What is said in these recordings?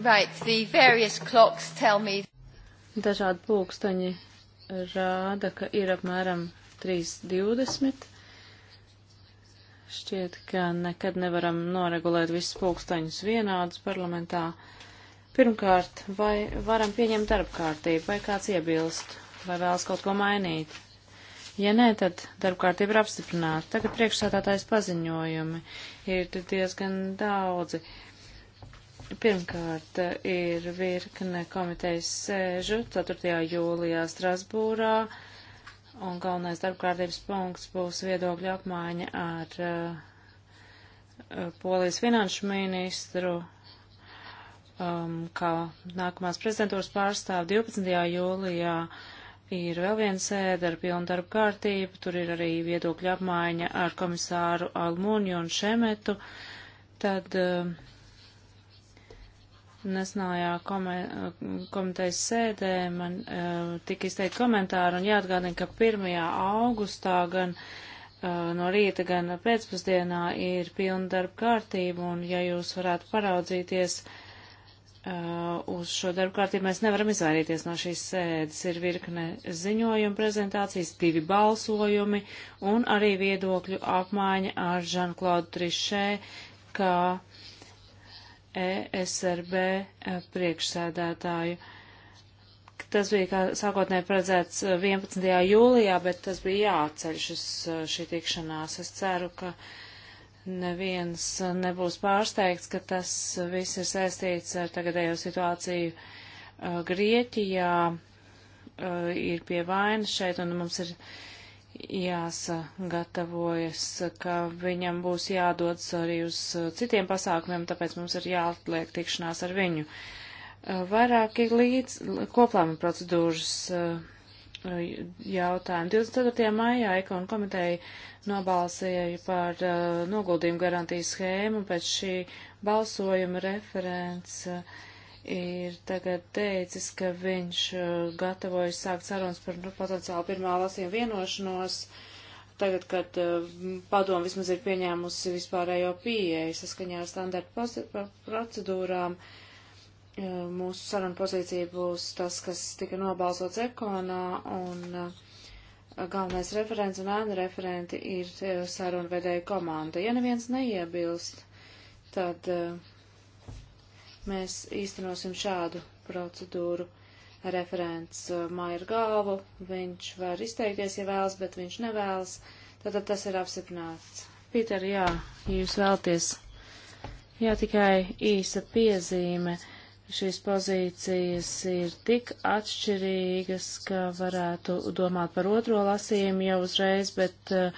Right, the various clocks tell me. Dažādi pulksteņi rāda, ka ir apmēram 3.20. Šķiet, ka nekad nevaram noregulēt visus pulksteņus vienādus parlamentā. Pirmkārt, vai varam pieņemt darba kārtību, vai kāds iebilst, vai vēlas kaut ko mainīt? Ja nē, tad darba kārtība ir apstiprināta. Tagad priekšsādātājs paziņojumi ir diezgan daudzi. Uh, Pirmkārt, ir virkne komitejas sēžu 4. jūlijā Strasbūrā, un galvenais darbkārtības punkts būs viedokļu apmaiņa ar uh, Polijas finanšu ministru, um, kā nākamās prezidentūras pārstāv 12. jūlijā. Ir vēl viena sēde ar pilnu darbu kārtību, tur ir arī viedokļu apmaiņa ar komisāru Almūņu un Šemetu. Tad uh, Nesnājā komitejas sēdē man uh, tika izteikt komentāru un jāatgādina, ka 1. augustā gan uh, no rīta, gan pēcpusdienā ir pilna darba kārtība un ja jūs varētu paraudzīties uh, uz šo darba kārtību, mēs nevaram izvairīties no šīs sēdes. Ir virkne ziņojuma prezentācijas, divi balsojumi un arī viedokļu apmaiņa ar Žan-Klaudu Trišē, kā uh, ESRB eh, priekšsēdētāju. Tas bija kā sākotnēji paredzēts 11. Eh, jūlijā, bet tas bija jāatceļ šis, eh, šī tikšanās. Es ceru, ka neviens nebūs pārsteigts, ka tas viss ir saistīts ar tagadējo situāciju Grieķijā, ir pie vainas šeit, un mums ir jāsagatavojas, ka viņam būs jādodas arī uz uh, citiem pasākumiem, tāpēc mums ir jāatliek tikšanās ar viņu. Uh, Vairāk ir līdz koplāma procedūras uh, jautājumi. 24. maijā Ekon komiteja nobalsēja par noguldījumu garantijas schēmu, pēc šī balsojuma referents uh, ir tagad teicis, ka viņš uh, gatavojas sākt sarunas par nu, potenciālu pirmā lasījuma vienošanos, tagad, kad uh, padomu vismaz ir pieņēmusi vispārējo pieeju saskaņā ar standarta procedūrām. Uh, mūsu saruna pozīcija būs tas, kas tika nobalsots ekonā, un uh, galvenais referents un ēna referenti ir uh, saruna vedēja komanda. Ja neviens neiebilst, tad uh, mēs īstenosim šādu procedūru. Referents uh, māja ir galvu, viņš var izteikties, ja vēlas, bet viņš nevēlas. Tātad tas ir apsiprināts. Pīter, jā, ja jūs vēlties. Jā, tikai īsa piezīme. Šīs pozīcijas ir tik atšķirīgas, ka varētu domāt par otro lasījumu jau uzreiz, bet uh,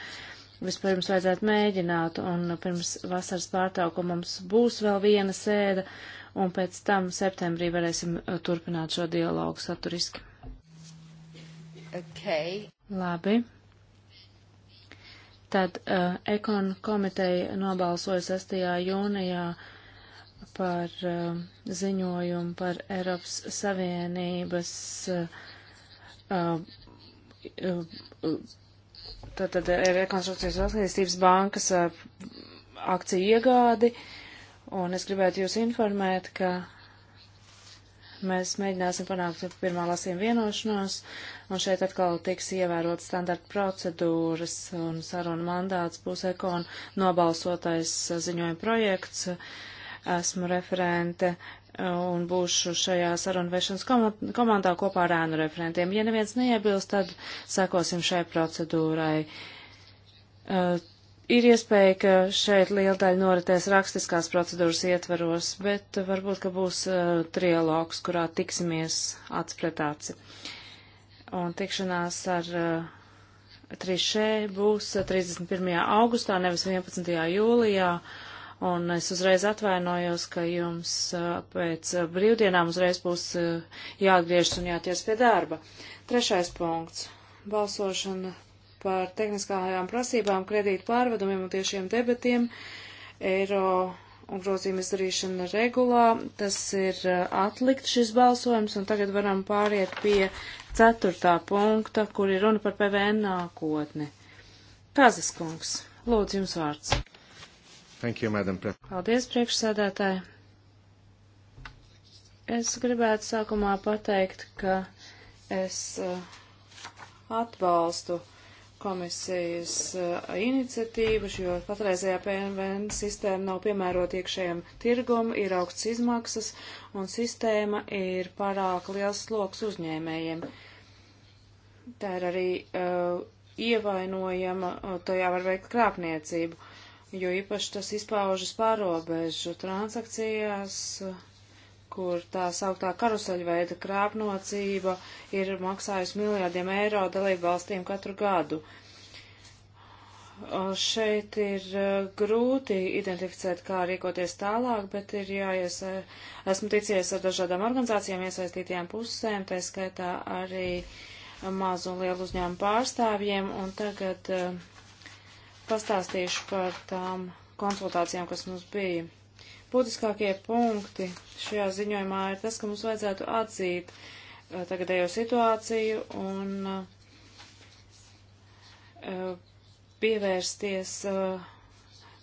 vispirms vajadzētu mēģināt, un pirms vasaras pārtraukuma mums būs vēl viena sēda, un pēc tam septembrī varēsim uh, turpināt šo dialogu saturiski. Okay. Labi. Tad uh, Ekon komiteja nobalsoja 6. jūnijā par uh, ziņojumu par Eiropas Savienības uh, uh, uh tātad Rekonstrukcijas valstības bankas akciju iegādi. Uh, Un es gribētu jūs informēt, ka mēs mēģināsim panākt pirmā lasījuma vienošanos, un šeit atkal tiks ievērot standarta procedūras un saruna mandāts būs ekon nobalsotais ziņojuma projekts. Esmu referente un būšu šajā sarunvešanas komandā kopā ar ēnu referentiem. Ja neviens neiebilst, tad sekosim šai procedūrai. Ir iespēja, ka šeit liela daļa noritēs rakstiskās procedūras ietvaros, bet varbūt, ka būs uh, trialogs, kurā tiksimies acs pret aci. Un tikšanās ar uh, Trišē būs 31. augustā, nevis 11. jūlijā. Un es uzreiz atvainojos, ka jums uh, pēc uh, brīvdienām uzreiz būs uh, jāatgriežas un jāties pie darba. Trešais punkts. Balsošana par tehniskajām prasībām, kredītu pārvedumiem un tiešiem debetiem, eiro un grozījuma izdarīšana regulā. Tas ir eh, atlikt šis balsojums, un tagad varam pāriet pie ceturtā punkta, kur ir runa par PVN nākotni. Kazas kungs, lūdzu jums vārds. Thank you, Madam President. Paldies, priekšsēdētāji. Es gribētu sākumā pateikt, ka es eh, atbalstu uh, komisijas eh, iniciatīvas, jo patreizējā PNVN sistēma nav piemērota iekšējiem tirgum, ir augsts izmaksas un sistēma ir pārāk liels sloks uzņēmējiem. Tā ir arī uh, ievainojama, eh, tajā var veikt krāpniecību, jo īpaši tas izpaužas pārobežu transakcijās. Uh, kur tā sauktā karuseļveida krāpnocība ir maksājusi miljārdiem eiro dalību valstīm katru gadu. Šeit ir grūti identificēt, kā rīkoties tālāk, bet ir jāiesa, esmu ticies ar dažādām organizācijām iesaistītajām pusēm, tā skaitā arī mazu un lielu uzņēmumu pārstāvjiem, un tagad pastāstīšu par tām konsultācijām, kas mums bija būtiskākie punkti šajā ziņojumā ir tas, ka mums vajadzētu atzīt uh, tagadējo situāciju un uh, pievērsties uh,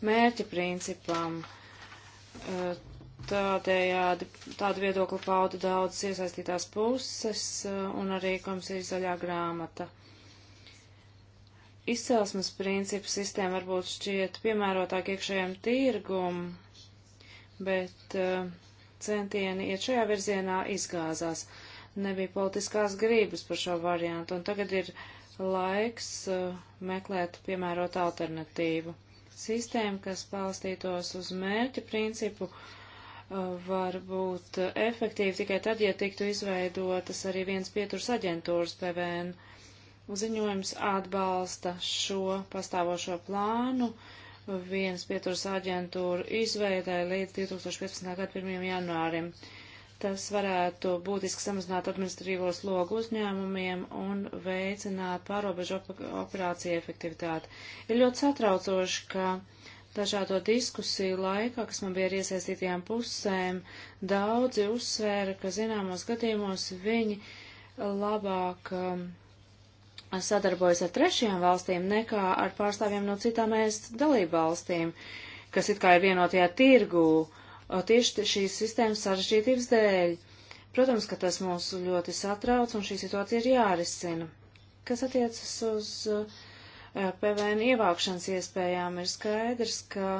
mērķa principam. Uh, tādējādi tādu viedokli pauda daudzas iesaistītās puses uh, un arī komisijas zaļā grāmata izcelsmes principu sistēma varbūt šķiet piemērotāk iekšējiem tirgum, bet eh, centieni iet šajā virzienā izgāzās. Nebija politiskās grības par šo variantu, un tagad ir laiks eh, meklēt piemērot alternatīvu. Sistēma, kas palstītos uz mērķa principu, eh, var būt efektīva tikai tad, ja tiktu izveidotas arī viens pieturs aģentūras PVN. Ziņojums atbalsta šo pastāvošo plānu, uh, viens pieturas aģentūru izveidai līdz 2015. gada 1. janvārim. Tas varētu būtiski samazināt administratīvo slogu uzņēmumiem un veicināt pārobežu op operāciju efektivitāti. Ir ļoti satraucoši, ka dažādo diskusiju laikā, kas man bija ar iesaistītajām pusēm, daudzi uzsvēra, ka zināmos gadījumos viņi labāk um, sadarbojas ar trešajām valstīm nekā ar pārstāvjiem no citām ēst dalību valstīm, kas it kā ir vienotajā tirgū tieši šīs sistēmas sarežģītības dēļ. Protams, ka tas mūs ļoti satrauc un šī situācija ir jārisina. Kas attiecas uz e, PVN ievākšanas iespējām, ir skaidrs, ka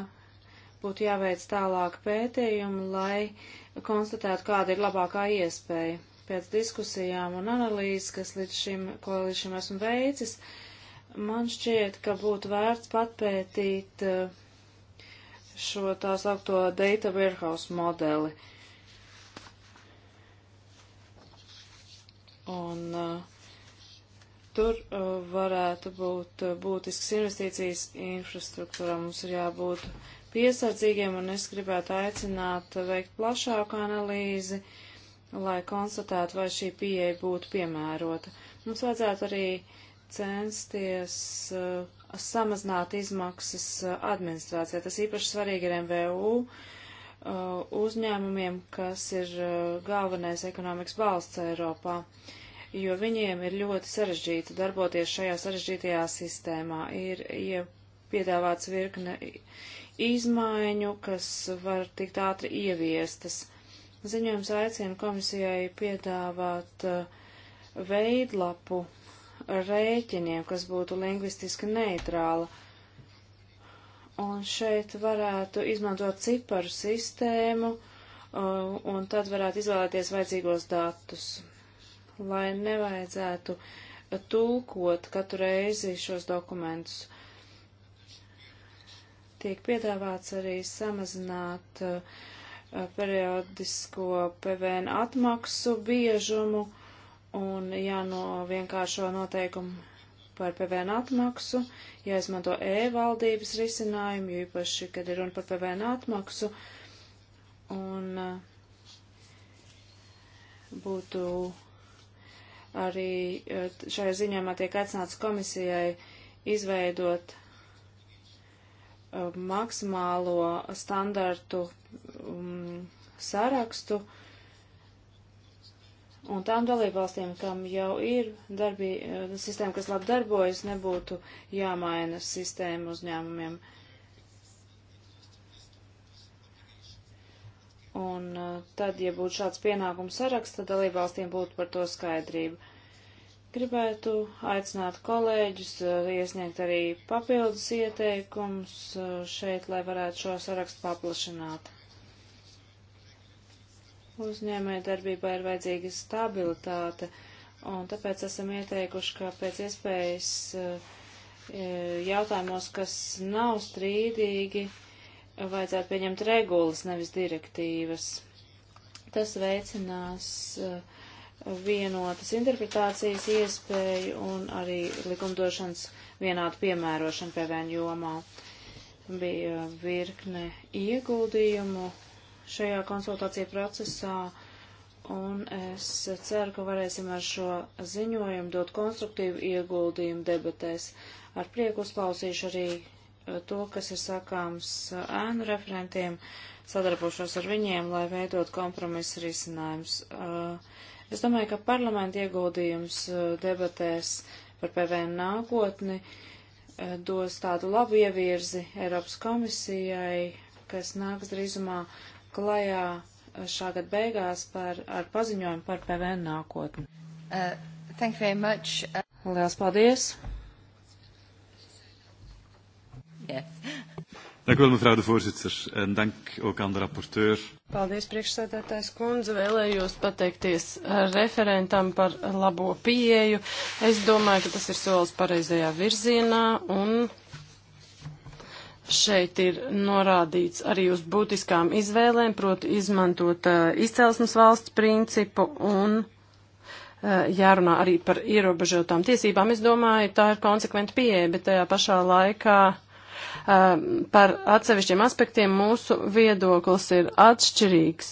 būtu jāveic tālāk pētījumi, lai konstatētu, kāda ir labākā iespēja pēc diskusijām un analīzes, kas līdz šim, ko līdz šim esmu veicis, man šķiet, ka būtu vērts patpētīt eh, šo tā saukto data warehouse modeli. Un uh, tur uh, varētu būt uh, būtisks investīcijas infrastruktūrā. Mums ir jābūt piesardzīgiem, un es gribētu aicināt veikt plašāku analīzi uh, lai konstatētu, vai šī pieeja būtu piemērota. Mums vajadzētu arī censties uh, samazināt izmaksas uh, administrācijā. Tas īpaši svarīgi ir MVU uh, uzņēmumiem, kas ir uh, galvenais ekonomikas balsts Eiropā, jo viņiem ir ļoti sarežģīti darboties šajā sarežģītajā sistēmā. Ir ja piedāvāts virkne izmaiņu, kas var tikt ātri ieviestas. Ziņojums aicina komisijai piedāvāt uh, veidlapu rēķiniem, kas būtu lingvistiski neitrāla. Un šeit varētu izmantot ciparu sistēmu, uh, un tad varētu izvēlēties vajadzīgos datus, lai nevajadzētu tulkot katru reizi šos dokumentus. Tiek piedāvāts arī samazināt uh, Uh, periodisko PVN atmaksu biežumu un jānovienkāršo noteikumu par PVN atmaksu, jāizmanto e-valdības risinājumu, jo īpaši, kad ir runa par PVN atmaksu, un uh, būtu arī uh, šajā ziņojumā tiek aicināts komisijai izveidot maksimālo standartu um, sarakstu. Un tām dalībvalstīm, kam jau ir darbī, uh, sistēma, kas labi darbojas, nebūtu jāmaina sistēma uzņēmumiem. Un uh, tad, ja būtu šāds pienākums saraksts, tad dalībvalstīm būtu par to skaidrība. Gribētu aicināt kolēģus uh, iesniegt arī papildus ieteikums šeit, lai varētu šo sarakstu paplašināt. Uzņēmē darbībā ir vajadzīga stabilitāte, un tāpēc esam ieteikuši, ka pēc iespējas e, jautājumos, kas nav strīdīgi, vajadzētu pieņemt regulas, nevis direktīvas. Tas veicinās e, vienotas interpretācijas iespēju un arī likumdošanas vienādu piemērošanu PVN jomā. Bija virkne ieguldījumu šajā konsultāciju procesā, un es ceru, ka varēsim ar šo ziņojumu dot konstruktīvu ieguldījumu debatēs. Ar prieku uzklausīšu arī uh, to, kas ir sakāms uh, ēnu referentiem, sadarbošos ar viņiem, lai veidot kompromisu risinājums. Uh, es domāju, ka parlamenta ieguldījums debatēs par PVN nākotni dos tādu labu ievirzi Eiropas komisijai, kas nāks drīzumā klajā eh, šā gada beigās par, ar paziņojumu par PVN nākotni. Uh, thank you very much. Uh... Lielas paldies. Yes. Dank u wel, mevrouw de voorzitter. En dank ook aan de rapporteur. Paldies, priekšsēdētājs kundze. Vēlējos pateikties uh, referentam par labo pieeju. Es domāju, ka tas ir solis pareizajā virzienā un Šeit ir norādīts arī uz būtiskām izvēlēm, proti izmantot uh, izcelsmes valsts principu un uh, jārunā arī par ierobežotām tiesībām. Es domāju, tā ir konsekventa pieeja, bet tajā pašā laikā uh, par atsevišķiem aspektiem mūsu viedoklis ir atšķirīgs.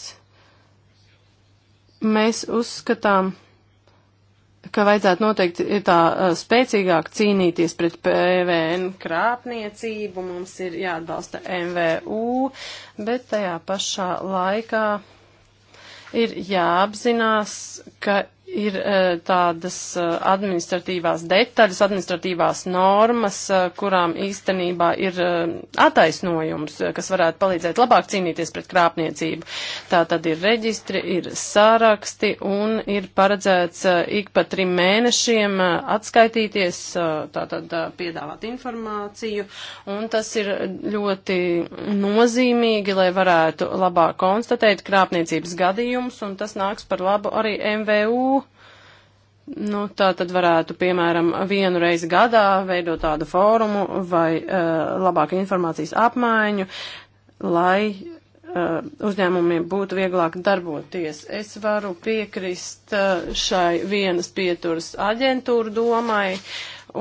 Mēs uzskatām, ka vajadzētu noteikti tā spēcīgāk cīnīties pret PVN krāpniecību, mums ir jāatbalsta MVU, bet tajā pašā laikā ir jāapzinās, ka ir e, tādas e, administratīvās detaļas, administratīvās normas, e, kurām īstenībā ir attaisnojums, kas varētu palīdzēt labāk cīnīties pret krāpniecību. Tā tad ir reģistri, ir sāraksti un ir paredzēts ik pa trim mēnešiem atskaitīties, tātad piedāvāt informāciju, un tas ir ļoti nozīmīgi, lai varētu labāk konstatēt krāpniecības gadījumus, un tas nāks par labu arī MVU Nu, tā tad varētu, piemēram, vienu reizi gadā veidot tādu fórumu vai uh, labāku informācijas apmaiņu, lai uh, uzņēmumiem būtu vieglāk darboties. Es varu piekrist uh, šai vienas pieturas aģentūru domai,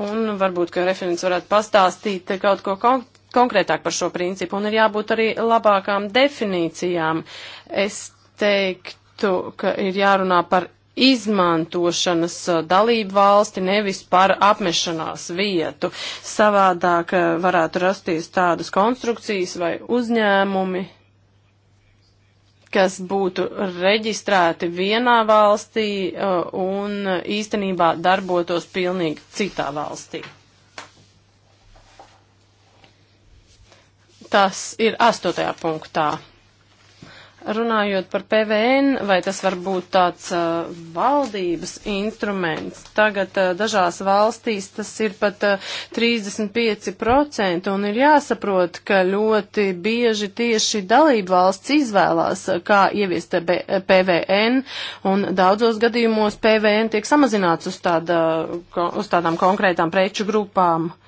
un varbūt, ka referents varētu pastāstīt kaut ko konkrētu konkrētāk par šo principu, un ir jābūt arī labākām definīcijām. Es teiktu, ka ir jārunā par izmantošanas uh, dalību valsti, nevis par apmešanās vietu. Savādāk uh, varētu rasties tādas konstrukcijas vai uzņēmumi, kas būtu reģistrēti vienā valstī uh, un īstenībā darbotos pilnīgi citā valstī. Tas ir astotajā punktā. Runājot par PVN, vai tas var būt tāds uh, valdības instruments? Tagad uh, dažās valstīs tas ir pat uh, 35% un ir jāsaprot, ka ļoti bieži tieši dalība valsts izvēlās, uh, kā ieviest B uh, PVN un daudzos gadījumos PVN tiek samazināts uz, tāda, uh, uz tādām konkrētām preču grupām. Uh,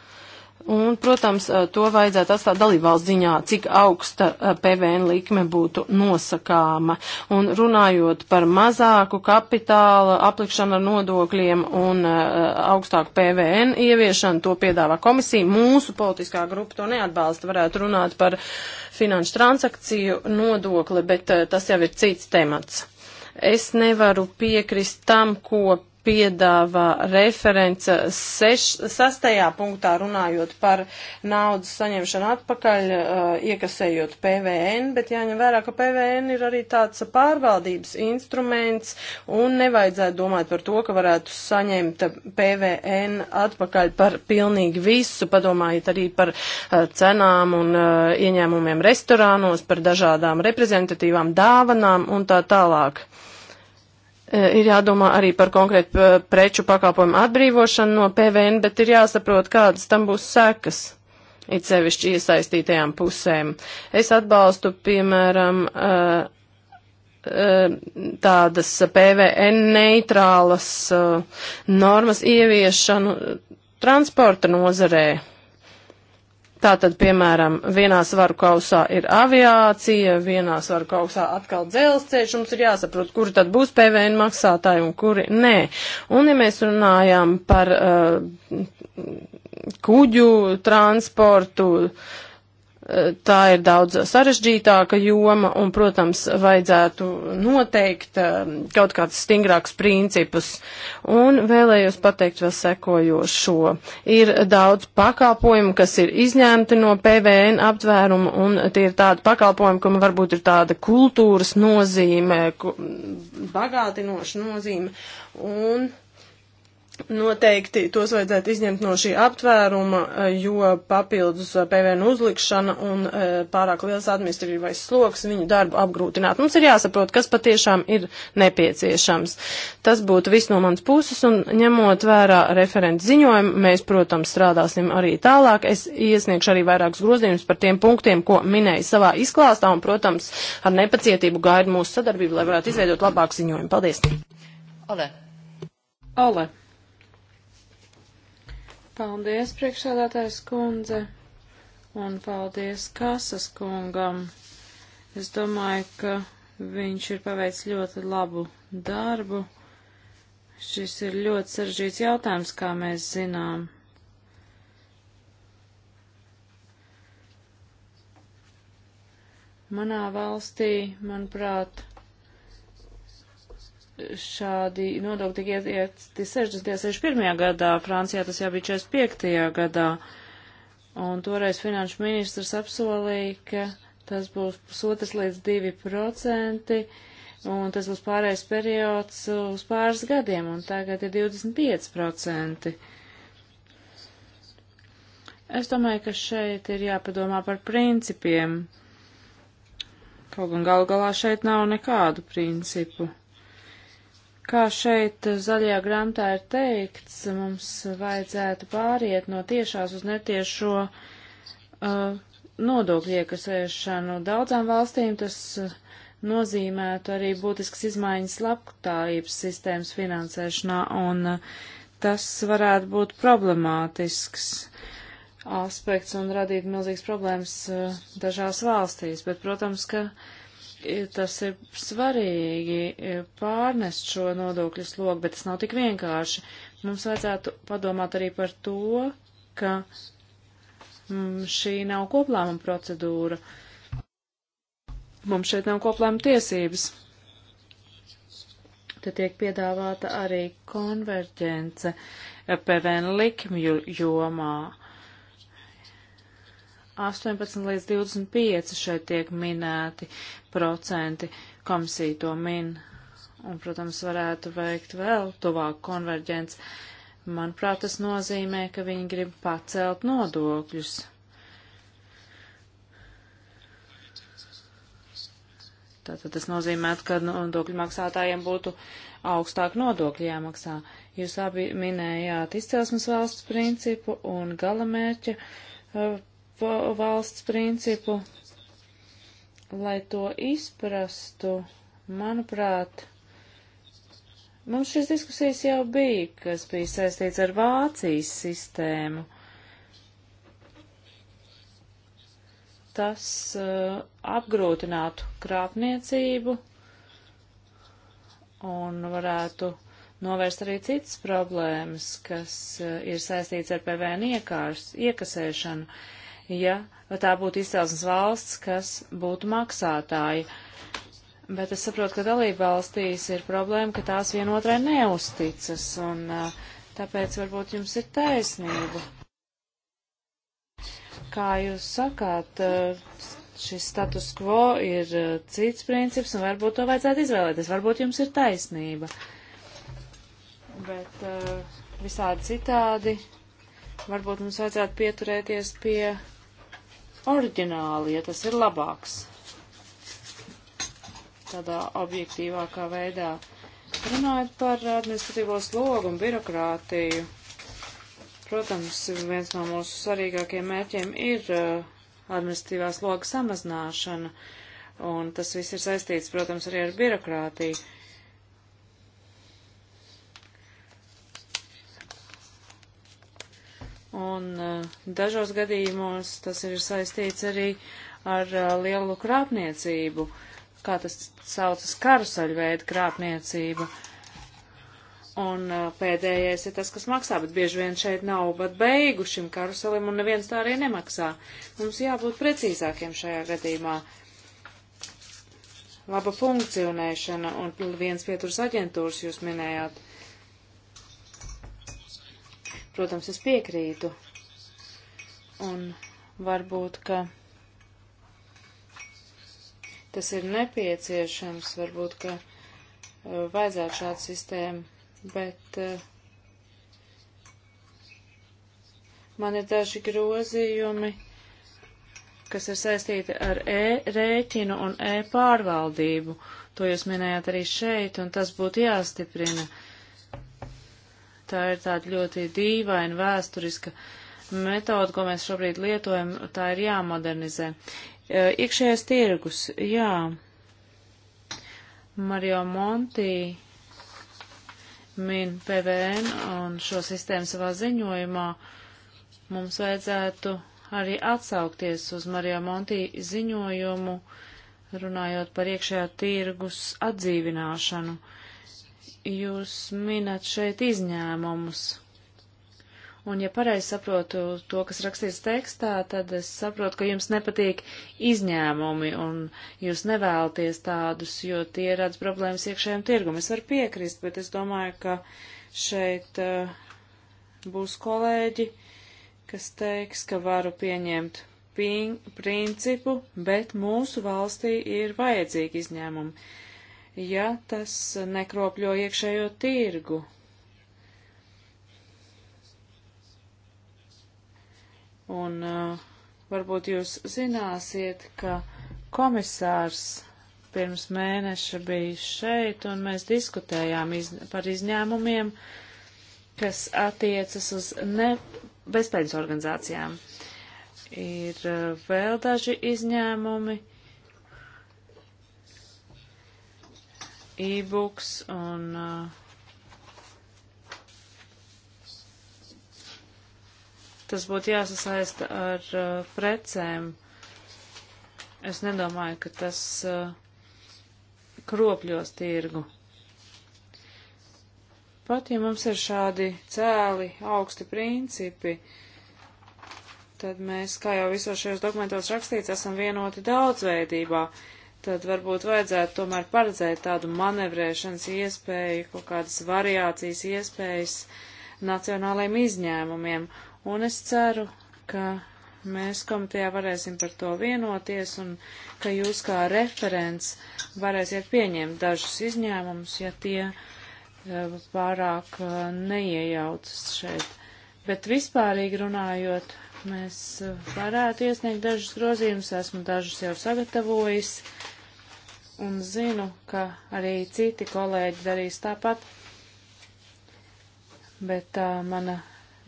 Un, protams, eh, to vajadzētu atstāt dalībvalsts ziņā, cik augsta eh, PVN likme būtu nosakāma. Un runājot par mazāku kapitāla aplikšanu ar nodokļiem un eh, augstāku PVN ieviešanu, to piedāvā komisija. Mūsu politiskā grupa to neatbalsta, varētu runāt par finanšu transakciju nodokli, bet tas jau ir cits temats. Es nevaru piekrist tam, ko piedāvā referents seš, sastajā punktā runājot par naudas saņemšanu atpakaļ, uh, iekasējot PVN, bet jāņem vērā, ka PVN ir arī tāds pārvaldības instruments un nevajadzētu domāt par to, ka varētu saņemt PVN atpakaļ par pilnīgi visu, padomājiet arī par uh, cenām un uh, ieņēmumiem restorānos, par dažādām reprezentatīvām dāvanām un tā tālāk. Eh, ir jādomā arī par konkrētu eh, preču pakalpojumu atbrīvošanu no PVN, bet ir jāsaprot, kādas tam būs sekas it sevišķi iesaistītajām pusēm. Es atbalstu, piemēram, eh, tādas PVN neitrālas normas ieviešanu transporta nozarē. Tātad, piemēram, vienā svaru kausā ir aviācija, vienā svaru kausā atkal dzelzceļš, mums ir jāsaprot, kuri tad būs PVN maksātāji un kuri nē. Un, ja mēs runājām par uh, kuģu transportu, uh, tā ir daudz sarežģītāka joma un, protams, vajadzētu noteikt um, kaut kādus stingrākus principus. Un vēlējos pateikt vēl sekojošo. Ir daudz pakalpojumu, kas ir izņemti no PVN aptvērumu un tie ir tādi pakalpojumi, kam varbūt ir tāda kultūras nozīme, bagātinoša nozīme. Un, uh, Noteikti tos vajadzētu izņemt no šī aptvēruma, eh, jo papildus eh, PVN uzlikšana un eh, pārāk liels administratīvais sloks viņu darbu apgrūtināt. Mums ir jāsaprot, kas patiešām ir nepieciešams. Tas būtu viss no manas puses, un ņemot vērā referents ziņojumu, mēs, protams, strādāsim arī tālāk. Es iesniegšu arī vairākus grozījumus par tiem punktiem, ko minēju savā izklāstā, un, protams, ar nepacietību gaidu mūsu sadarbību, lai varētu izveidot labāku ziņojumu. Paldies! Ole! Ole! Paldies, priekšsādātājs kundze, un paldies Kasas kungam. Es domāju, ka viņš ir paveicis ļoti labu darbu. Šis ir ļoti saržģīts jautājums, kā mēs zinām. Manā valstī, manuprāt, šādi nodokļi tika ietiekti 60. 61. gadā, Francijā tas jau bija 45. gadā, un toreiz finanšu ministrs apsolīja, ka tas būs pusotras līdz divi procenti, un tas būs pārējais periods uz pāris gadiem, un tagad ir 25 procenti. Es domāju, ka šeit ir jāpadomā par principiem. Kaut gan galu galā šeit nav nekādu principu. Kā šeit zaļajā grāmatā ir teikts, mums vajadzētu pāriet no tiešās uz netiešo uh, nodokļu iekasēšanu. Daudzām valstīm tas uh, nozīmētu arī būtisks izmaiņas labklājības sistēmas finansēšanā, un uh, tas varētu būt problemātisks aspekts un radīt milzīgas problēmas uh, dažās valstīs, bet, protams, ka uh, tas ir svarīgi e, pārnest šo nodokļu slogu, bet tas nav tik vienkārši. Mums vajadzētu padomāt arī par to, ka mm, šī nav koplāma procedūra. Mums šeit nav koplāma tiesības. Te tiek piedāvāta arī konverģence e, PVN likmju jomā. Uh, 18 līdz 25 šeit tiek minēti procenti, komisija to min, un, protams, varētu veikt vēl tuvāk konverģents. Manuprāt, tas nozīmē, ka viņi grib pacelt nodokļus. Tātad tas nozīmē, ka nodokļu maksātājiem būtu augstāk nodokļi jāmaksā. Jūs abi minējāt izcelsmes valsts principu un galamērķa eh, valsts principu, lai to izprastu, manuprāt, mums šīs diskusijas jau bija, kas bija saistīts ar Vācijas sistēmu. Tas uh, apgrūtinātu krāpniecību un varētu novērst arī citas problēmas, kas uh, ir saistīts ar PVN iekārs, iekasēšanu. Uh, ja tā būtu izcelsmes valsts, kas būtu maksātāji. Bet es saprotu, ka dalība valstīs ir problēma, ka tās vienotrai neusticas, un tāpēc varbūt jums ir taisnība. Kā jūs sakāt, šis status quo ir cits princips, un varbūt to vajadzētu izvēlēties. Varbūt jums ir taisnība. Bet visādi citādi, varbūt mums vajadzētu pieturēties pie oriģināli, ja tas ir labāks. Tādā objektīvākā veidā. Runājot par administratīvo slogu un birokrātiju, protams, viens no mūsu svarīgākajiem mērķiem ir uh, administratīvā sloga samazināšana, un tas viss ir saistīts, protams, arī ar birokrātiju. Un eh, dažos gadījumos tas ir saistīts arī ar eh, lielu krāpniecību, kā tas saucas karusaļveida krāpniecība. Un eh, pēdējais ir tas, kas maksā, bet bieži vien šeit nav pat beigu šim karuselim, un neviens tā arī nemaksā. Mums jābūt precīzākiem šajā gadījumā. Laba funkcionēšana un viens pieturs aģentūras jūs minējāt. Uh, Protams, es piekrītu. Un varbūt, ka tas ir nepieciešams, varbūt, ka uh, vajadzētu šādu sistēmu, bet uh, man ir daži grozījumi, kas ir saistīti ar e-rēķinu un e-pārvaldību. To jūs minējāt arī šeit, un tas būtu jāstiprina. Uh, Tā ir tāda ļoti dīvaina vēsturiska metoda, ko mēs šobrīd lietojam, tā ir jāmodernizē. E, iekšējais tirgus, jā. Mario Monti min PVN un šo sistēmu savā ziņojumā. Mums vajadzētu arī atsaukties uz Mario Monti ziņojumu, runājot par iekšējā tirgus atdzīvināšanu. Uh, jūs minat šeit izņēmumus. Un, ja pareizi saprotu to, kas rakstīts tekstā, tad es saprotu, ka jums nepatīk izņēmumi un jūs nevēlaties tādus, jo tie redz problēmas iekšējiem tirgumam. Es varu piekrist, bet es domāju, ka šeit uh, būs kolēģi, kas teiks, ka varu pieņemt principu, bet mūsu valstī ir vajadzīgi izņēmumi ja tas nekropļo iekšējo tirgu. Un uh, varbūt jūs zināsiet, ka komisārs pirms mēneša bija šeit, un mēs diskutējām iz, par izņēmumiem, kas attiecas uz ne bezpējas organizācijām. Ir uh, vēl daži izņēmumi. Uh, e-books un uh, tas būtu jāsasaista ar uh, precēm. Es nedomāju, ka tas uh, kropļos tirgu. Pat ja mums ir šādi cēli, augsti principi, tad mēs, kā jau visos šajos dokumentos rakstīts, esam vienoti daudzveidībā. Uh, tad varbūt vajadzētu tomēr paredzēt tādu manevrēšanas iespēju, kaut kādas variācijas iespējas nacionālajiem izņēmumiem. Un es ceru, ka mēs komitejā varēsim par to vienoties un ka jūs kā referents varēsiet pieņemt dažus izņēmumus, ja tie eh, pārāk eh, neiejaucas šeit. Bet vispārīgi runājot, mēs eh, varētu iesniegt dažus grozījumus, esmu dažus jau sagatavojis. Uh, un zinu, ka arī citi kolēģi darīs tāpat, bet uh, mana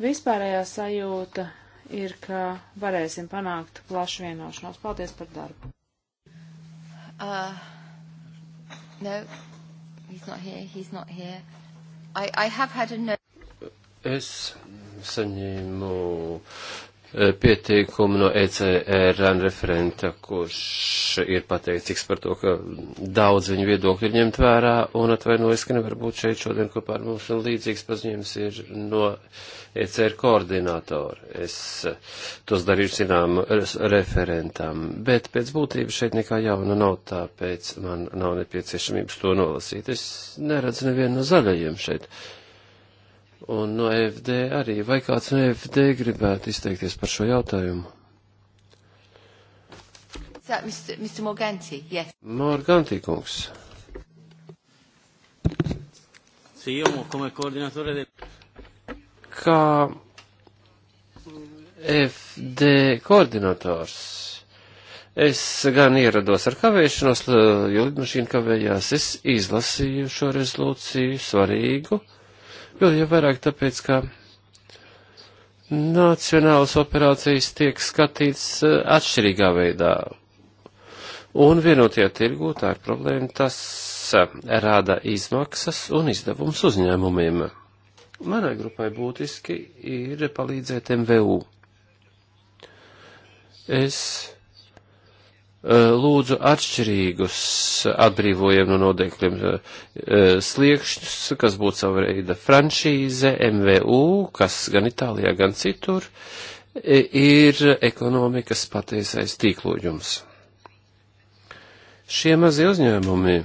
vispārējā sajūta ir, ka varēsim panākt plašu vienošanos. Paldies par darbu. Uh, no, he's not here, he's not here. I, I have had a no. Es saņēmu pieteikumu no ECR referenta, kurš ir pateicīgs par to, ka daudz viņu viedokļu ir ņemt vērā un atvainojas, ka nevar būt šeit šodien kopā ar mums un līdzīgs paziņojums ir no ECR koordinātora. Es tos darīju zinām referentam, bet pēc būtības šeit nekā jauna nav, tāpēc man nav nepieciešamības to nolasīt. Es neredzu nevienu no zaļajiem šeit. Uh, un no e FD arī. Vai kāds no e FD gribētu izteikties par šo jautājumu? Mr. Mr. Morganti, yes. Morganti kungs. Kā e FD koordinators. Es gan ierados ar kavēšanos, jo lidmašīna kavējās. Es izlasīju šo rezolūciju svarīgu Vēl jau vairāk tāpēc, ka nacionālas operācijas tiek skatīts eh, atšķirīgā veidā. Un vienotie tirgū tā ir problēma, tas eh, rada izmaksas un izdevums uzņēmumiem. Manai grupai būtiski ir palīdzēt MVU. Es Eh, lūdzu atšķirīgus atbrīvojumu no nodekļiem eh, eh, sliekšņus, kas būtu sava veida franšīze, MVU, kas gan Itālijā, gan citur, ir ekonomikas patiesais tīkloģums. Šie mazie uzņēmumi,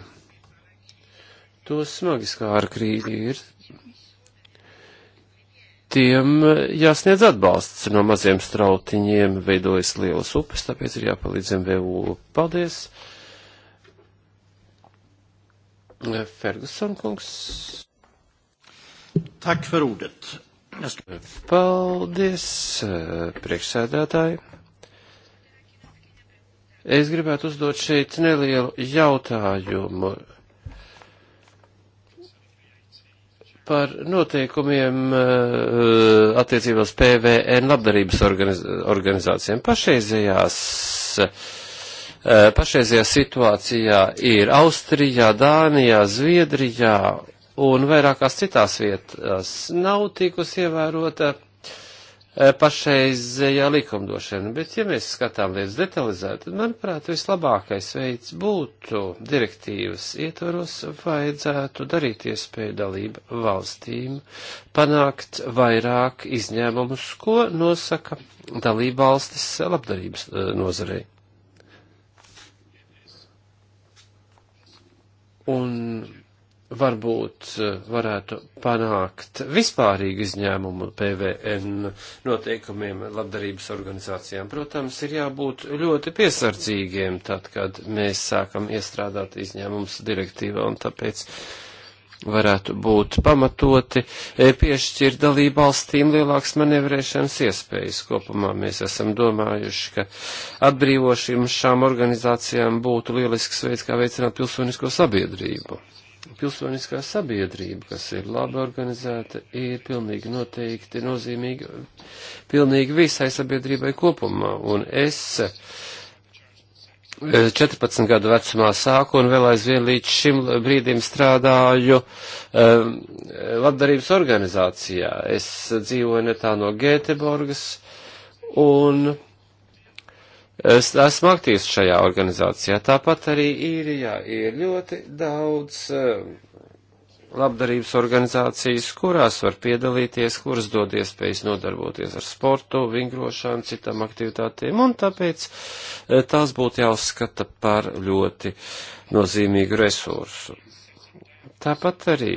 to smagi skāra krīgi ir tiem eh, jāsniedz atbalsts. No maziem strautiņiem veidojas lielas upes, tāpēc ir jāpalīdz MVU. Paldies! Eh, Ferguson kungs. Tak för ordet. Eh, paldies, priekšsēdētāji. Es gribētu uzdot šeit nelielu jautājumu par noteikumiem eh, attiecībās PVN labdarības organiz organizācijām. Pašreizējās, eh, pašreizējā situācijā ir Austrijā, Dānijā, Zviedrijā un vairākās citās vietās nav tikus ievērota Eh, pašreizējā likumdošana, bet ja mēs skatām lietas detalizēti, tad, manuprāt, vislabākais veids būtu direktīvas ietvaros vajadzētu darīt iespēju dalību valstīm panākt vairāk izņēmumus, ko nosaka dalība valstis labdarības eh, nozarei. Un varbūt eh, varētu panākt vispārīgu izņēmumu PVN noteikumiem labdarības organizācijām. Protams, ir jābūt ļoti piesardzīgiem tad, kad mēs sākam iestrādāt izņēmumus direktīvā, un tāpēc varētu būt pamatoti eh, piešķirt dalību valstīm lielāks manevrēšanas iespējas. Kopumā mēs esam domājuši, ka atbrīvošiem šām organizācijām būtu lielisks veids, kā veicināt pilsonisko sabiedrību pilsoniskā sabiedrība, kas ir labi organizēta, ir pilnīgi noteikti nozīmīga pilnīgi visai sabiedrībai kopumā. Un es 14 eh, gadu vecumā sāku un vēl aizvien līdz šim brīdim strādāju um, labdarības organizācijā. Es dzīvoju netā no Gēteborgas un Es esmu aktīvs šajā organizācijā. Tāpat arī īrijā ir ļoti daudz eh, labdarības organizācijas, kurās var piedalīties, kuras dod iespējas nodarboties ar sportu, vingrošanu, citām aktivitātēm, un tāpēc eh, tās būtu jāuzskata par ļoti nozīmīgu resursu. Tāpat arī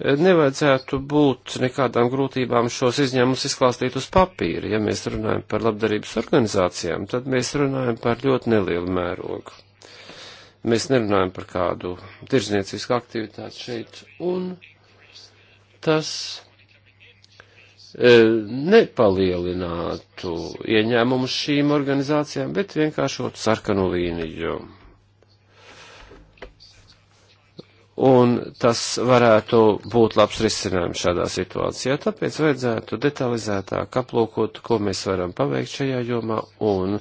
nevajadzētu būt nekādām grūtībām šos izņēmumus izklāstīt uz papīra. Ja mēs runājam par labdarības organizācijām, tad mēs runājam par ļoti nelielu mērogu. Mēs nerunājam par kādu tirzniecisku aktivitāti šeit, un tas e, nepalielinātu ieņēmumus šīm organizācijām, bet vienkāršotu sarkanu līniju. un tas varētu būt labs risinājums šādā situācijā. Tāpēc vajadzētu detalizētāk aplūkot, ko mēs varam paveikt šajā jomā, un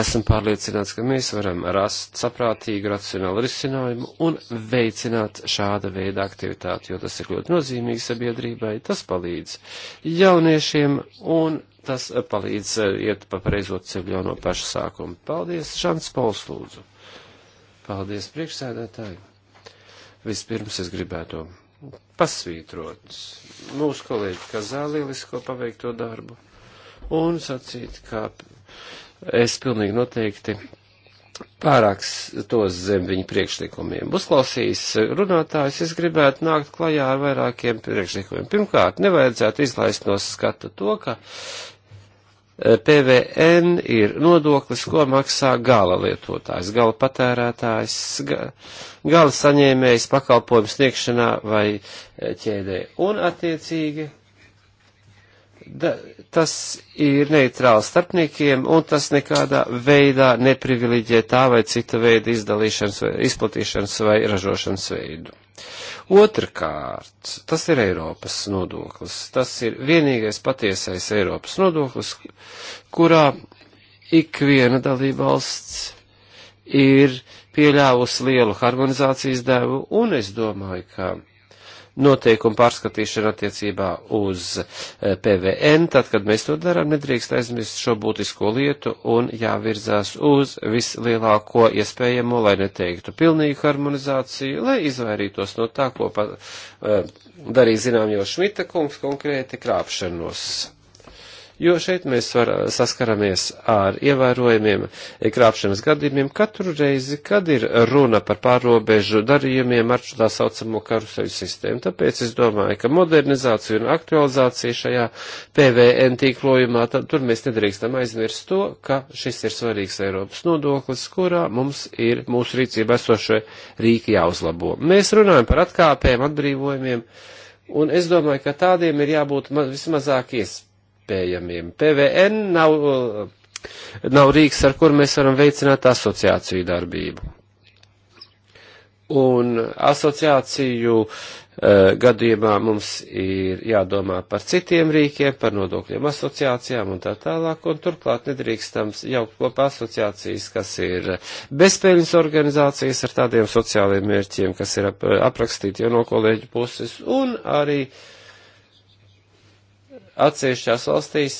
esam pārliecināts, ka mēs varam rast saprātīgu, racionālu risinājumu un veicināt šāda veida aktivitāti, jo tas ir ļoti nozīmīgi sabiedrībai, tas palīdz jauniešiem un tas palīdz eh, iet pa pareizo ceļu jau no paša sākuma. Paldies, Šants Pauls lūdzu. Paldies, priekšsēdētāji. Vispirms es gribētu pasvītrot mūsu kolēģi Kazālīlis, ko paveikto darbu, un sacīt, ka es pilnīgi noteikti pārāks tos zem viņa priekšlikumiem. Uzklausījis runātājs, es gribētu nākt klajā ar vairākiem priekšlikumiem. Pirmkārt, nevajadzētu izlaist no skatu to, ka Eh, PVN ir nodoklis, ko maksā gala lietotājs, gala patērētājs, gala saņēmējs pakalpojumu sniegšanā vai eh, ķēdē. Un attiecīgi da, tas ir neitrāls starpniekiem, un tas nekādā veidā neprivileģē tā vai cita veida izdalīšanas, vai izplatīšanas vai ražošanas veidu. Otrakārt, tas ir Eiropas nodoklis. Tas ir vienīgais patiesais Eiropas nodoklis, kurā ikviena dalībvalsts ir pieļāvusi lielu harmonizācijas devu, un es domāju, ka noteikumu pārskatīšanu attiecībā uz eh, PVN. Tad, kad mēs to darām, nedrīkst aizmirst šo būtisko lietu un jāvirzās uz vislielāko iespējamo, lai neteiktu pilnīgu harmonizāciju, lai izvairītos no tā, ko pat, eh, darīja zinām jau Šmita kungs konkrēti krāpšanos jo šeit mēs var, saskaramies ar ievērojumiem krāpšanas gadījumiem katru reizi, kad ir runa par pārobežu darījumiem ar tā saucamo karuseļu sistēmu. Tāpēc es domāju, ka modernizācija un aktualizācija šajā PVN tīklojumā, tad, tur mēs nedrīkstam aizmirst to, ka šis ir svarīgs Eiropas nodoklis, kurā mums ir mūsu rīcība esošie rīki jāuzlabo. Mēs runājam par atkāpēm, atbrīvojumiem. Un es domāju, ka tādiem ir jābūt vismazāk iespējams iespējamiem. PVN nav, nav rīks, ar kur mēs varam veicināt asociāciju darbību. Un asociāciju uh, gadījumā mums ir jādomā par citiem rīkiem, par nodokļiem asociācijām un tā tālāk, un turklāt nedrīkstam jaukt kopā asociācijas, kas ir bezpēļņas organizācijas ar tādiem sociāliem mērķiem, kas ir ap, aprakstīti jau no kolēģi puses, un arī uh, atsevišķās valstīs,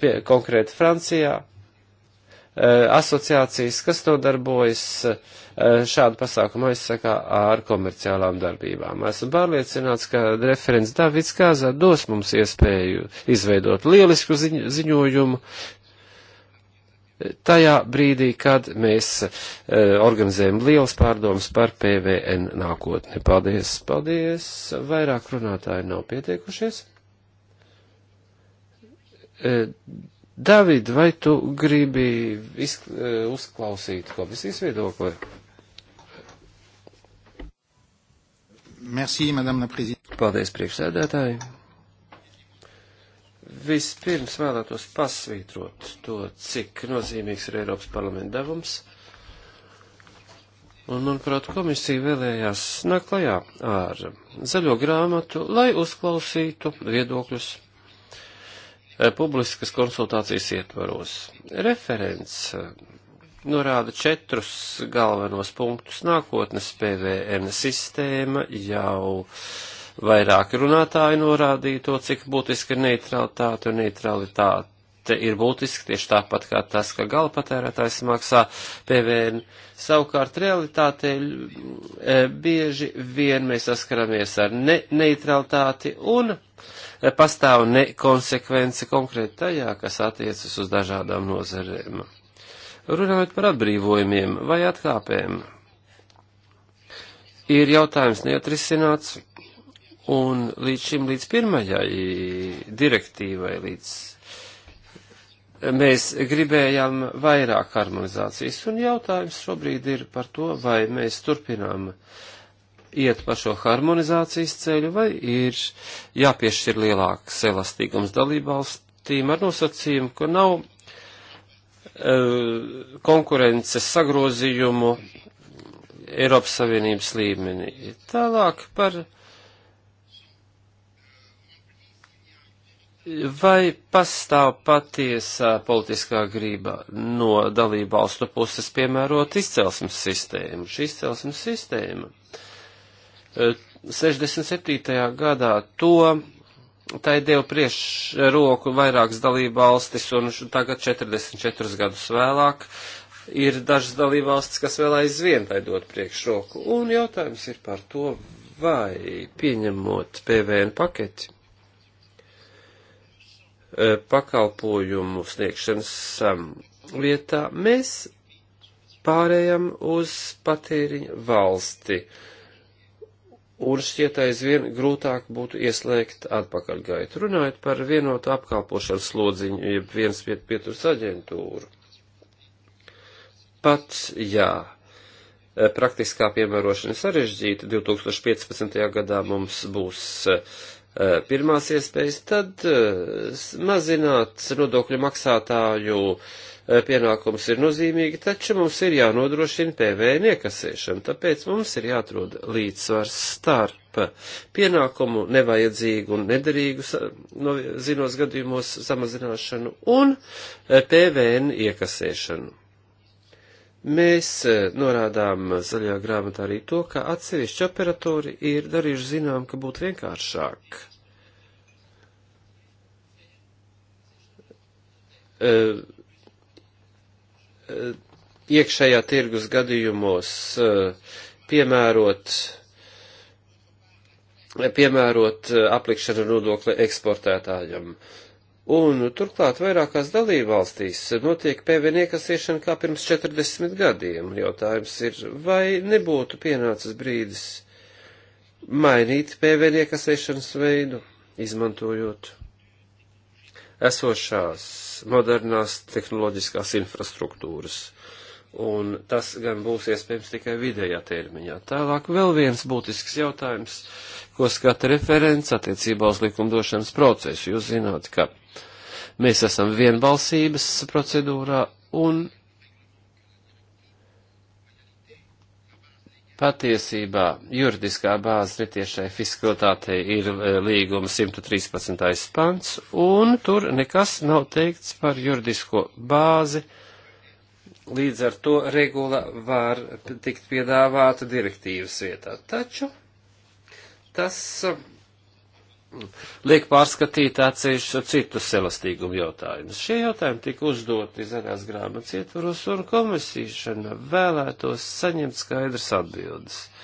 pie, konkrēti Francijā, eh, asociācijas, kas nodarbojas eh, šādu pasākumu aizsakā ar komerciālām darbībām. Esmu pārliecināts, ka referents Davids Kāzā dos mums iespēju izveidot lielisku ziņ ziņojumu tajā brīdī, kad mēs eh, organizējam lielas pārdomas par PVN nākotni. Paldies, paldies, vairāk runātāji nav pietiekušies. E, David, vai tu gribi e, uzklausīt komisijas viedokli? Merci, madame la présidente. Paldies, priekšsēdētāji. Vispirms vēlētos pasvītrot to, cik nozīmīgs ir Eiropas parlamenta devums. Un, manuprāt, komisija vēlējās nākt klajā ar zaļo grāmatu, lai uzklausītu viedokļus Eh, publiskas konsultācijas ietvaros. Referents eh, norāda četrus galvenos punktus nākotnes PVN sistēma jau vairāk runātāji norādīja to, cik būtiski ir neutralitāte un neutralitāte ir būtiski tieši tāpat kā tas, ka gala patērētājs maksā PVN. Uh, Savukārt realitātē e, bieži vien mēs saskaramies ar ne neutralitāti un e, pastāv nekonsekvence konkrēti tajā, kas attiecas uz dažādām nozarēm. Runājot par atbrīvojumiem vai atkāpēm, ir jautājums neatrisināts, un līdz šim, līdz pirmajai direktīvai, līdz mēs gribējām vairāk harmonizācijas, un jautājums šobrīd ir par to, vai mēs turpinām iet pa šo harmonizācijas ceļu, vai ir jāpiešķir lielāks elastīgums dalībvalstīm ar nosacījumu, ka nav e, konkurences sagrozījumu Eiropas Savienības līmenī. Tālāk par Vai pastāv patiesā politiskā grība no dalību valstu puses piemērot izcelsmes sistēmu? Šī izcelsmes sistēma 67. Eh, gadā to tai deva priekšroku vairākas dalību valstis, un tagad 44 gadus vēlāk ir dažas dalību valstis, kas vēl aizvien tai dod priekšroku. Un jautājums ir par to, vai pieņemot PVN paketi Eh, pakalpojumu sniegšanas vietā, ehm, mēs pārējām uz patēriņu valsti, un šķiet aizvien grūtāk būtu ieslēgt atpakaļgaitu. Runājot par vienotu apkalpošanas slodziņu, jeb viens pie pieturas aģentūru. Pat, jā, eh, praktiskā piemērošana sarežģīta, 2015. gadā mums būs uh, Eh, pirmās iespējas, tad eh, mazināt nodokļu maksātāju eh, pienākums ir nozīmīgi, taču mums ir jānodrošina PVN iekasēšana, tāpēc mums ir jāatrod līdzsvars starp pienākumu nevajadzīgu un nederīgu no zinos gadījumos samazināšanu un PVN iekasēšanu. Mēs e, norādām zaļajā grāmatā arī to, ka atsevišķi operatori ir darījuši zinām, ka būtu vienkāršāk. E, e, iekšējā tirgus gadījumos piemērot, piemērot aplikšanu nodokli eksportētājiem. Uh, Un turklāt vairākās dalībvalstīs notiek PVN iekasēšana kā pirms 40 gadiem. Jautājums ir, vai nebūtu pienācis brīdis mainīt PVN iekasēšanas veidu, izmantojot esošās modernās tehnoloģiskās infrastruktūras un tas gan būs iespējams tikai vidējā termiņā. Tālāk vēl viens būtisks jautājums, ko skata referents attiecībā uz likumdošanas procesu. Jūs zināt, ka mēs esam vienbalsības procedūrā un patiesībā juridiskā bāze netiešai fiskalitātei ir e, līguma 113. pants un tur nekas nav teikts par juridisko bāzi Līdz ar to regula var tikt piedāvāta direktīvas vietā. Taču tas um, liek pārskatīt atsevišķus citus elastīgumu jautājumus. Šie jautājumi tika uzdoti zaļās grāmatas ietvaros, un komisija vēlētos saņemt skaidrs atbildes. Uh,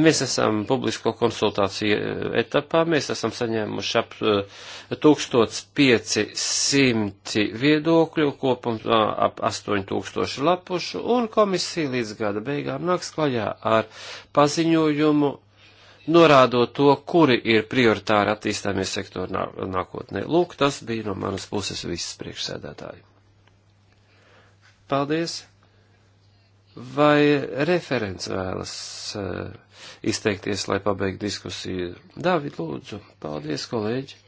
Mēs esam publisko konsultāciju eh, etapā, mēs esam saņēmuši ap 1500 eh, viedokļu, kopumā ap 8000 lapušu, un komisija līdz gada beigām nāks klajā ar paziņojumu, norādot to, kuri ir prioritāri attīstāmie sektori nākotnē. Lūk, tas bija no manas puses viss priekšsēdētāji. Paldies! Vai referents vēlas? Uh, izteikties, lai pabeigtu diskusiju. Dāvid, lūdzu, paldies, kolēģi,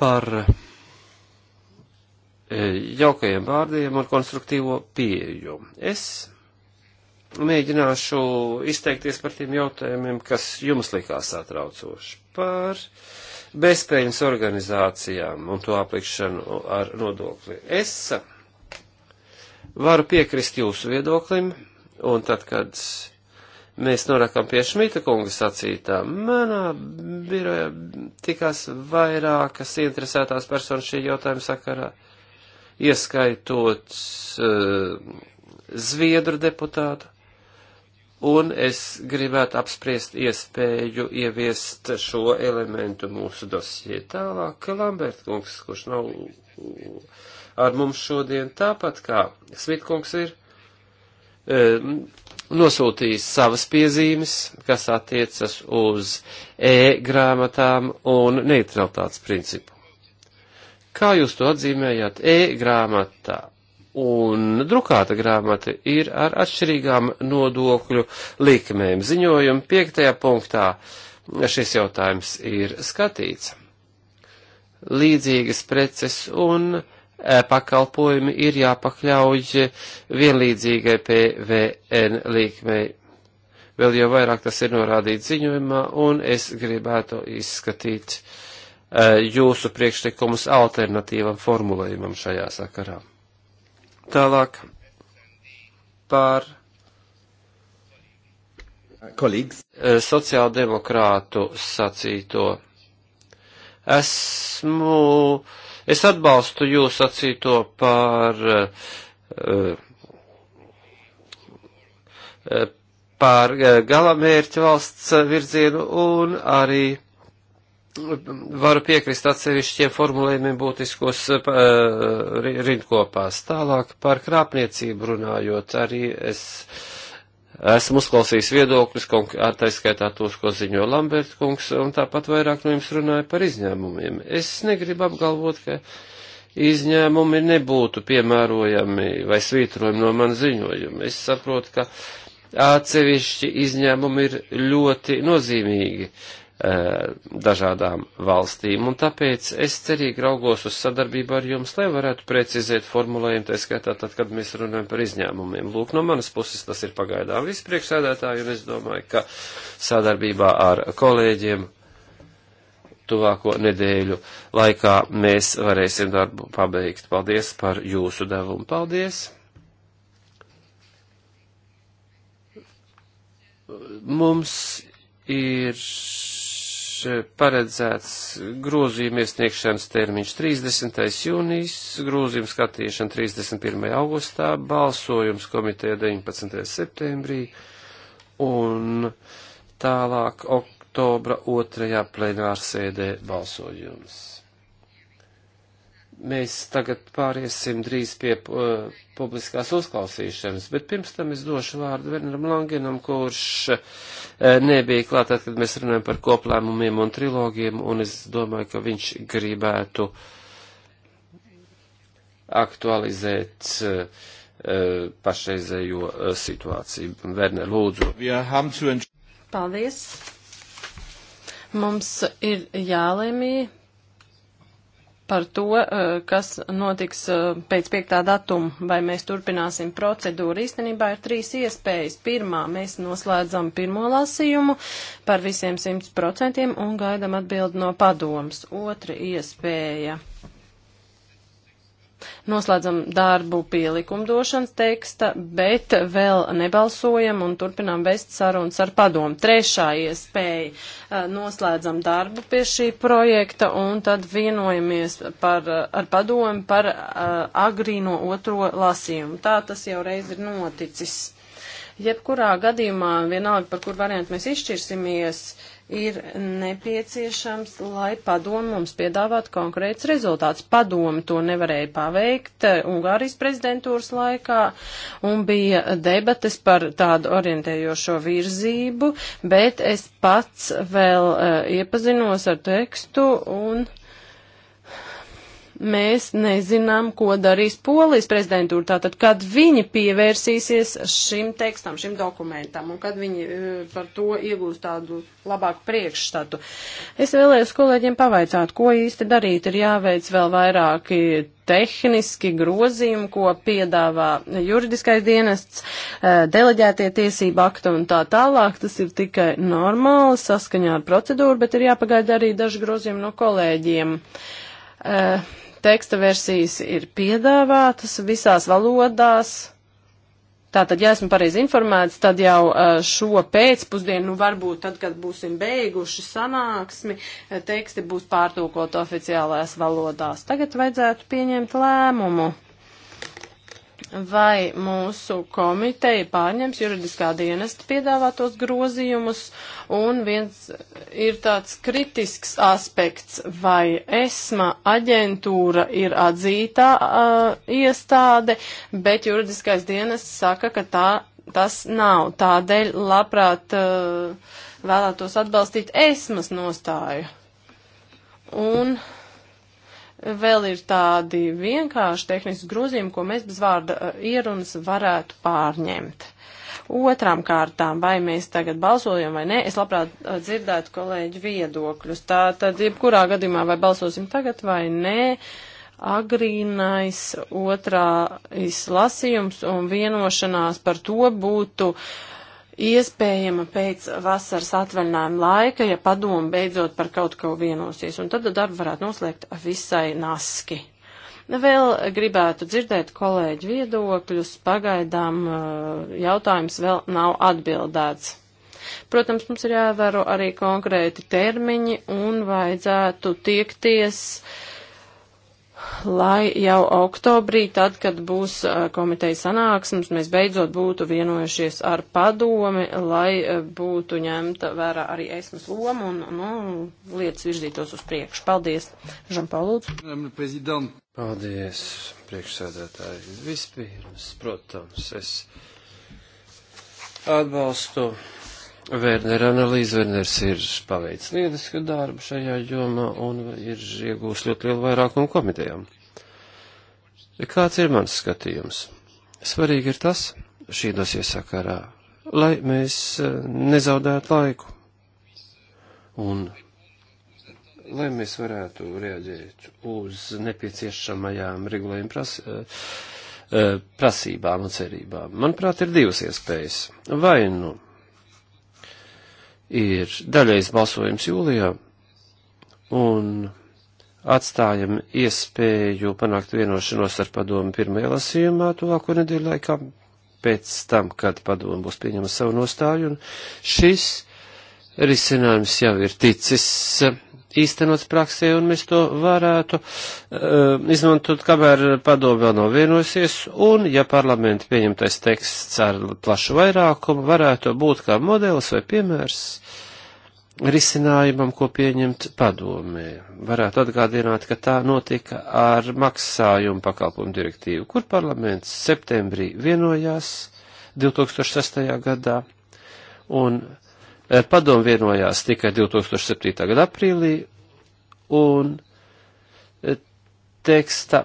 par e, jaukajiem vārdiem un konstruktīvo pieeju. Es mēģināšu izteikties par tiem jautājumiem, kas jums likās satraucoši par bezpējas organizācijām un to aplikšanu ar nodokli. Es varu piekrist jūsu viedoklim, Un tad, kad mēs norakam pie Šmita kunga sacītā, manā birojā tikās vairākas interesētās personas šī jautājuma sakarā, ieskaitot uh, Zviedru deputātu, un es gribētu apspriest iespēju ieviest šo elementu mūsu dosijai tālāk. Lambert kungs, kurš nav ar mums šodien tāpat kā Svitkungs ir, E, nosūtījis savas piezīmes, kas attiecas uz e-grāmatām un neutralitātes principu. Kā jūs to atzīmējat, e-grāmatā un drukāta grāmata ir ar atšķirīgām nodokļu likmēm. Ziņojuma piektajā punktā šis jautājums ir skatīts. Līdzīgas preces un uh, pakalpojumi ir jāpakļauj vienlīdzīgai PVN līkmei. Vēl jau vairāk tas ir norādīts ziņojumā, un es gribētu izskatīt jūsu priekšlikumus alternatīvam formulējumam šajā sakarā. Tālāk par kolīgs. Sociāldemokrātu sacīto. Esmu uh, Es atbalstu jūs sacīto par, eh, eh, par eh, galamērķu valsts virzienu un arī varu piekrist atsevišķiem formulējumiem būtiskos rindkopās. Tālāk par krāpniecību runājot, arī es Esmu uzklausījis viedokļus, tā skaitā tos, ko ziņo Lambert kungs, un tāpat vairāk no jums runāja par izņēmumiem. Es negribu apgalvot, ka izņēmumi nebūtu piemērojami vai svītrojami no man ziņojuma. Es saprotu, ka atsevišķi izņēmumi ir ļoti nozīmīgi, E, dažādām valstīm, un tāpēc es cerīgi raugos uz sadarbību ar jums, lai varētu precizēt formulējumu, tā skaitā tad, kad mēs runājam par izņēmumiem. Lūk, no manas puses tas ir pagaidām vispriekšsēdētāji, un es domāju, ka sadarbībā ar kolēģiem tuvāko nedēļu laikā mēs varēsim darbu pabeigt. Paldies par jūsu devumu. Paldies! Mums ir paredzēts grozījuma iesniegšanas termiņš 30. jūnijas, grozījuma skatīšana 31. augustā, balsojums komiteja 19. septembrī un tālāk oktobra 2. plenārsēdē balsojums. Mēs tagad pāriesim drīz pie uh, publiskās uzklausīšanas, bet pirms tam es došu vārdu Veneram Langenam, kurš uh, nebija klāt, tad, kad mēs runājam par koplēmumiem un trilogiem, un es domāju, ka viņš gribētu aktualizēt uh, pašreizējo situāciju. Verne, lūdzu. Paldies. Mums ir jālēmī par to, eh, kas notiks eh, pēc 5. datuma, vai mēs turpināsim procedūru. Īstenībā ir trīs iespējas. Pirmā, mēs noslēdzam pirmo lasījumu par visiem 100% un gaidam atbildi no padomas. Otra iespēja Noslēdzam darbu pie likumdošanas teksta, bet vēl nebalsojam un turpinām vest sarunas ar padomu. Trešā iespēja eh, - noslēdzam darbu pie šī projekta un tad vienojamies par, eh, ar padomu par eh, agrīno otro lasījumu. Tā tas jau reiz ir noticis. Jebkurā gadījumā, vienalga par kur variantu mēs izšķirsimies, uh, ir nepieciešams, lai padomu mums piedāvātu konkrēts rezultāts. Padomi to nevarēja paveikt eh, Ungārijas prezidentūras laikā un bija debates par tādu orientējošo virzību, bet es pats vēl uh, iepazinos ar tekstu un. Uh, mēs nezinām, ko darīs Polijas prezidentūra. Tātad, kad viņi pievērsīsies šim tekstam, šim dokumentam, un kad viņi e, par to iegūs tādu labāku priekšstatu. Es vēlējos kolēģiem pavaicāt, ko īsti darīt. Ir jāveic vēl vairāki tehniski grozījumi, ko piedāvā juridiskais dienests, e, deleģētie tiesība akta un tā tālāk. Tas ir tikai normāli saskaņā ar procedūru, bet ir jāpagaida arī daži grozījumi no kolēģiem. Uh, teksta versijas ir piedāvātas visās valodās. Tātad, ja esmu pareizi informēts, tad jau eh, šo pēcpusdienu, nu varbūt tad, kad būsim beiguši sanāksmi, eh, teksti būs pārtūkot oficiālajās valodās. Tagad vajadzētu pieņemt lēmumu vai mūsu komiteja pārņems juridiskā dienesta piedāvātos grozījumus, un viens ir tāds kritisks aspekts, vai ESMA aģentūra ir atzītā uh, iestāde, bet juridiskais dienests saka, ka tā tas nav. Tādēļ labprāt uh, vēlētos atbalstīt ESMAS nostāju. Un uh, vēl ir tādi vienkārši tehniski grozījumi, ko mēs bez vārda eh, ierunas varētu pārņemt. Otrām kārtām, vai mēs tagad balsojam vai nē, es labprāt eh, dzirdētu kolēģi viedokļus. Tā tad, jebkurā gadījumā, vai balsosim tagad vai nē, agrīnais otrā izlasījums un vienošanās par to būtu uh, iespējama pēc vasaras atvaļinājuma laika, ja padomu beidzot par kaut ko vienosies, un tad darbu varētu noslēgt visai naski. Vēl gribētu dzirdēt kolēģi viedokļus, pagaidām eh, jautājums vēl nav atbildēts. Protams, mums ir jāvēro arī konkrēti termiņi un vajadzētu tiekties uh, lai jau oktobrī, tad, kad būs uh, komiteja sanāksmes, mēs beidzot būtu vienojušies ar padomi, lai uh, būtu ņemta vērā arī esmas loma un nu, lietas virzītos uz priekšu. Paldies, Žanpaulūds. Paldies, priekšsēdētāji. Vispirms, protams, es atbalstu Vērnera analīze. Vērners ir paveicis lielisku darbu šajā jomā un ir iegūst ļoti lielu vairākumu komitejām. Kāds ir mans skatījums? Svarīgi ir tas šī dosie sakarā, lai mēs eh, nezaudētu laiku un lai mēs varētu reaģēt uz nepieciešamajām regulējuma pras, eh, eh, prasībām un cerībām. Manuprāt, ir divas iespējas. Vai nu ir daļais balsojums jūlijā, un atstājam iespēju panākt vienošanos ar padomu pirmajā lasījumā tuvāko nedēļu laikā, pēc tam, kad padomu būs pieņemama savu nostāju, un šis risinājums jau ir ticis īstenots praksē, un mēs to varētu uh, izmantot, kamēr padomu vēl nav vienosies, un, ja parlamenta pieņemtais teksts ar plašu vairākumu varētu būt kā modelis vai piemērs risinājumam, ko pieņemt padomē. Varētu atgādināt, ka tā notika ar maksājumu pakalpojumu direktīvu, kur parlaments septembrī vienojās 2006. gadā, un Eh, Padomu vienojās tikai 2007. gada aprīlī, un eh, teksta,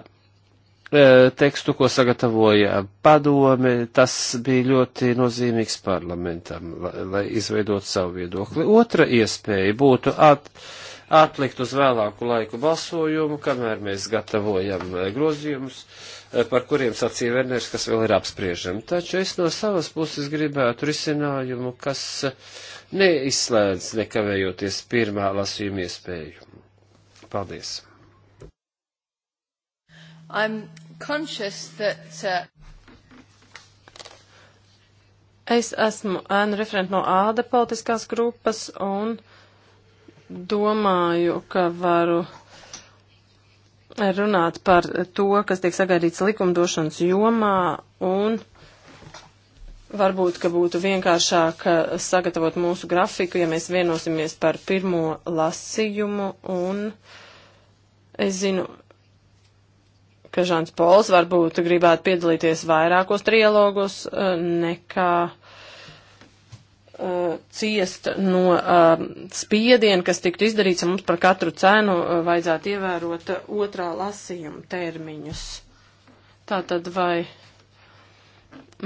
eh, tekstu, ko sagatavoja padome, tas bija ļoti nozīmīgs parlamentam, lai izveidot savu viedokli. Otra iespēja būtu at, atlikt uz vēlāku laiku balsojumu, kamēr mēs gatavojam grozījumus Eh, par kuriem sacīja Verners, kas vēl ir apspriežami. Taču es no savas puses gribētu risinājumu, kas eh, neizslēdz nekavējoties pirmā lasījuma iespēju. Paldies! That, uh... Es esmu ēnu referent no āda politiskās grupas un domāju, ka varu runāt par to, kas tiek sagaidīts likumdošanas jomā un varbūt, ka būtu vienkāršāk eh, sagatavot mūsu grafiku, ja mēs vienosimies par pirmo lasījumu un es zinu, ka Žants Pols varbūt gribētu piedalīties vairākos trialogos eh, nekā uh, ciest no uh, spiediena, kas tiktu izdarīts, ja mums par katru cenu uh, vajadzētu ievērot otrā lasījuma termiņus. Tātad vai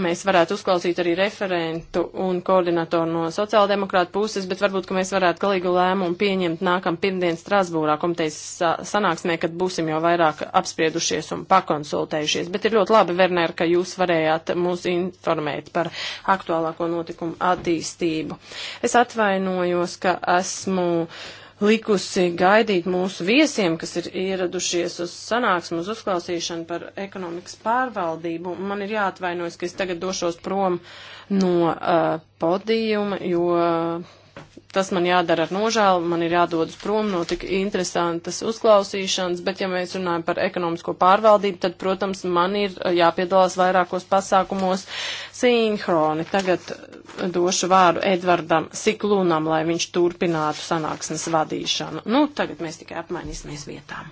mēs varētu uzklausīt arī referentu un koordinatoru no sociāldemokrāta puses, bet varbūt, ka mēs varētu galīgu lēmumu pieņemt nākam pirmdien Strasbūrā komitejas sanāksmē, kad būsim jau vairāk apspriedušies un pakonsultējušies. Bet ir ļoti labi, Werner, ka jūs varējāt mūs informēt par aktuālāko notikumu attīstību. Es atvainojos, ka esmu. Uh, likusi gaidīt mūsu viesiem, kas ir ieradušies uz sanāksmu, uz uzklausīšanu par ekonomikas pārvaldību. Man ir jāatvainojas, ka es tagad došos prom no uh, podījuma, jo. Uh, Tas man jādara ar nožēlu, man ir jādodas prom no tik interesantas uzklausīšanas, bet ja mēs runājam par ekonomisko pārvaldību, tad, protams, man ir uh, jāpiedalās vairākos pasākumos sīnhroni. Tagad uh, došu vārdu Edvardam Siklūnam, lai viņš turpinātu sanāksmes vadīšanu. Nu, tagad mēs tikai apmainīsimies vietām.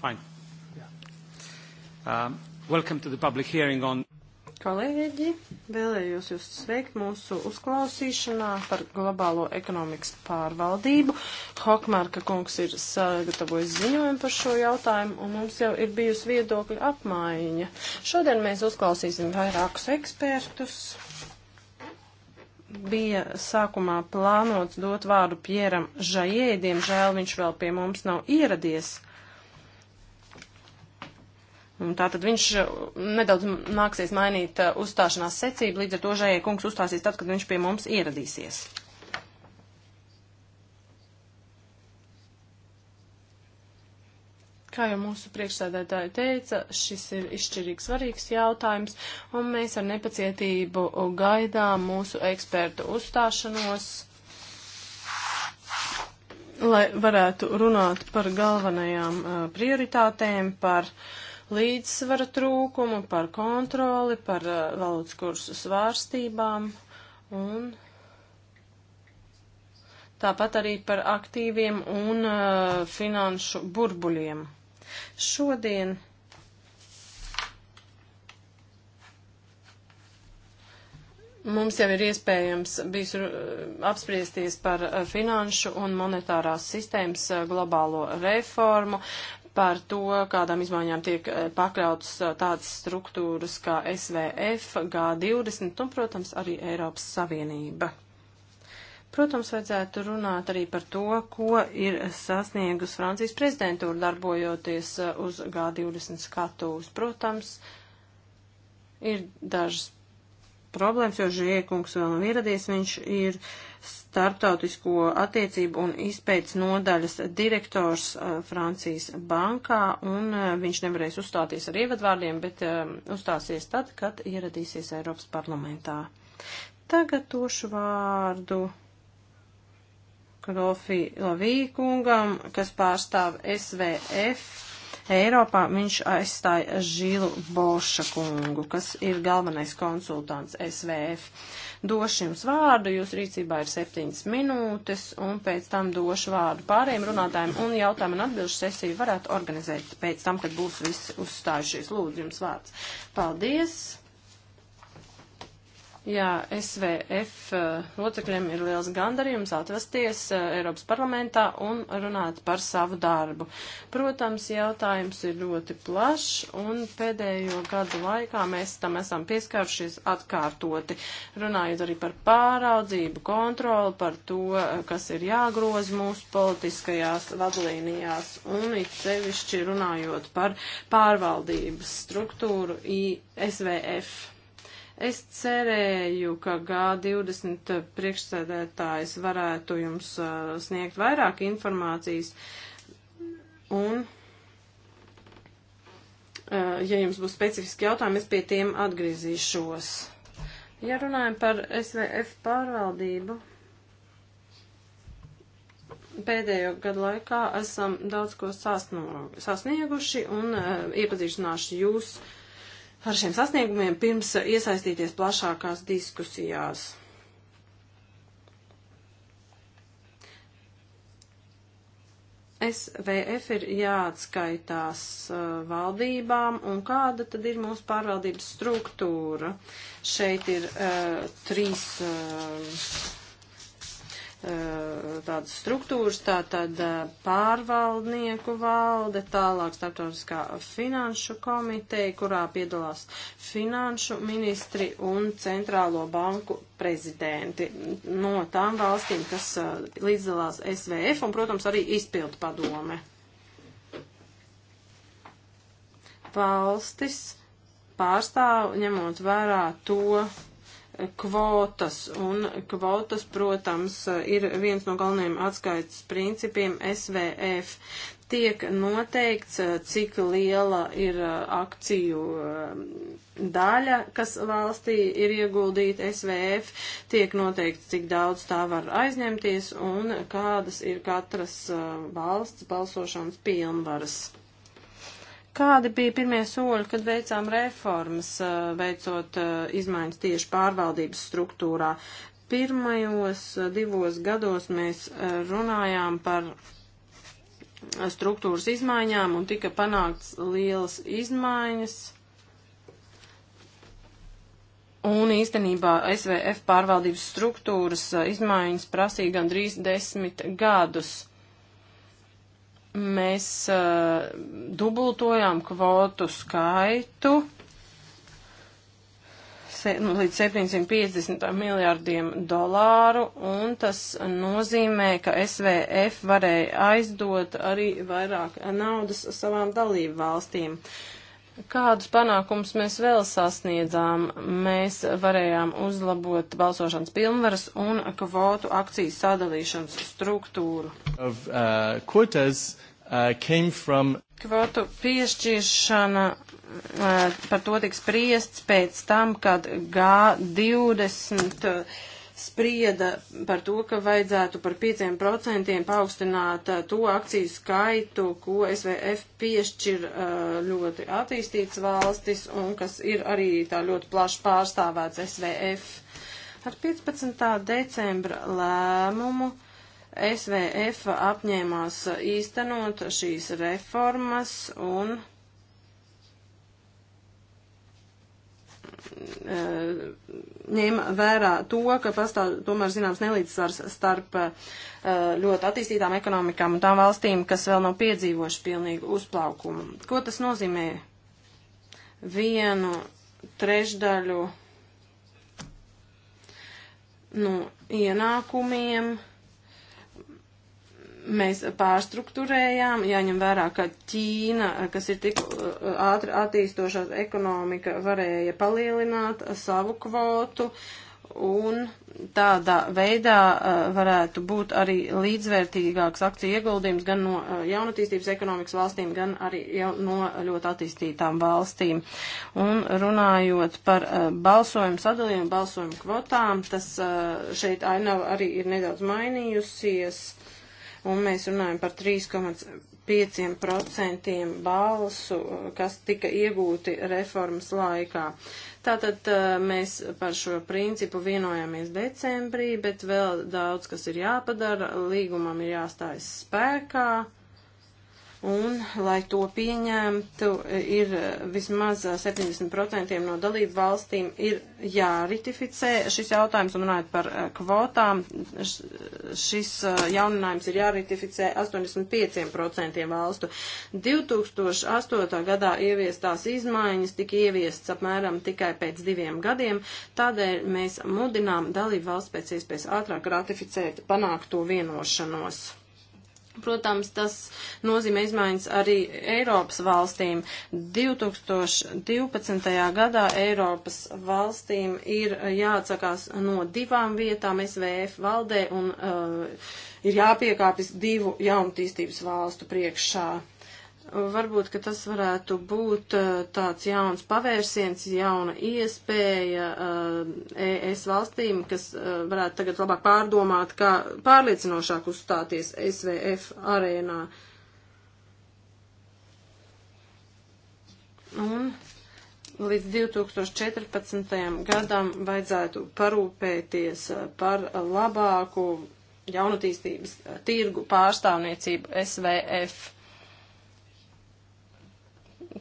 Fine. Yeah. Um, welcome to the public hearing on. Kolēģi, vēlējos jūs sveikt mūsu uzklausīšanā par globālo ekonomikas pārvaldību. Hokmārka kungs ir sagatavojis ziņojumu par šo jautājumu, un mums jau ir bijusi viedokļa apmaiņa. Šodien mēs uzklausīsim vairākus ekspertus bija sākumā plānots dot vārdu Pieram Žajē, diemžēl viņš vēl pie mums nav ieradies. Un tātad viņš eh, nedaudz nāksies mainīt eh, uzstāšanās secību, līdz ar to žējai kungs uzstāsies tad, kad viņš pie mums ieradīsies. Kā jau mūsu priekšsēdētāji teica, šis ir izšķirīgs svarīgs jautājums, un mēs ar nepacietību gaidām mūsu ekspertu uzstāšanos, lai varētu runāt par galvenajām eh, prioritātēm, par uh, līdzsvara trūkumu, par kontroli, par eh, valodas kursu svārstībām un tāpat arī par aktīviem un uh, finanšu burbuļiem. Šodien mums jau ir iespējams bijis eh, apspriesties par finanšu un monetārās sistēmas globālo reformu par to, kādām izmaiņām tiek eh, pakļautas eh, tādas struktūras kā SVF, G20 un, protams, arī Eiropas Savienība. Protams, vajadzētu runāt arī par to, ko ir sasniegusi Francijas prezidentūra darbojoties eh, uz G20 skatūs. Protams, ir dažas problēmas, jo Žiekungs vēl nav ieradies, viņš ir uh, starptautisko attiecību un izpētes nodaļas direktors uh, Francijas bankā, un uh, viņš nevarēs uzstāties ar ievadvārdiem, bet um, uzstāsies tad, kad ieradīsies Eiropas parlamentā. Tagad došu vārdu Krofi Lavī kungam, kas pārstāv SVF. Eiropā viņš aizstāja Žilu Boša kungu, kas ir galvenais konsultants SVF. Uh, Došu jums vārdu, jūs rīcībā ir septiņas minūtes, un pēc tam došu vārdu pārējiem runātājiem, un jautājumu un atbilžu sesiju varētu organizēt pēc tam, kad būs visi uzstājušies. Lūdzu, jums vārds. Paldies! Jā, SVF uh, locekļiem ir liels gandarījums atrasties uh, Eiropas parlamentā un runāt par savu darbu. Protams, jautājums ir ļoti plašs un pēdējo gadu laikā mēs tam esam pieskāršies atkārtoti, runājot arī par pāraudzību, kontroli, par to, uh, kas ir jāgroz mūsu politiskajās vadlīnijās un it sevišķi runājot par pārvaldības struktūru ISVF. Es cerēju, ka G20 priekšsēdētājs varētu jums uh, sniegt vairāk informācijas. Un, uh, ja jums būs specifiski jautājumi, es pie tiem atgriezīšos. Ja runājam par SVF pārvaldību, pēdējo gadu laikā esam daudz ko sasnieguši un uh, iepazīšanāšu jūs. Uh, ar šiem sasniegumiem pirms iesaistīties plašākās diskusijās. SVF ir jāatskaitās uh, valdībām, un kāda tad ir mūsu pārvaldības struktūra? Šeit ir uh, trīs uh, Eh, tādas struktūras, tā tad eh, pārvaldnieku valde, tālāk starptautiskā finanšu komiteja, kurā piedalās finanšu ministri un centrālo banku prezidenti no tām valstīm, kas eh, līdzdalās SVF un, protams, arī izpildu padome. Valstis pārstāv, ņemot vērā to, kvotas, un kvotas, protams, ir viens no galvenajiem atskaites principiem SVF. Tiek noteikts, cik liela ir uh, akciju um, daļa, kas valstī ir ieguldīta SVF, tiek noteikts, cik daudz tā var aizņemties un kādas ir katras uh, valsts balsošanas pilnvaras. Kādi bija pirmie soļi, kad veicām reformas, veicot izmaiņas tieši pārvaldības struktūrā? Pirmajos divos gados mēs runājām par struktūras izmaiņām un tika panākts lielas izmaiņas. Un īstenībā SVF pārvaldības struktūras izmaiņas prasīja gandrīz desmit gadus. Mēs uh, dubultojām kvotu skaitu nu, līdz 750 miljārdiem dolāru, un tas nozīmē, ka SVF varēja aizdot arī vairāk naudas savām dalību valstīm. Kādus panākumus mēs vēl sasniedzām? Mēs varējām uzlabot balsošanas pilnvaras un kvotu akcijas sadalīšanas struktūru. Of, uh, quotas, uh, uh, came from Kvotu piešķiršana uh, par to tiks priests pēc tam, kad G20 uh, sprieda par to, ka vajadzētu par 5% paaugstināt uh, to akciju skaitu, ko SVF piešķir uh, ļoti attīstīts valstis un kas ir arī tā ļoti plaši pārstāvēts SVF. Ar 15. decembra lēmumu SVF apņēmās īstenot šīs reformas un eh, ņēma vērā to, ka pastāv tomēr zināms nelīdzsvars starp eh, ļoti attīstītām ekonomikām un tām valstīm, kas vēl nav piedzīvojuši pilnīgu uzplaukumu. Ko tas nozīmē? Vienu trešdaļu no nu, ienākumiem mēs pārstruktūrējām, jāņem vērā, ka Ķīna, kas ir tik uh, ātri attīstošā ekonomika, varēja palielināt savu kvotu un tādā veidā uh, varētu būt arī līdzvērtīgāks akciju ieguldījums gan no uh, jaunatīstības ekonomikas valstīm, gan arī jau no ļoti attīstītām valstīm. Un runājot par balsojumu sadalījumu, balsojumu kvotām, tas šeit ainava arī ir nedaudz mainījusies un mēs runājam par 3,5% balsu, kas tika iegūti reformas laikā. Tātad mēs par šo principu vienojāmies decembrī, bet vēl daudz, kas ir jāpadara, līgumam ir jāstājas spēkā un, lai to pieņemtu, ir vismaz 70% no dalību valstīm ir jāritificē šis jautājums, un runājot par eh, kvotām, šis eh, jauninājums ir jāritificē 85% valstu. 2008. gadā ieviestās izmaiņas tika ieviestas apmēram tikai pēc diviem gadiem, tādēļ mēs mudinām dalību valsts pēc iespējas ātrāk ratificēt panākto vienošanos. Protams, tas nozīmē izmaiņas arī Eiropas valstīm. 2012. gadā Eiropas valstīm ir jāatsakās no divām vietām SVF valdē un uh, ir jāpiekāpjas divu jauntīstības valstu priekšā. Uh, Varbūt, ka tas varētu būt uh, tāds jauns pavērsiens, jauna iespēja uh, ES valstīm, kas uh, varētu tagad labāk pārdomāt, kā pārliecinošāk uzstāties SVF arēnā. Un līdz 2014. gadam vajadzētu parūpēties par labāku jaunatīstības tirgu pārstāvniecību SVF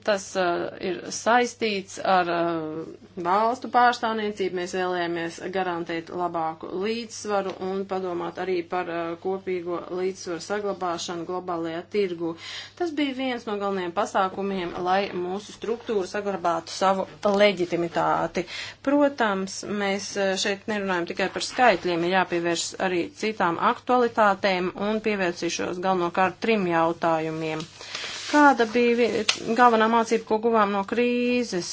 tas uh, ir saistīts ar uh, valstu pārstāvniecību. Mēs vēlējāmies garantēt labāku līdzsvaru un padomāt arī par uh, kopīgo līdzsvaru saglabāšanu globālajā tirgu. Tas bija viens no galvenajiem pasākumiem, lai mūsu struktūra saglabātu savu leģitimitāti. Protams, mēs šeit nerunājam tikai par skaitļiem, ir jāpievērš arī citām aktualitātēm un pievērsīšos galvenokārt trim jautājumiem. Uh, Kāda bija galvenā mācība, ko guvām no krīzes?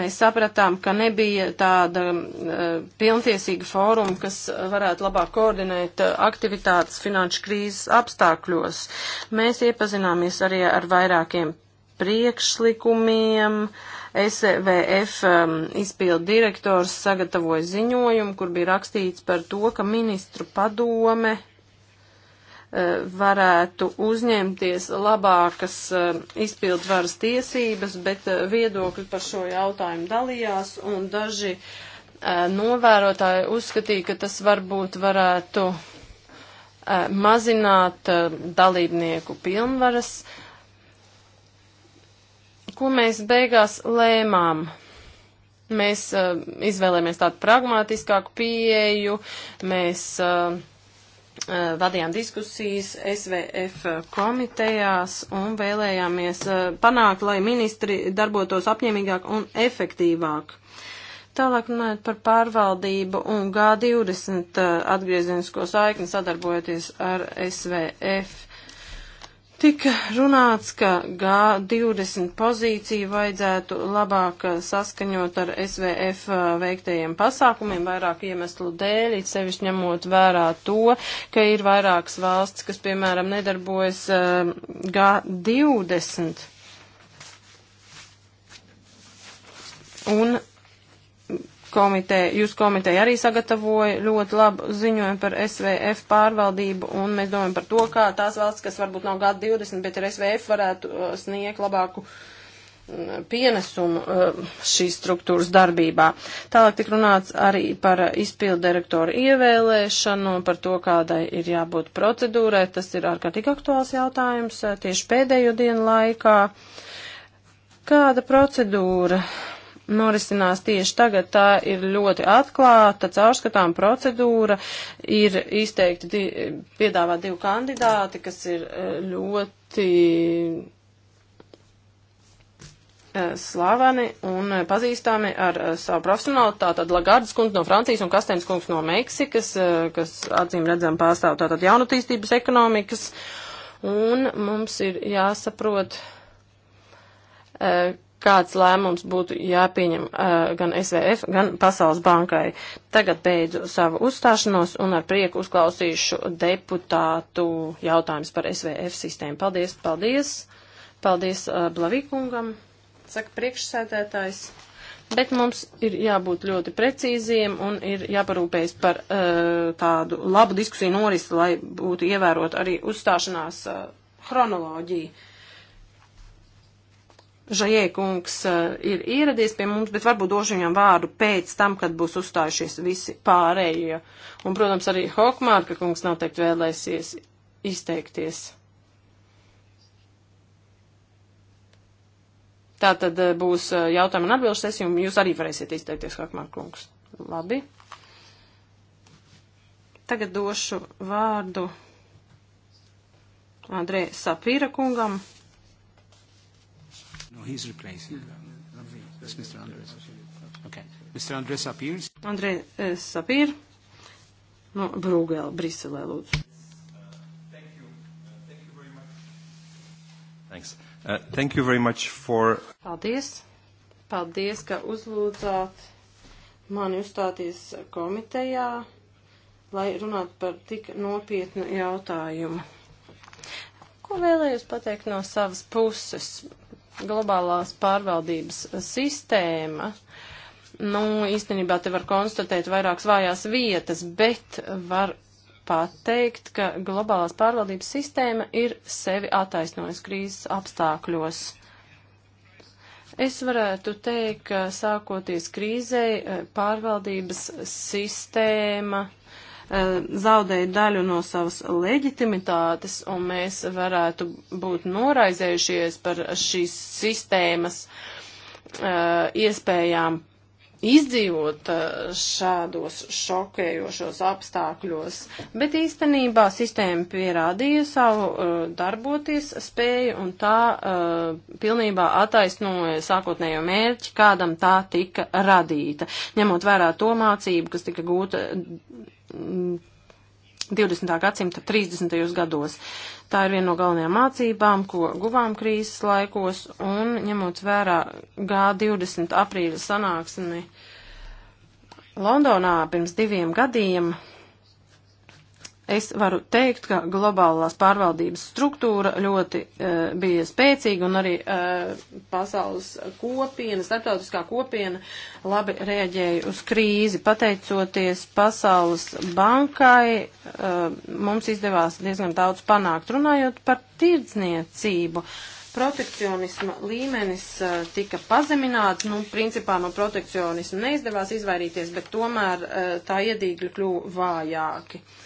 Mēs sapratām, ka nebija tāda uh, pilntiesīga fóruma, kas varētu labāk koordinēt e, aktivitātes finanšu krīzes apstākļos. Mēs iepazināmies arī ar vairākiem priekšlikumiem. SVF um, e, izpildu direktors sagatavoja ziņojumu, kur bija rakstīts par to, ka ministru padome varētu uzņemties labākas eh, izpildvaras tiesības, bet eh, viedokļi par šo jautājumu dalījās un daži eh, novērotāji uzskatīja, ka tas varbūt varētu mazināt dalībnieku pilnvaras. Ko mēs beigās lēmām? Mēs uh, izvēlējāmies tādu pragmatiskāku pieeju, mēs uh, Eh, vadījām diskusijas SVF komitejās un vēlējāmies eh, panākt, lai ministri darbotos apņēmīgāk un efektīvāk. Tālāk runājot par pārvaldību un G20 eh, atgriezinisko saikni sadarbojoties ar SVF. Tika runāts, ka G20 pozīciju vajadzētu labāk saskaņot ar SVF veiktajiem pasākumiem vairāk iemeslu dēļ, it sevišķi ņemot vērā to, ka ir vairākas valsts, kas, piemēram, nedarbojas G20. Un komiteja, jūs komiteja arī sagatavoja ļoti labu ziņojumu par SVF pārvaldību, un mēs domājam par to, kā tās valsts, kas varbūt nav gada 20, bet ar SVF varētu uh, sniegt labāku mm, pienesumu uh, šīs struktūras darbībā. Tālāk tik runāts arī par izpildu direktoru ievēlēšanu, par to, kādai ir jābūt procedūrai. Tas ir ārkārtīgi aktuāls jautājums uh, tieši pēdējo dienu laikā. Kāda procedūra norisinās tieši tagad. Tā ir ļoti atklāta, caurskatām procedūra, ir izteikti di piedāvā divi kandidāti, kas ir eh, ļoti eh, slaveni un eh, pazīstami ar savu profesionālu, tātad Lagardas kungs no Francijas un Kastēns kungs no Meksikas, kas acīm redzam pārstāv tātad jaunatīstības ekonomikas. Un mums ir jāsaprot, kāds lēmums būtu jāpieņem uh, gan SVF, gan Pasaules bankai. Tagad beidzu savu uzstāšanos un ar prieku uzklausīšu deputātu jautājumus par SVF sistēmu. Paldies, paldies, paldies uh, Blavīkungam, saka priekšsēdētājs. Bet mums ir jābūt ļoti precīziem un ir jāparūpējas par uh, tādu labu diskusiju norisi, lai būtu ievērot arī uzstāšanās uh, hronoloģiju. Žajē kungs eh, ir ieradies pie mums, bet varbūt došu viņam vārdu pēc tam, kad būs uzstājušies visi pārējie. Un, protams, arī Hokmārka kungs noteikti vēlēsies izteikties. Tā tad eh, būs eh, jautājuma un atbildes sesija, un jūs arī varēsiet izteikties, Hokmārk kungs. Labi. Tagad došu vārdu Andrē Sapīra kungam. Oh, he's replacing. That's Mr. Andres. Okay. Mr. Andres appears. Andres eh, appear. No, Brūgēl, Briselē, lūdzu. Thanks. Uh, thank you very much for. Paldies. Paldies, ka uzlūdzāt mani uzstāties komitejā, lai runātu par tik nopietnu jautājumu. Ko vēlējos pateikt no savas puses? globālās pārvaldības sistēma. Nu, īstenībā te var konstatēt vairākas vājās vietas, bet var pateikt, ka globālās pārvaldības sistēma ir sevi attaisnojusi krīzes apstākļos. Es varētu teikt, ka sākoties krīzei, eh, pārvaldības sistēma E, zaudēja daļu no savas leģitimitātes, un mēs varētu būt noraizējušies par šīs sistēmas e, iespējām izdzīvot e, šādos šokējošos apstākļos, bet īstenībā sistēma pierādīja savu uh, darboties spēju un tā uh, pilnībā attaisnoja sākotnējo mērķi, kādam tā tika radīta, ņemot vērā to mācību, kas tika gūta 20. Mm, gadsimta 30. gados. Tā ir viena no galvenajām mācībām, ko guvām krīzes laikos, un ņemot vērā G20 aprīļa sanāksmi Londonā pirms diviem gadiem, Es varu teikt, ka globālās pārvaldības struktūra ļoti uh, bija spēcīga un arī uh, pasaules kopiena, starptautiskā kopiena labi reaģēja uz krīzi. Pateicoties pasaules bankai, uh, mums izdevās diezgan daudz panākt. Runājot par tirdzniecību, protekcionisma līmenis uh, tika pazemināts. Nu, principā no protekcionisma neizdevās izvairīties, bet tomēr uh, tā iedīgļi kļuva vājāki. Uh,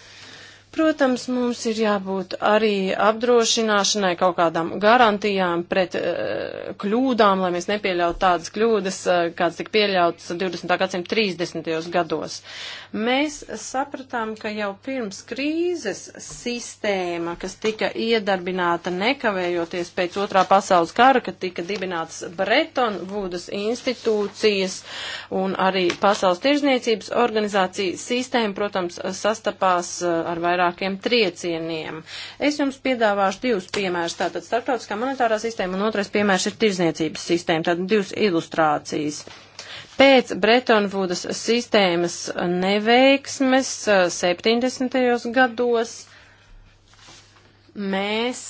Protams, mums ir jābūt arī apdrošināšanai kaut kādām garantijām pret uh, kļūdām, lai mēs nepieļautu tādas kļūdas, uh, kādas tika pieļautas 20. gadsimta 30. gados. Mēs sapratām, ka jau pirms krīzes sistēma, kas tika iedarbināta nekavējoties pēc otrā pasaules kara, kad tika dibināts Breton Vūdas institūcijas un arī Pasaules tirzniecības organizācija, sistēma, protams, sastapās eh, ar vairāk vairākiem triecieniem. Es jums piedāvāšu divus piemērus. Tātad starptautiskā monetārā sistēma un otrais piemērs ir tirzniecības sistēma. Tātad divas ilustrācijas. Pēc Bretonvudas sistēmas neveiksmes 70. gados mēs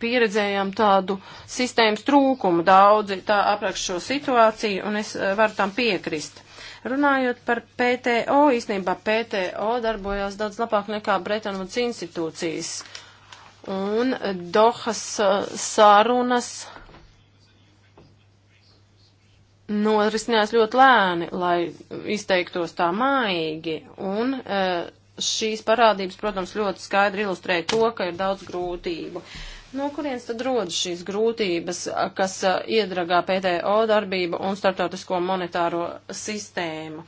pieredzējām tādu sistēmas trūkumu. Daudzi tā aprakst šo situāciju, un es varu tam piekrist. Runājot par PTO, īstenībā PTO darbojās daudz labāk nekā Bretonvuds institūcijas. Un Dohas eh, sarunas norisinājās ļoti lēni, lai izteiktos tā mājīgi. Un eh, šīs parādības, protams, ļoti skaidri ilustrē to, ka ir daudz grūtību. Uh, No kurienes tad rodas šīs grūtības, kas iedragā PTO darbību un startautisko monetāro sistēmu?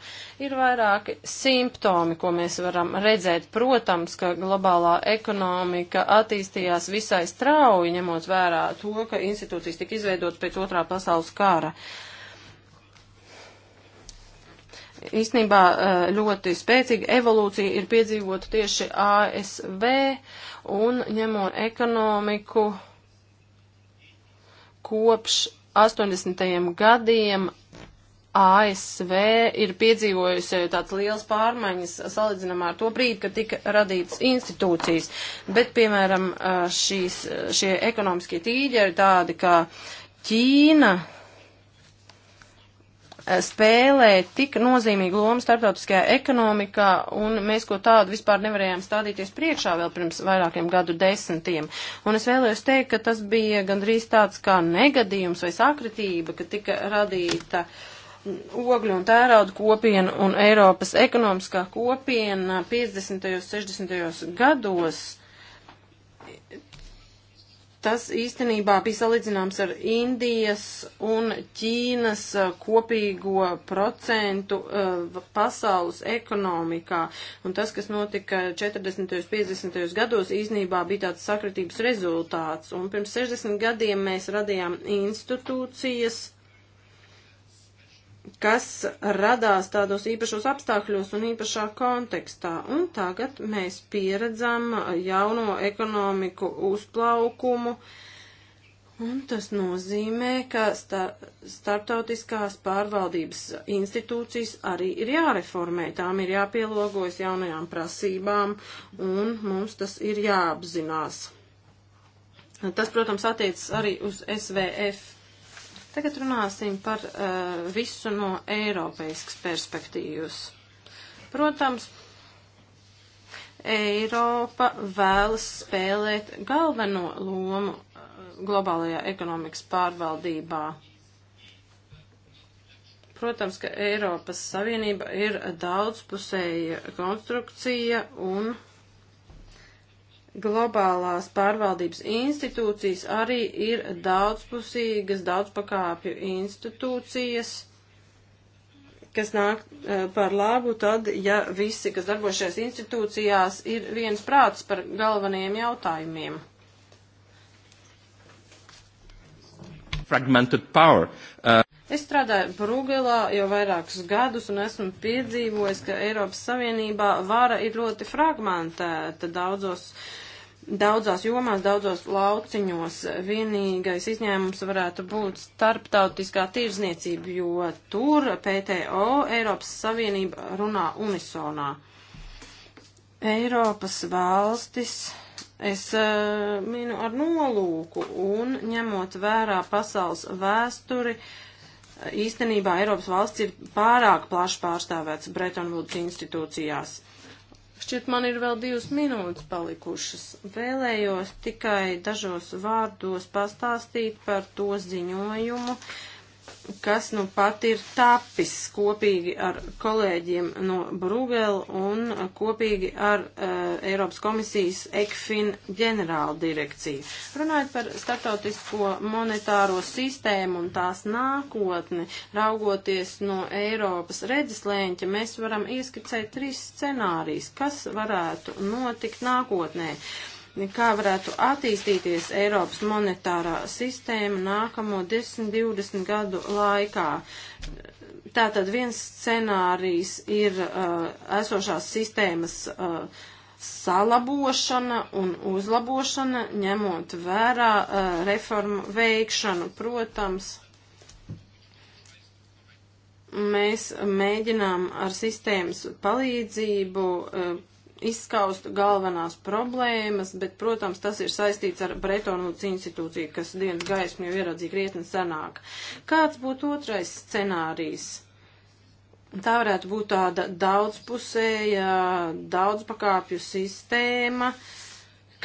Ir vairāki simptomi, ko mēs varam redzēt. Protams, ka globālā ekonomika attīstījās visai strauji, ņemot vērā to, ka institūcijas tika izveidotas pēc otrā pasaules kara. Uh, īstenībā eh, ļoti spēcīga evolūcija ir piedzīvota tieši ASV un ņemot ekonomiku kopš 80. gadiem ASV ir piedzīvojusi tāds liels pārmaiņas salīdzinām ar to brīdi, kad tika radītas institūcijas. Bet, piemēram, eh, šīs, šie ekonomiskie tīģeri tādi kā Ķīna, Eh, spēlē tik nozīmīgu lomu starptautiskajā ekonomikā, un mēs ko tādu vispār nevarējām stādīties priekšā vēl pirms vairākiem gadu desmitiem. Un es vēlējos teikt, ka tas bija gandrīz tāds kā negadījums vai sakritība, ka tika radīta ogļu un tērauda kopiena un Eiropas ekonomiskā kopiena 50. un 60. gados Tas īstenībā bija salīdzināms ar Indijas un Ķīnas uh, kopīgo procentu uh, pasaules ekonomikā. Un tas, kas notika 40. un 50. gados, īstenībā bija tāds sakritības rezultāts. Un pirms 60 gadiem mēs radījām institūcijas kas radās tādos īpašos apstākļos un īpašā kontekstā. Un tagad mēs pieredzam jauno ekonomiku uzplaukumu, un tas nozīmē, ka star starptautiskās pārvaldības institūcijas arī ir jāreformē, tām ir jāpielāgojas jaunajām prasībām, un mums tas ir jāapzinās. Tas, protams, attiecas arī uz SVF Tagad runāsim par uh, visu no eiropeiskas perspektīvas. Protams, Eiropa vēlas spēlēt galveno lomu eh, globālajā ekonomikas pārvaldībā. Protams, ka Eiropas Savienība ir daudzpusēja konstrukcija un globālās pārvaldības institūcijas arī ir daudzpusīgas, daudzpakāpju institūcijas, kas nāk uh, par labu tad, ja visi, kas darbošies institūcijās, ir viens prāts par galvenajiem jautājumiem. Fragmented power. Uh... Es strādāju Brūgelā jau vairākus gadus un esmu piedzīvojis, ka Eiropas Savienībā vara ir ļoti fragmentēta daudzos uh, daudzās jomās, daudzos lauciņos. Vienīgais izņēmums varētu būt starptautiskā tirzniecība, jo tur PTO Eiropas Savienība runā unisonā. Eiropas valstis es uh, minu ar nolūku un ņemot vērā pasaules vēsturi, īstenībā Eiropas valsts ir pārāk plaši pārstāvēts Bretton Woods institūcijās. Uh, Šķiet, man ir vēl divas minūtes palikušas. Vēlējos tikai dažos vārdos pastāstīt par to ziņojumu, uh, kas nu pat ir tapis kopīgi ar kolēģiem no Brugela un kopīgi ar uh, Eiropas komisijas ECFIN ģenerāla direkciju. Runājot par startautisko monetāro sistēmu un tās nākotni, raugoties no Eiropas redzeslēņķa, mēs varam ieskicēt trīs scenārijas, kas varētu notikt nākotnē. Uh, kā varētu attīstīties Eiropas monetārā sistēma nākamo 10-20 gadu laikā. Tātad viens scenārijs ir uh, esošās sistēmas uh, salabošana un uzlabošana, ņemot vērā uh, reformu veikšanu, protams mēs mēģinām ar sistēmas palīdzību uh, izskaust galvenās problēmas, bet, protams, tas ir saistīts ar Bretonu institūciju, kas dienas gaismu jau ieraudzīja krietni senāk. Kāds būtu otrais scenārijs? Tā varētu būt tāda daudzpusēja, daudzpakāpju sistēma,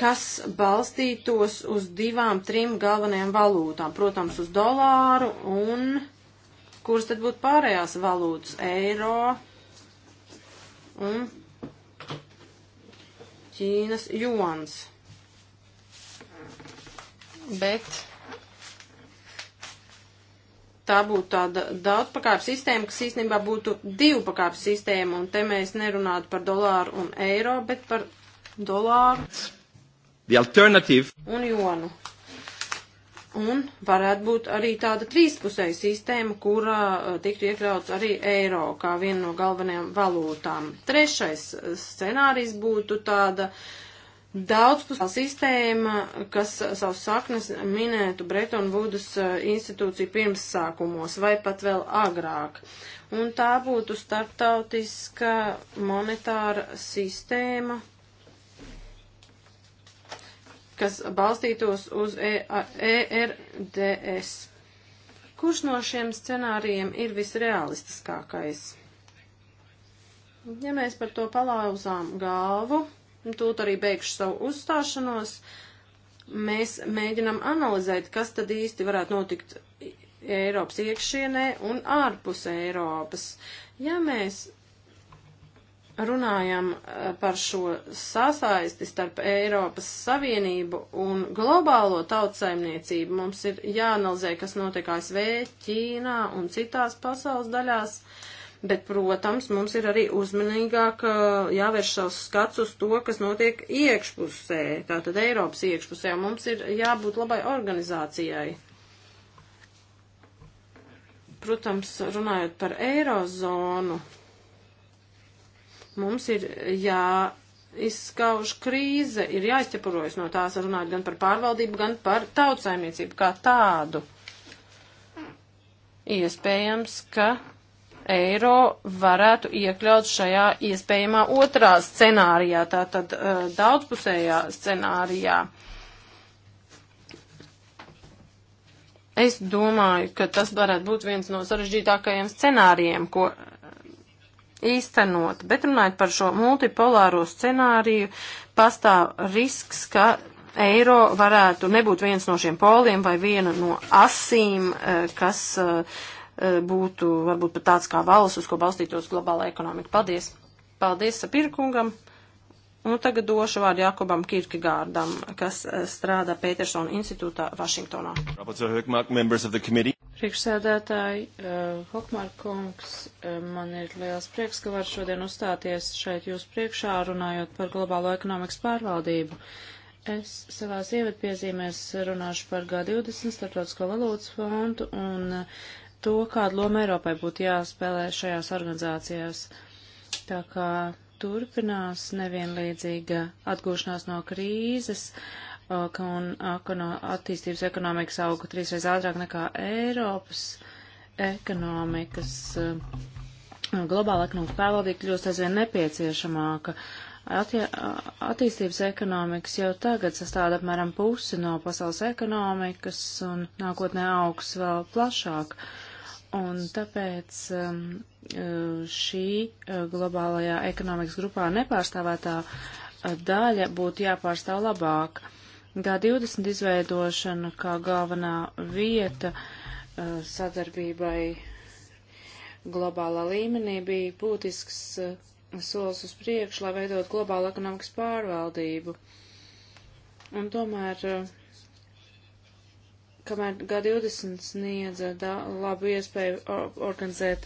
kas balstītos uz divām, trim galvenajām valūtām. Protams, uz dolāru un kuras tad būtu pārējās valūtas - eiro un Ķīnas juans. Bet tā būtu tāda daudzpakāpju sistēma, kas īstenībā būtu divu pakāpju sistēma, un te mēs nerunātu par dolāru un eiro, bet par dolāru. The alternative. Un jonu un varētu būt arī tāda trīspusēja sistēma, kurā uh, tiktu iekļauts arī eiro kā viena no galvenajām valūtām. Trešais uh, scenārijs būtu tāda daudzpusēja sistēma, kas savus saknes minētu Bretton Woods uh, institūciju pirmsākumos vai pat vēl agrāk. Un tā būtu starptautiska monetāra sistēma, kas balstītos uz ERDS. E Kurš no šiem scenārijiem ir visrealistiskākais? Ja mēs par to palauzām galvu, un tūlīt arī beigšu savu uzstāšanos, mēs mēģinam analizēt, kas tad īsti varētu notikt Eiropas iekšienē un ārpus Eiropas. Ja mēs runājam eh, par šo sasaisti starp Eiropas Savienību un globālo tautsaimniecību, mums ir jāanalizē, kas notiek ASV, Ķīnā un citās pasaules daļās. Bet, protams, mums ir arī uzmanīgāk eh, jāvērš savs skats uz to, kas notiek iekšpusē, tātad Eiropas iekšpusē. Mums ir jābūt labai organizācijai. Protams, runājot par Eirozonu, Mums ir jāizskauž krīze, ir jāizķepurojas no tās runāt gan par pārvaldību, gan par tautsaimniecību kā tādu. Iespējams, ka eiro varētu iekļaut šajā iespējamā otrā scenārijā, tātad uh, daudzpusējā scenārijā. Es domāju, ka tas varētu būt viens no sarežģītākajiem scenārijiem, ko īstenot. Bet runājot par šo multipolāro scenāriju, pastāv risks, ka eiro varētu nebūt viens no šiem poliem vai viena no asīm, eh, kas eh, eh, būtu varbūt pat tāds kā valsts, uz ko balstītos globāla ekonomika. Paldies! Paldies Sapirkungam! Un tagad došu vārdu Jakobam Kirkegārdam, kas strādā Pētersona institūtā Vašingtonā. Priekšsēdētāji, uh, eh, Hokmār kungs, uh, man ir liels prieks, ka var šodien uzstāties šeit jūs priekšā runājot par globālo ekonomikas pārvaldību. Es savās ievadpiezīmēs runāšu par G20 starptautisko valūtas fondu un uh, to, kādu lomu Eiropai būtu jāspēlē šajās organizācijās. Tā kā turpinās nevienlīdzīga atgūšanās no krīzes, uh, ka un akono, attīstības ekonomikas auga trīsreiz ātrāk nekā Eiropas ekonomikas. Globāla ekonomikas pārvaldība kļūst aizvien nepieciešamāka. Attie, attīstības ekonomikas jau tagad sastāda apmēram pusi no pasaules ekonomikas un nākotnē augs vēl plašāk. Un tāpēc šī globālajā ekonomikas grupā nepārstāvētā daļa būtu jāpārstāv labāk. Uh, G20 izveidošana kā galvenā vieta uh, sadarbībai globālā līmenī bija būtisks uh, solis uz priekšu, lai veidot globālu ekonomikas pārvaldību. Un tomēr, uh, kamēr G20 sniedza labu iespēju organizēt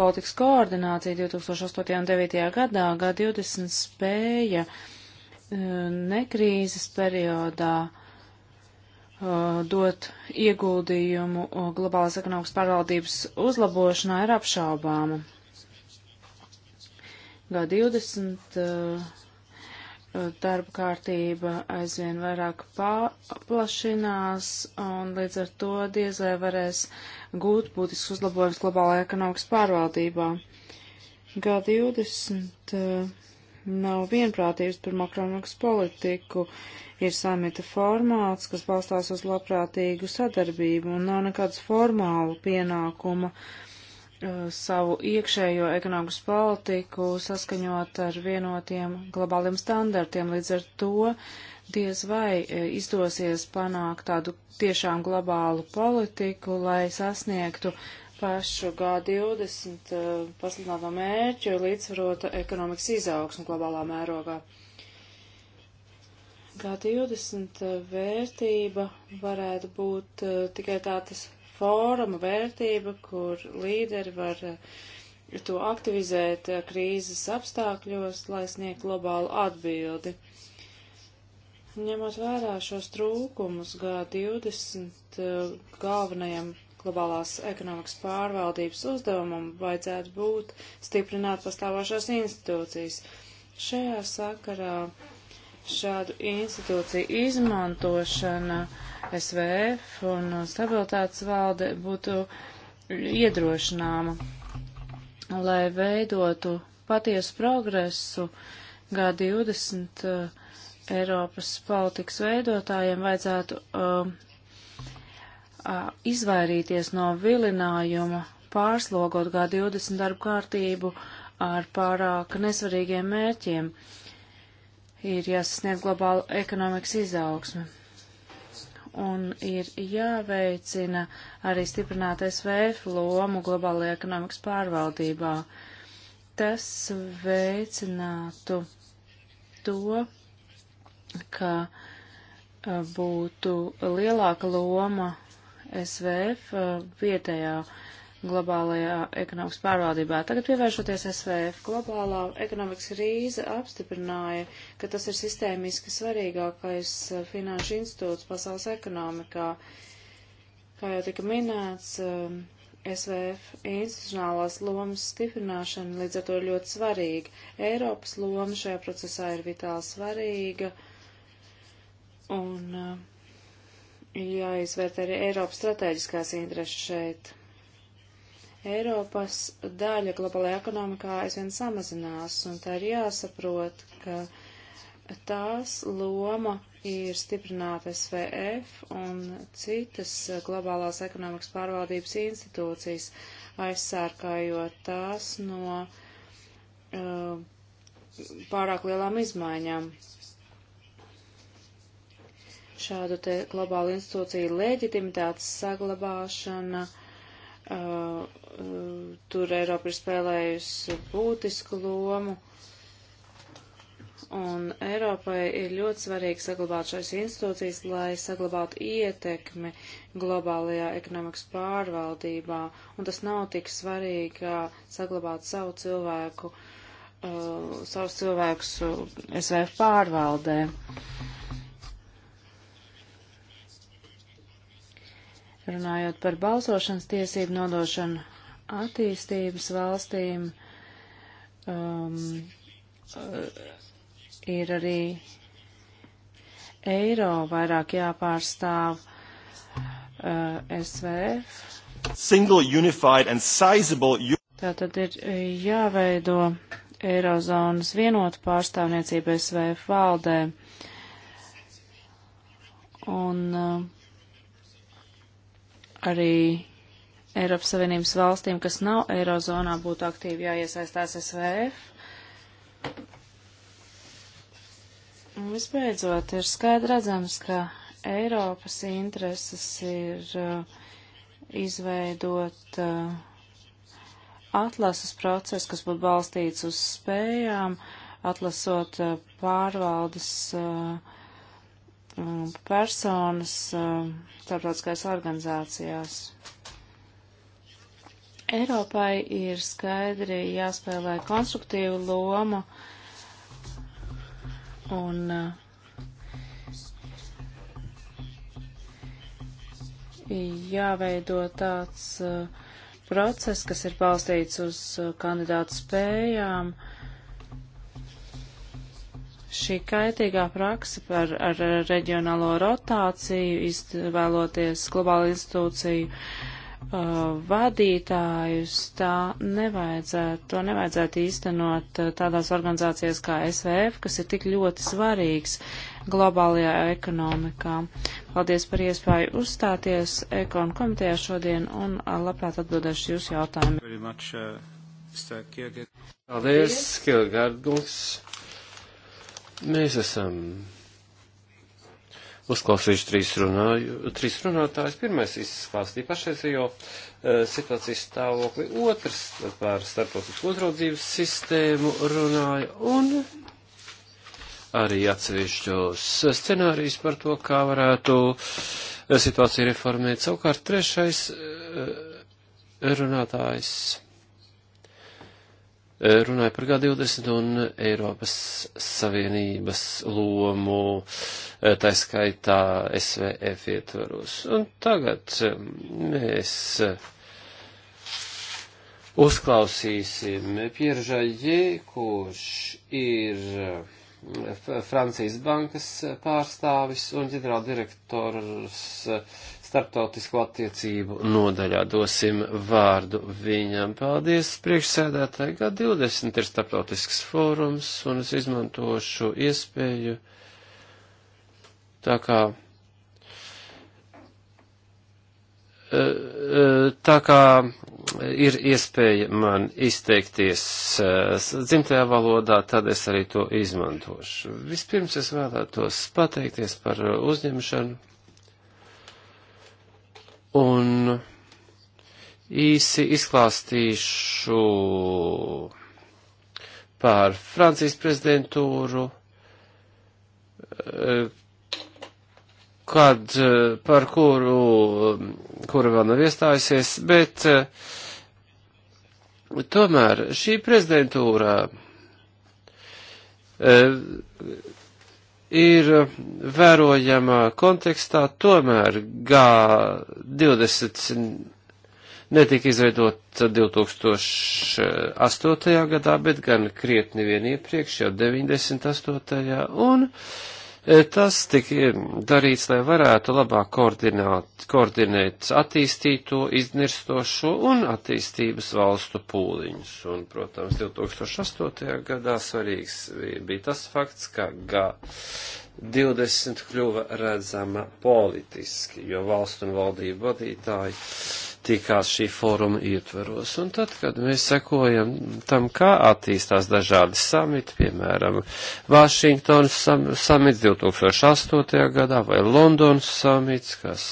politikas koordināciju 2008. un 2009. gadā, G20 spēja uh, Uh, nekrīzes periodā uh, dot ieguldījumu uh, globālās ekonomikas pārvaldības uzlabošanā ir apšaubāma. G20 darba kārtība aizvien vairāk paplašinās, un līdz ar to diez vai varēs gūt būtisks uzlabojums globālajā ekonomikas pārvaldībā. G20 nav vienprātības par makronomikas politiku. Ir samita formāts, kas balstās uz labprātīgu sadarbību un nav nekāds formālu pienākuma uh, savu iekšējo ekonomikas politiku saskaņot ar vienotiem globāliem standartiem. Līdz ar to diez vai uh, izdosies panākt tādu tiešām globālu politiku, lai sasniegtu pašu G20 eh, pasludināto mērķu ir līdzsvarota ekonomikas izaugsme globālā mērogā. G20 eh, vērtība varētu būt eh, tikai tādas fóruma vērtība, kur līderi var to aktivizēt krīzes apstākļos, lai sniegt globālu atbildi. Ņemot vērā šos trūkumus G20 galvenajam globālās ekonomikas pārvaldības uzdevumam vajadzētu būt stiprināt pastāvošās institūcijas. Šajā sakarā šādu institūciju izmantošana SVF un stabilitātes valde būtu iedrošināma, lai veidotu patiesu progresu G20 uh, Eiropas politikas veidotājiem vajadzētu uh, izvairīties no vilinājuma, pārslogot G20 darbu kārtību ar pārāk nesvarīgiem mērķiem. Ir jāsasniedz globāla ekonomikas izaugsme. Un ir jāveicina arī stiprināt SVF lomu globālajā ekonomikas pārvaldībā. Tas veicinātu to, ka būtu lielāka loma SVF uh, vietējā globālajā ekonomikas pārvaldībā. Tagad pievēršoties SVF, globālā ekonomikas krīze apstiprināja, ka tas ir sistēmiski svarīgākais uh, finanšu institūts pasaules ekonomikā. Kā jau tika minēts, uh, SVF institucionālās lomas stiprināšana līdz ar to ir ļoti svarīga. Eiropas loma šajā procesā ir vitāli svarīga. Un uh, jāizvērt arī Eiropas strateģiskās intereses šeit. Eiropas daļa globālajā ekonomikā aizvien samazinās, un tā ir jāsaprot, ka tās loma ir stiprināta SVF un citas globālās ekonomikas pārvaldības institūcijas, aizsārkājot tās no uh, pārāk lielām izmaiņām šādu te globālu institūciju leģitimitātes saglabāšana. Uh, uh, tur Eiropa ir spēlējusi būtisku lomu. Un Eiropai ir ļoti svarīgi saglabāt šīs institūcijas, lai saglabātu ietekmi globālajā ekonomikas pārvaldībā. Un tas nav tik svarīgi, kā saglabāt savu cilvēku, uh, savus cilvēkus SVF pārvaldē. Uh, Runājot par balsošanas tiesību nodošanu attīstības valstīm, um, uh, ir arī eiro vairāk jāpārstāv uh, SVF. Single, unified and sizable. Tātad ir jāveido Eirozonas vienota pārstāvniecība SVF valdē. Un uh, arī Eiropas Savienības valstīm, kas nav Eirozonā, būtu aktīvi jāiesaistās SVF. Un visbeidzot, ir skaidri redzams, ka Eiropas intereses ir uh, izveidot uh, atlases procesu, kas būtu balstīts uz spējām, atlasot uh, pārvaldes uh, Um, personas um, starptautiskajās organizācijās. Eiropai ir skaidri jāspēlē konstruktīva loma un uh, jāveido tāds uh, process, kas ir balstīts uz uh, kandidātu spējām. Uh, Šī kaitīgā praksa par ar reģionālo rotāciju, izvēloties globālu institūciju uh, vadītājus, tā nevajadzētu, to nevajadzētu īstenot uh, tādās organizācijās kā SVF, kas ir tik ļoti svarīgs globālajā ekonomikā. Paldies par iespēju uzstāties Ekon komitejā šodien un uh, labprāt atbildēšu jūsu jautājumu. Uh, Paldies, Kilgārdgungs. Mēs esam uzklausījuši trīs, runāju, trīs runātājus. Pirmais izklāstīja pašreizējo e, situācijas stāvokli, otrs par starptautisku uzraudzības sistēmu runāja un arī atsevišķos scenārijus par to, kā varētu situāciju reformēt. Savukārt trešais e, runātājs Eh, runāja par G20 un Eiropas Savienības lomu, eh, tā skaitā SVF ietvaros. Un tagad eh, mēs uzklausīsim Pieržaļie, kurš ir Francijas bankas pārstāvis un ģenerāldirektors starptautisko attiecību nodaļā. Dosim vārdu viņam. Paldies, priekšsēdētāji. G20 ir starptautisks fórums, un es izmantošu iespēju tā kā. Eh, eh, tā kā ir iespēja man izteikties eh, dzimtajā valodā, tad es arī to izmantošu. Vispirms es vēlētos pateikties par uzņemšanu un īsi izklāstīšu par Francijas prezidentūru, eh, kad, eh, par kuru, eh, kura vēl nav iestājusies, bet tomēr šī prezidentūra ir eh, vērojama kontekstā, tomēr G20 netika izveidot 2008. gadā, bet gan krietni vien iepriekš, jau 98. un E, tas tika darīts, lai varētu labāk koordināt, koordinēt attīstīto, iznirstošo un attīstības valstu pūliņus. Un, protams, 2008. gadā svarīgs bija tas fakts, ka G20 kļuva redzama politiski, jo valstu un valdību vadītāji notikās šī fóruma ietveros. Un tad, kad mēs sekojam tam, kā attīstās dažādi samiti, piemēram, Vašingtonas sam samits 2008. gadā vai Londonas samits, kas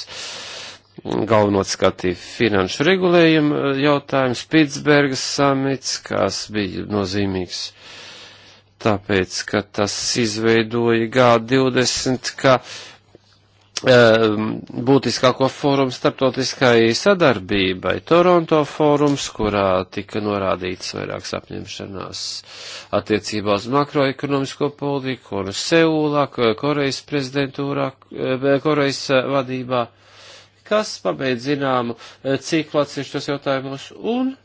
galvenot skatīja finanšu regulējumu jautājums, Pitsbergas samits, kas bija nozīmīgs tāpēc, ka tas izveidoja G20, ka Ehm, būtiskāko fórumu starptautiskai sadarbībai - Toronto fórums, kurā tika norādīts vairākas apņemšanās attiecībā uz makroekonomisko politiku, un Seulā, Korejas prezidentūrā, eh, Korejas eh, vadībā, kas pabeidz zināmu eh, ciklu atsevišķos jautājumos, un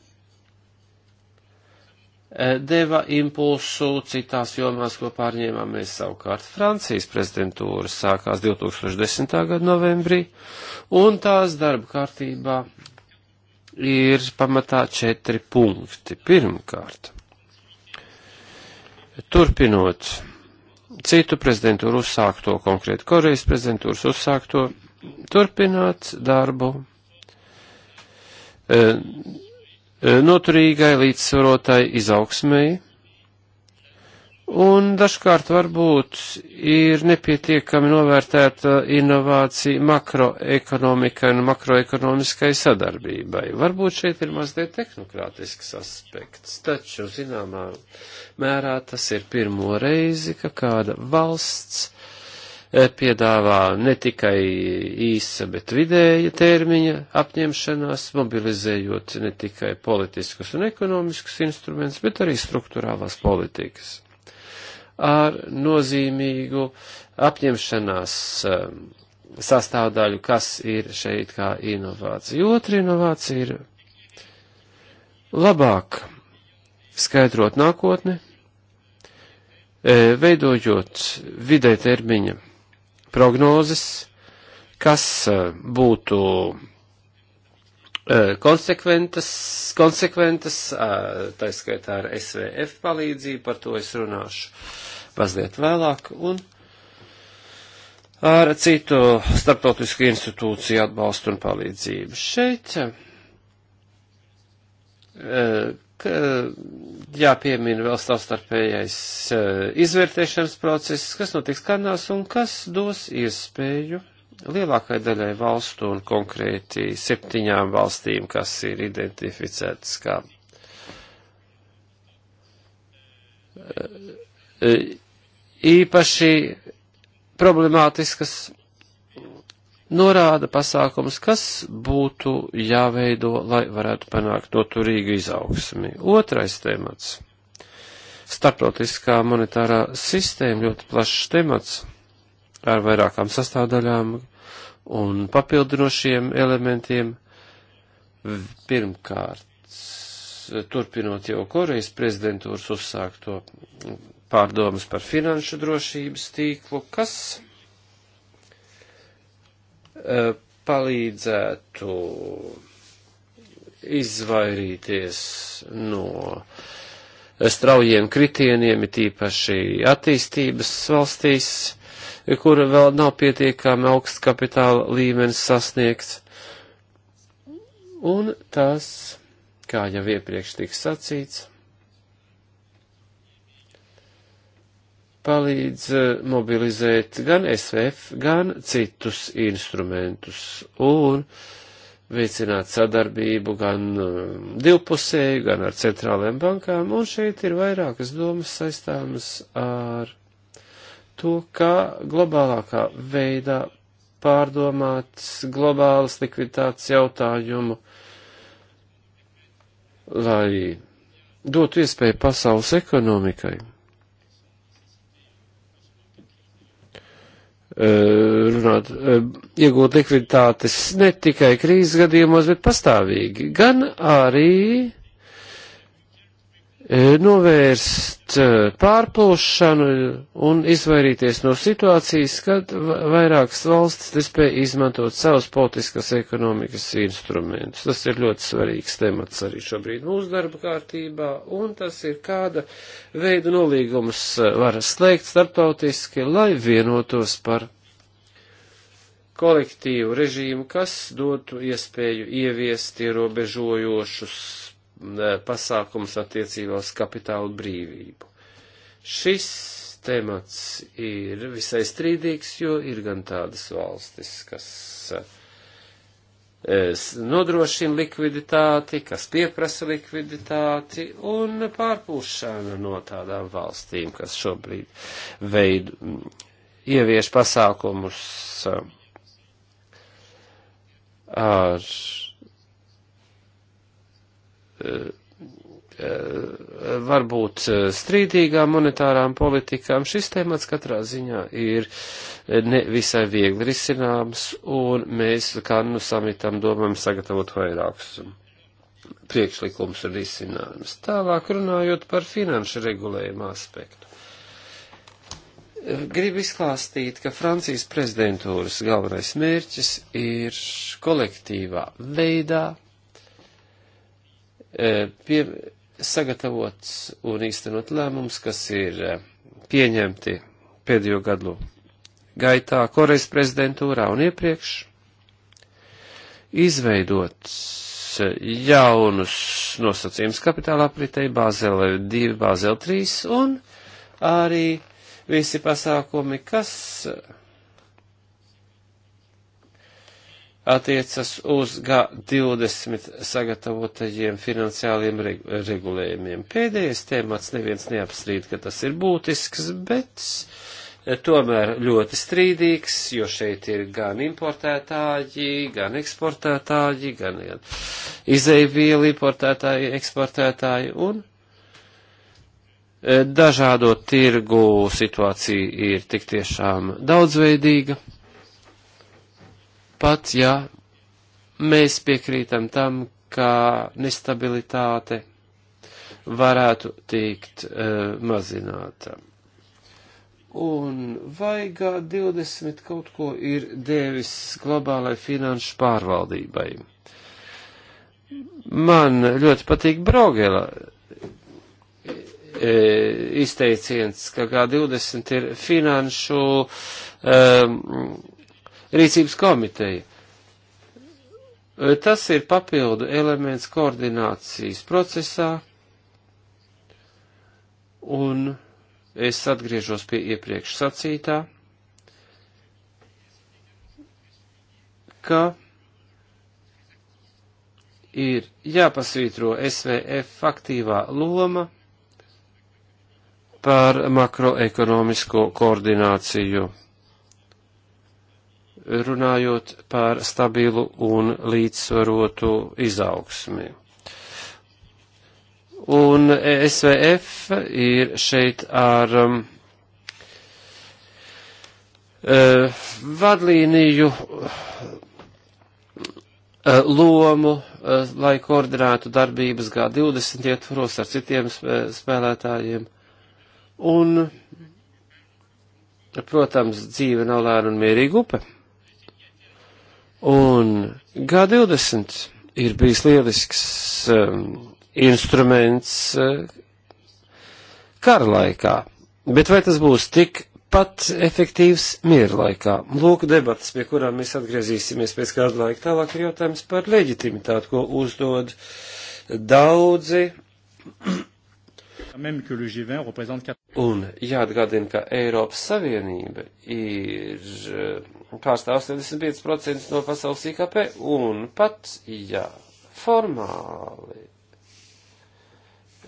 E, deva impulsu citās jomās, ko pārņēmām mēs savukārt. Francijas prezidentūra sākās 2010. gada novembrī, un tās darba kārtībā ir pamatā četri punkti. Pirmkārt, turpinot citu prezidentūru uzsākto, konkrēti Korejas prezidentūras uzsākto, turpināt darbu. E, E, noturīgai, līdzsvarotai izaugsmēji. Un dažkārt varbūt ir nepietiekami novērtēta inovācija makroekonomikai un makroekonomiskai sadarbībai. Varbūt šeit ir mazliet tehnokrātisks aspekts, taču zināmā mērā tas ir pirmo reizi, ka kāda valsts Eh, piedāvā ne tikai īsa, bet vidēja termiņa apņemšanās, mobilizējot ne tikai politiskus un ekonomiskus instrumentus, bet arī struktūrālās politikas. Ar nozīmīgu apņemšanās eh, sastāvdaļu, kas ir šeit kā inovācija. Otra inovācija ir labāk skaidrot nākotni, eh, veidojot vidē termiņa prognozes, kas eh, būtu eh, konsekventas, konsekventas tā skaitā ar SVF palīdzību, par to es runāšu mazliet vēlāk, un ar citu starptautisku institūciju atbalstu un palīdzību. Šeit eh, Eh, jāpiemina vēl savstarpējais eh, izvērtēšanas process, kas notiks kanāls un kas dos iespēju lielākai daļai valstu un konkrēti septiņām valstīm, kas ir identificētas kā eh, īpaši problemātiskas norāda pasākums, kas būtu jāveido, lai varētu panākt noturīgu izaugsmi. Otrais temats. Startautiskā monetārā sistēma ļoti plašs temats ar vairākām sastāvdaļām un papildinošiem elementiem. Pirmkārt, turpinot jau Korejas prezidentūras uzsākto pārdomas par finanšu drošības tīklu, kas Eh, palīdzētu izvairīties no straujiem kritieniem, it īpaši attīstības valstīs, kur vēl nav pietiekami augsts kapitāla līmenis sasniegts. Un tas, kā jau iepriekš tika sacīts, palīdz eh, mobilizēt gan SVF, gan citus instrumentus un veicināt sadarbību gan eh, divpusēju, gan ar centrālajām bankām, un šeit ir vairākas domas saistāmas ar to, kā globālākā veidā pārdomāt globālas likviditātes jautājumu, lai dotu iespēju pasaules ekonomikai runāt, iegūt likviditātes ne tikai krīzes gadījumos, bet pastāvīgi, gan arī E, novērst e, pārplūšanu un izvairīties no situācijas, kad vairākas valstis nespēja izmantot savus politiskas ekonomikas instrumentus. Tas ir ļoti svarīgs temats arī šobrīd mūsu darba kārtībā, un tas ir kāda veida nolīgumus e, var slēgt starptautiski, lai vienotos par kolektīvu režīmu, kas dotu iespēju ieviest ierobežojošus Eh, pasākums attiecībā uz kapitālu brīvību. Šis temats ir visai strīdīgs, jo ir gan tādas valstis, kas eh, nodrošina likviditāti, kas pieprasa likviditāti un pārpūšana no tādām valstīm, kas šobrīd veidu ievieš pasākumus eh, ar varbūt eh, strīdīgām monetārām politikām, šis temats katrā ziņā ir eh, visai viegli risināms, un mēs Kannu samitam domājam sagatavot vairākus priekšlikums un risinājums. Tālāk runājot par finanšu regulējumu aspektu. Gribu izklāstīt, ka Francijas prezidentūras galvenais mērķis ir kolektīvā veidā E, pie, sagatavots un īstenot lēmums, kas ir e, pieņemti pēdējo gadu gaitā Korejas prezidentūrā un iepriekš, izveidot e, jaunus nosacījumus kapitāla apritei Bāzele 2, Bāzele 3 un arī visi pasākumi, kas attiecas uz G20 sagatavotajiem finansiāliem regulējumiem. Pēdējais temats neviens neapstrīd, ka tas ir būtisks, bet eh, tomēr ļoti strīdīgs, jo šeit ir gan importētāji, gan eksportētāji, gan, gan izēvielu importētāji, eksportētāji un eh, dažādo tirgu situācija ir tik tiešām daudzveidīga pat ja mēs piekrītam tam, ka nestabilitāte varētu tikt uh, mazināta. Un vai G20 kaut ko ir devis globālai finanšu pārvaldībai? Man ļoti patīk Braugela e, izteiciens, ka G20 ir finanšu um, rīcības komiteja. E, tas ir papildu elements koordinācijas procesā, un es atgriežos pie iepriekš sacītā, ka ir jāpasvītro SVF aktīvā loma par makroekonomisko koordināciju runājot par stabilu un līdzsvarotu izaugsmi. Un SVF ir šeit ar um, uh, vadlīniju uh, lomu, uh, lai koordinētu darbības G20 ietvaros ar citiem spēlētājiem. Un, protams, dzīve nav lēna un mierīga upe. Un G20 ir bijis lielisks um, instruments uh, kara laikā, bet vai tas būs tik pat efektīvs miera laikā. Lūk, debatas, pie kurām mēs atgriezīsimies pēc kāda laika. Tālāk ir jautājums par leģitimitāti, ko uzdod daudzi Un jāatgādina, ka Eiropas Savienība ir eh, pārstāv 85% no pasaules IKP, un pat, ja formāli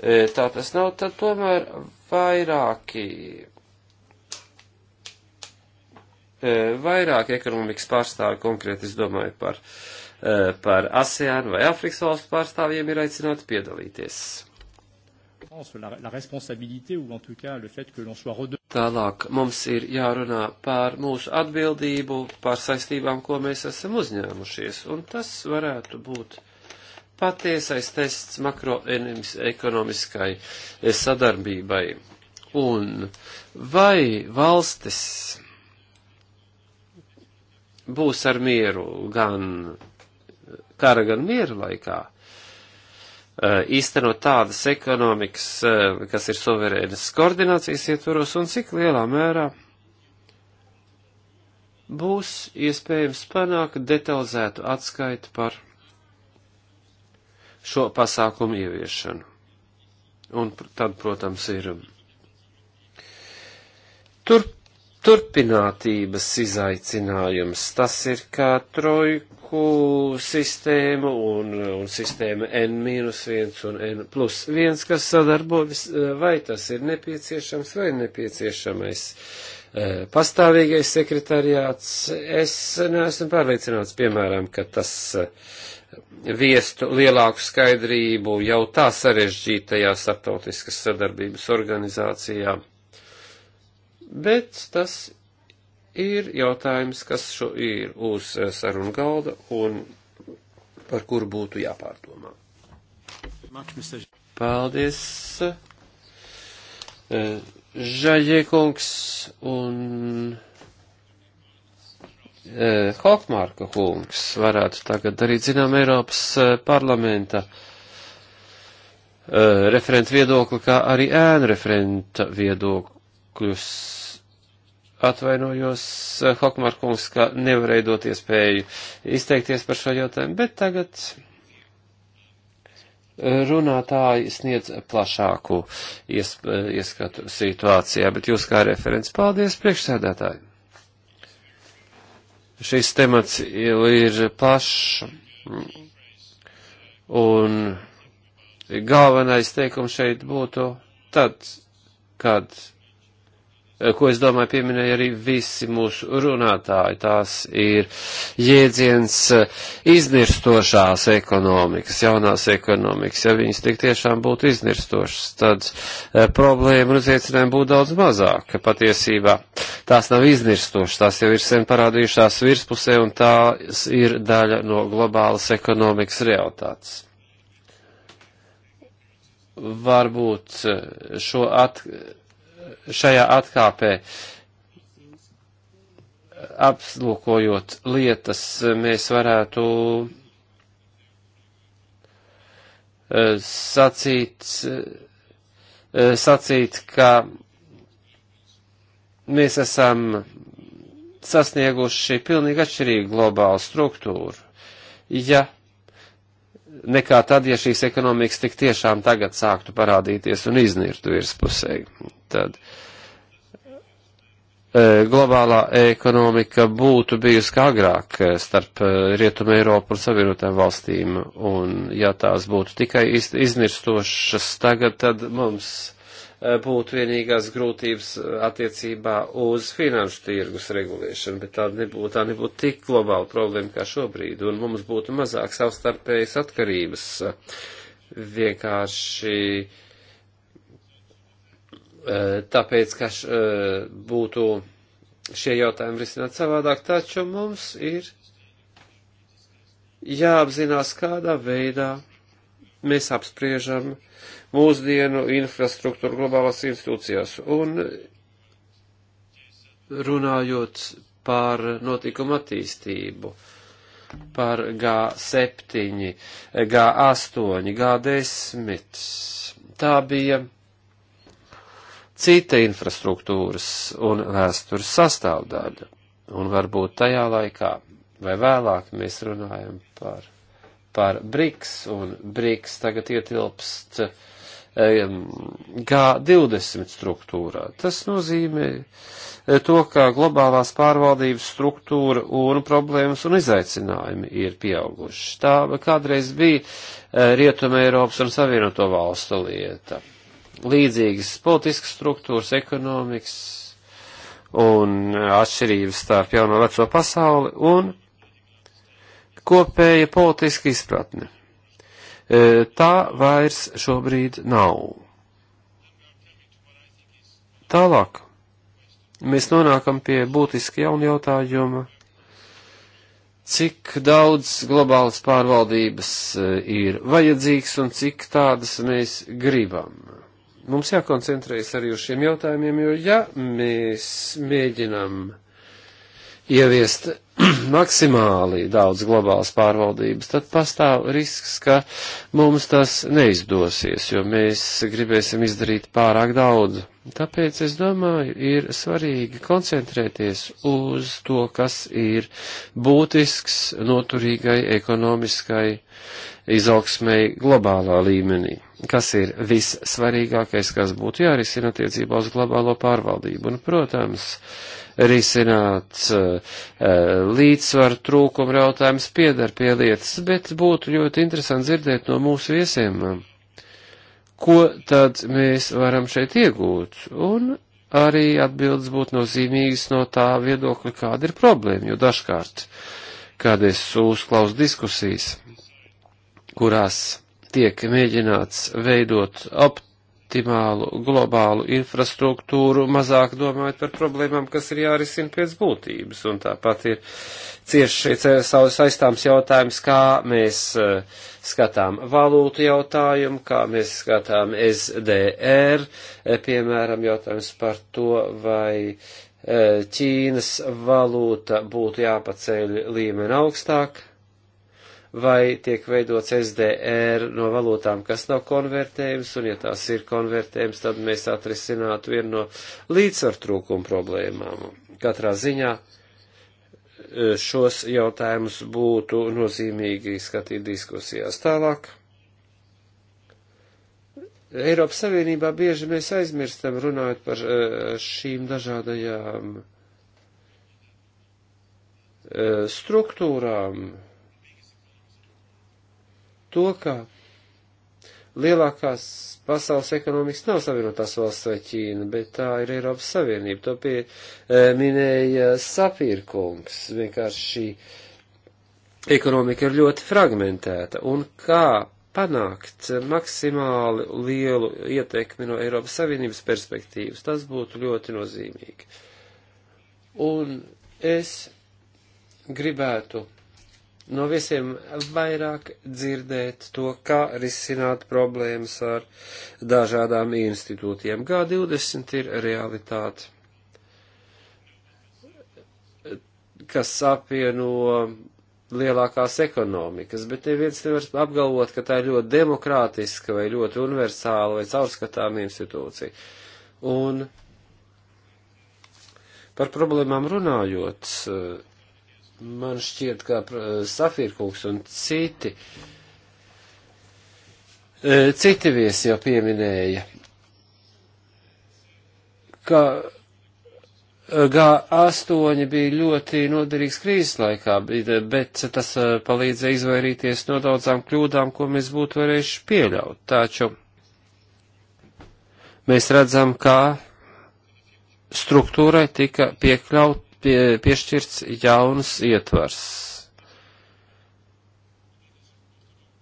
eh, tā tas nav, tad tomēr vairāki, eh, vairāk ekonomikas pārstāvi konkrēti, es domāju, par, par ASEAN vai Afrikas valstu pārstāvjiem ir aicināti piedalīties. Tālāk mums ir jārunā par mūsu atbildību, par saistībām, ko mēs esam uzņēmušies, un tas varētu būt patiesais tests makroekonomiskai sadarbībai. Un vai valstis būs ar mieru gan kara, gan miera laikā? Eh, īstenot tādas ekonomikas, eh, kas ir suverēnas koordinācijas ietvaros, un cik lielā mērā būs iespējams panākt detalizētu atskaitu par šo pasākumu ieviešanu. Un tad, protams, ir mm, turp turpinātības izaicinājums. Tas ir kā trojku sistēma un, un sistēma N-1 un N-1, kas sadarbojas, eh, vai tas ir nepieciešams vai nepieciešamais. Eh, pastāvīgais sekretariāts, es neesmu pārliecināts, piemēram, ka tas eh, viestu lielāku skaidrību jau tā sarežģītajā starptautiskas sadarbības organizācijā bet tas ir jautājums, kas šo ir uz sarunu galda un par kuru būtu jāpārdomā. Paldies, eh, Žaļiekungs un eh, Hokmārka kungs varētu tagad darīt, zinām, Eiropas eh, parlamenta referenta viedokli, kā arī ēnu referenta viedokļus Atvainojos, eh, Hokmar kungs, ka nevarēju dot iespēju izteikties par šo jautājumu, bet tagad runātāji sniedz plašāku ies, eh, ieskatu situācijā, bet jūs kā referents paldies priekšsēdētāji. Šis temats ir plašs un galvenais teikums šeit būtu tad, kad ko es domāju pieminēja arī visi mūsu runātāji. Tās ir jēdziens iznirstošās ekonomikas, jaunās ekonomikas. Ja viņas tik tiešām būtu iznirstošas, tad eh, problēma un izaicinājumi būtu daudz mazāk. Patiesībā tās nav iznirstošas, tās jau ir sen parādījušās virspusē un tās ir daļa no globālas ekonomikas realitātes varbūt eh, šo at, šajā atkāpē. Apslūkojot lietas, mēs varētu eh, sacīt, eh, sacīt, ka mēs esam sasnieguši pilnīgi atšķirīgu globālu struktūru. Ja nekā tad, ja šīs ekonomikas tik tiešām tagad sāktu parādīties un iznirtu virspusēji tad e, globālā ekonomika būtu bijusi kā agrāk e, starp e, Rietumu Eiropu un Savienotām valstīm, un ja tās būtu tikai iznirstošas tagad, tad mums būtu vienīgās grūtības attiecībā uz finanšu tirgus regulēšanu, bet tā nebūtu, tā nebūtu tik globāla problēma kā šobrīd, un mums būtu mazāk savstarpējas atkarības. Vienkārši uh, Eh, tāpēc, ka š, eh, būtu šie jautājumi risināt savādāk, taču mums ir jāapzinās, kādā veidā mēs apspriežam mūsdienu infrastruktūru globālās institūcijās. Un runājot par notikumu attīstību, par G7, G8, G10, tā bija cita infrastruktūras un vēstures sastāvdaļa. Un varbūt tajā laikā vai vēlāk mēs runājam par, par BRICS, un BRICS tagad ietilpst um, G20 struktūrā. Tas nozīmē eh, to, ka globālās pārvaldības struktūra un problēmas un izaicinājumi ir pieauguši. Tā kādreiz bija eh, Rietuma Eiropas un Savienoto valstu lieta līdzīgas politiskas struktūras, ekonomikas un atšķirības starp jauno veco pasauli un kopēja politiska izpratne. E, tā vairs šobrīd nav. Tālāk mēs nonākam pie būtiski jaunu jautājumu cik daudz globālas pārvaldības e, ir vajadzīgs un cik tādas mēs gribam mums jākoncentrējas arī uz šiem jautājumiem, jo ja mēs mēģinam ieviest maksimāli daudz globālas pārvaldības, tad pastāv risks, ka mums tas neizdosies, jo mēs gribēsim izdarīt pārāk daudz. Tāpēc, es domāju, ir svarīgi koncentrēties uz to, kas ir būtisks noturīgai ekonomiskai izaugsmēji globālā līmenī, kas ir vissvarīgākais, kas būtu jārisina attiecībā uz globālo pārvaldību. Un, protams, uh, risināt eh, eh, līdzsvaru trūkumu jautājums piedar pie lietas, bet būtu ļoti interesanti dzirdēt no mūsu viesiem, ko tad mēs varam šeit iegūt. Un arī atbildes būtu nozīmīgas no tā viedokļa, kāda ir problēma, jo dažkārt, kad es uzklausu diskusijas, kurās tiek mēģināts veidot opt optimālu globālu infrastruktūru, mazāk domājot par problēmām, kas ir jārisina pēc būtības. Un tāpat ir cieši saistāms jautājums, kā mēs eh, skatām valūtu jautājumu, kā mēs skatām SDR, eh, piemēram, jautājums par to, vai eh, Ķīnas valūta būtu jāpaceļ līmeni augstāk vai tiek veidots SDR no valūtām, kas nav konvertējums, un ja tās ir konvertējums, tad mēs atrisinātu vienu no līdzsvar trūkuma problēmām. Katrā ziņā e, šos jautājumus būtu nozīmīgi skatīt diskusijās tālāk. Eiropas Savienībā bieži mēs aizmirstam runāt par e, šīm dažādajām e, struktūrām, to, ka lielākās pasaules ekonomikas nav savienotās valsts vai Ķīna, bet tā ir Eiropas Savienība. To pie, e, minēja Sapirkungs. Vienkārši ekonomika ir ļoti fragmentēta. Un kā panākt maksimāli lielu ietekmi no Eiropas Savienības perspektīvas? Tas būtu ļoti nozīmīgi. Un es gribētu no visiem vairāk dzirdēt to, kā risināt problēmas ar dažādām institūtiem. G20 ir realitāte, kas apvieno lielākās ekonomikas, bet neviens nevar apgalvot, ka tā ir ļoti demokrātiska vai ļoti universāla vai caurskatāma institūcija. Un par problēmām runājot, man šķiet, ka eh, Safirkungs un citi, eh, citi viesi jau pieminēja, ka eh, G8 bija ļoti noderīgs krīzes laikā, bet tas palīdzēja izvairīties no daudzām kļūdām, ko mēs būtu varējuši pieļaut. Taču mēs redzam, kā struktūrai tika piekļaut pie, piešķirts jauns ietvars.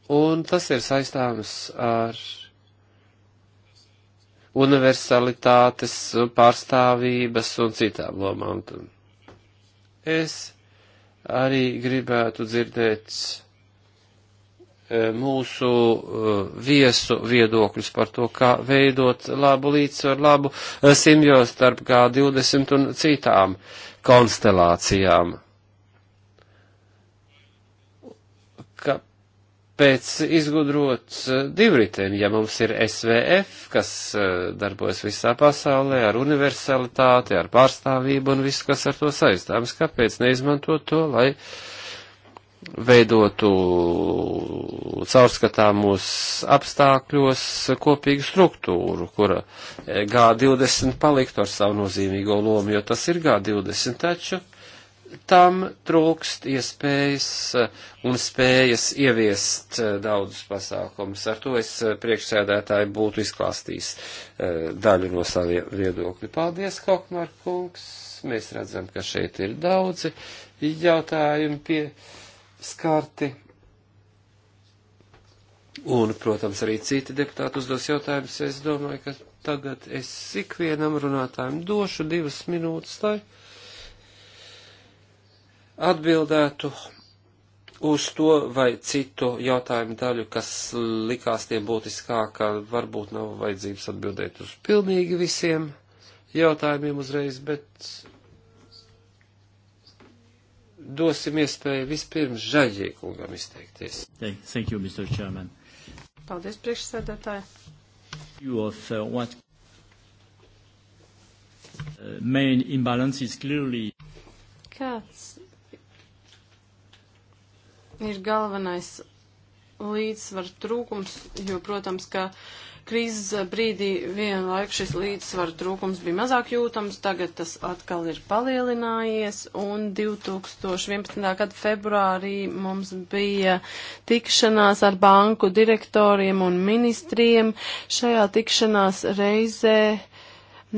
Un tas ir saistāms ar universalitātes pārstāvības un citām lomām. Es arī gribētu dzirdēt e, mūsu e, viesu viedokļus par to, kā veidot labu līdzsvaru, labu e, simjos starp G20 un citām uh, konstelācijām. Ka pēc izgudrots eh, divriteni, ja mums ir SVF, kas eh, darbojas visā pasaulē ar universalitāti, ar pārstāvību un visu, kas ar to saistāms, kāpēc neizmantot to, lai uh, veidotu caurskatāmos apstākļos kopīgu struktūru, kura G20 paliktu ar savu nozīmīgo lomu, jo tas ir G20, taču tam trūkst iespējas un spējas ieviest daudzus pasākumus. Ar to es eh, priekšsēdētāji būtu izklāstījis eh, daļu no savu viedokļu. Paldies, Kokmar kungs! Mēs redzam, ka šeit ir daudzi jautājumi pie skārti. Un, protams, arī citi deputāti uzdos jautājumus. Es domāju, ka tagad es ikvienam runātājam došu divas minūtes, lai atbildētu uz to vai citu jautājumu daļu, kas likās tiem būtiskākā, varbūt nav vajadzības atbildēt uz pilnīgi visiem jautājumiem uzreiz, bet dosim iespēju vispirms Žaļiekungam izteikties. Thank you, Mr. Chairman. Paldies, priekšsēdētāji. Of, uh, what... uh, main imbalance is clearly. Kāds ir galvenais līdzsvaru trūkums, jo, protams, ka uh, krīzes brīdī vienlaik šis līdzsvaru trūkums bija mazāk jūtams, tagad tas atkal ir palielinājies, un 2011. gada februārī mums bija tikšanās ar banku direktoriem un ministriem. Šajā tikšanās reizē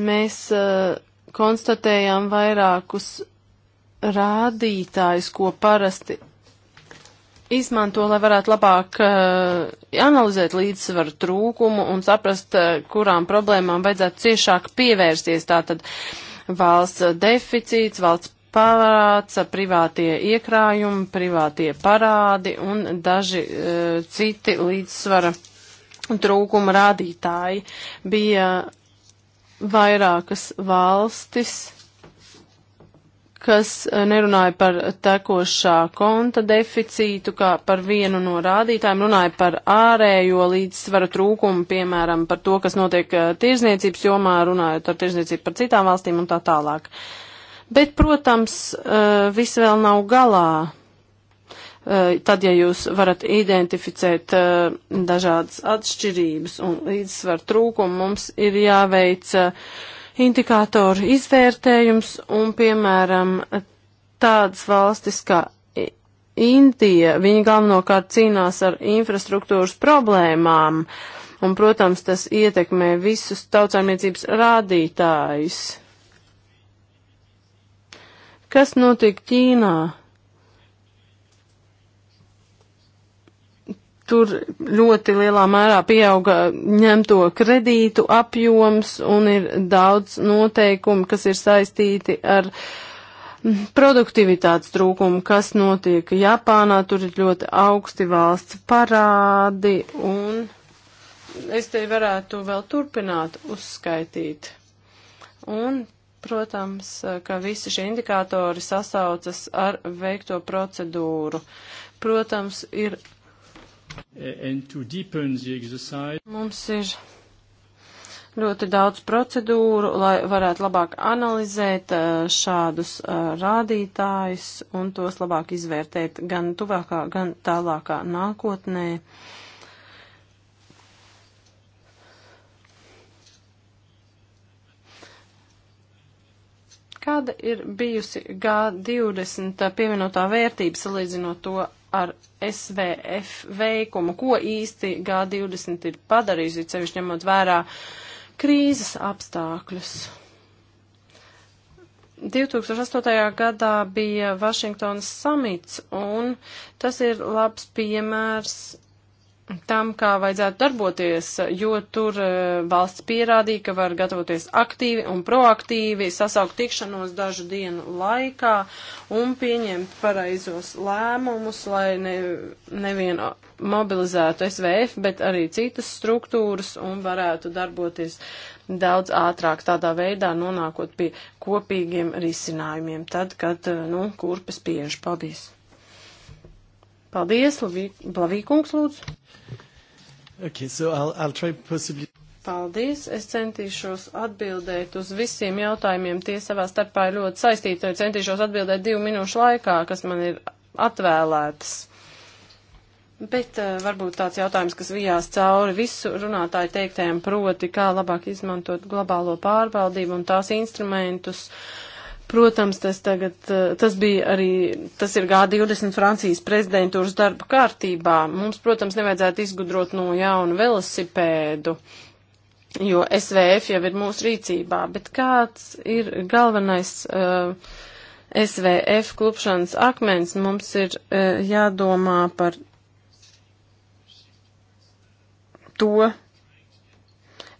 mēs uh, konstatējām vairākus rādītājus, ko parasti izmanto, lai varētu labāk uh, analizēt līdzsvaru trūkumu un saprast, uh, kurām problēmām vajadzētu ciešāk pievērsties. Tātad valsts deficīts, valsts parāds, privātie iekrājumi, privātie parādi un daži uh, citi līdzsvara trūkuma rādītāji bija vairākas valstis kas e, nerunāja par tekošā konta deficītu, kā par vienu no rādītājiem, runāja par ārējo līdzsvaru trūkumu, piemēram, par to, kas notiek e, tirzniecības jomā, runājot ar tirzniecību par citām valstīm un tā tālāk. Bet, protams, e, viss vēl nav galā tad, ja jūs varat identificēt uh, dažādas atšķirības un līdzsvaru trūkumu, mums ir jāveic uh, indikātoru izvērtējums un, piemēram, tādas valstis kā Indija, viņi galvenokārt cīnās ar infrastruktūras problēmām, un, protams, tas ietekmē visus tautsājumniecības rādītājus. Kas notiek Ķīnā? tur ļoti lielā mērā pieauga ņemto kredītu apjoms un ir daudz noteikumu, kas ir saistīti ar produktivitātes trūkumu, kas notiek Japānā, tur ir ļoti augsti valsts parādi un es te varētu vēl turpināt uzskaitīt. Un Protams, ka visi šie indikātori sasaucas ar veikto procedūru. Protams, ir Mums ir ļoti daudz procedūru, lai varētu labāk analizēt uh, šādus uh, rādītājus un tos labāk izvērtēt gan tuvākā, gan tālākā nākotnē. Kāda ir bijusi G20 pievienotā vērtība salīdzinot to ar SVF veikumu? Ko īsti G20 ir padarījusi, cevišķi ņemot vērā krīzes apstākļus? 2008. gadā bija Vašingtonas samits, un tas ir labs piemērs tam, kā vajadzētu darboties, jo tur e, valsts pierādīja, ka var gatavoties aktīvi un proaktīvi, sasaukt tikšanos dažu dienu laikā un pieņemt pareizos lēmumus, lai ne, nevienu mobilizētu SVF, bet arī citas struktūras un varētu darboties daudz ātrāk tādā veidā, nonākot pie kopīgiem risinājumiem, tad, kad, e, nu, kurpes piež. Paldies! Paldies, Blavīkungs, lūdzu! Okay, so I'll, I'll try possibly... Paldies! Es centīšos atbildēt uz visiem jautājumiem. Tie savā starpā ir ļoti saistīti. Es centīšos atbildēt divu minūšu laikā, kas man ir atvēlētas. Bet uh, varbūt tāds jautājums, kas vijās cauri visu runātāju teiktējiem, proti, kā labāk izmantot globālo pārvaldību un tās instrumentus, uh, Protams, tas tagad, eh, tas bija arī, tas ir G20 Francijas prezidentūras darba kārtībā. Mums, protams, nevajadzētu izgudrot no jaunu velosipēdu, jo SVF jau ir mūsu rīcībā, bet kāds ir galvenais uh, eh, SVF klupšanas akmens? Mums ir uh, jādomā par to,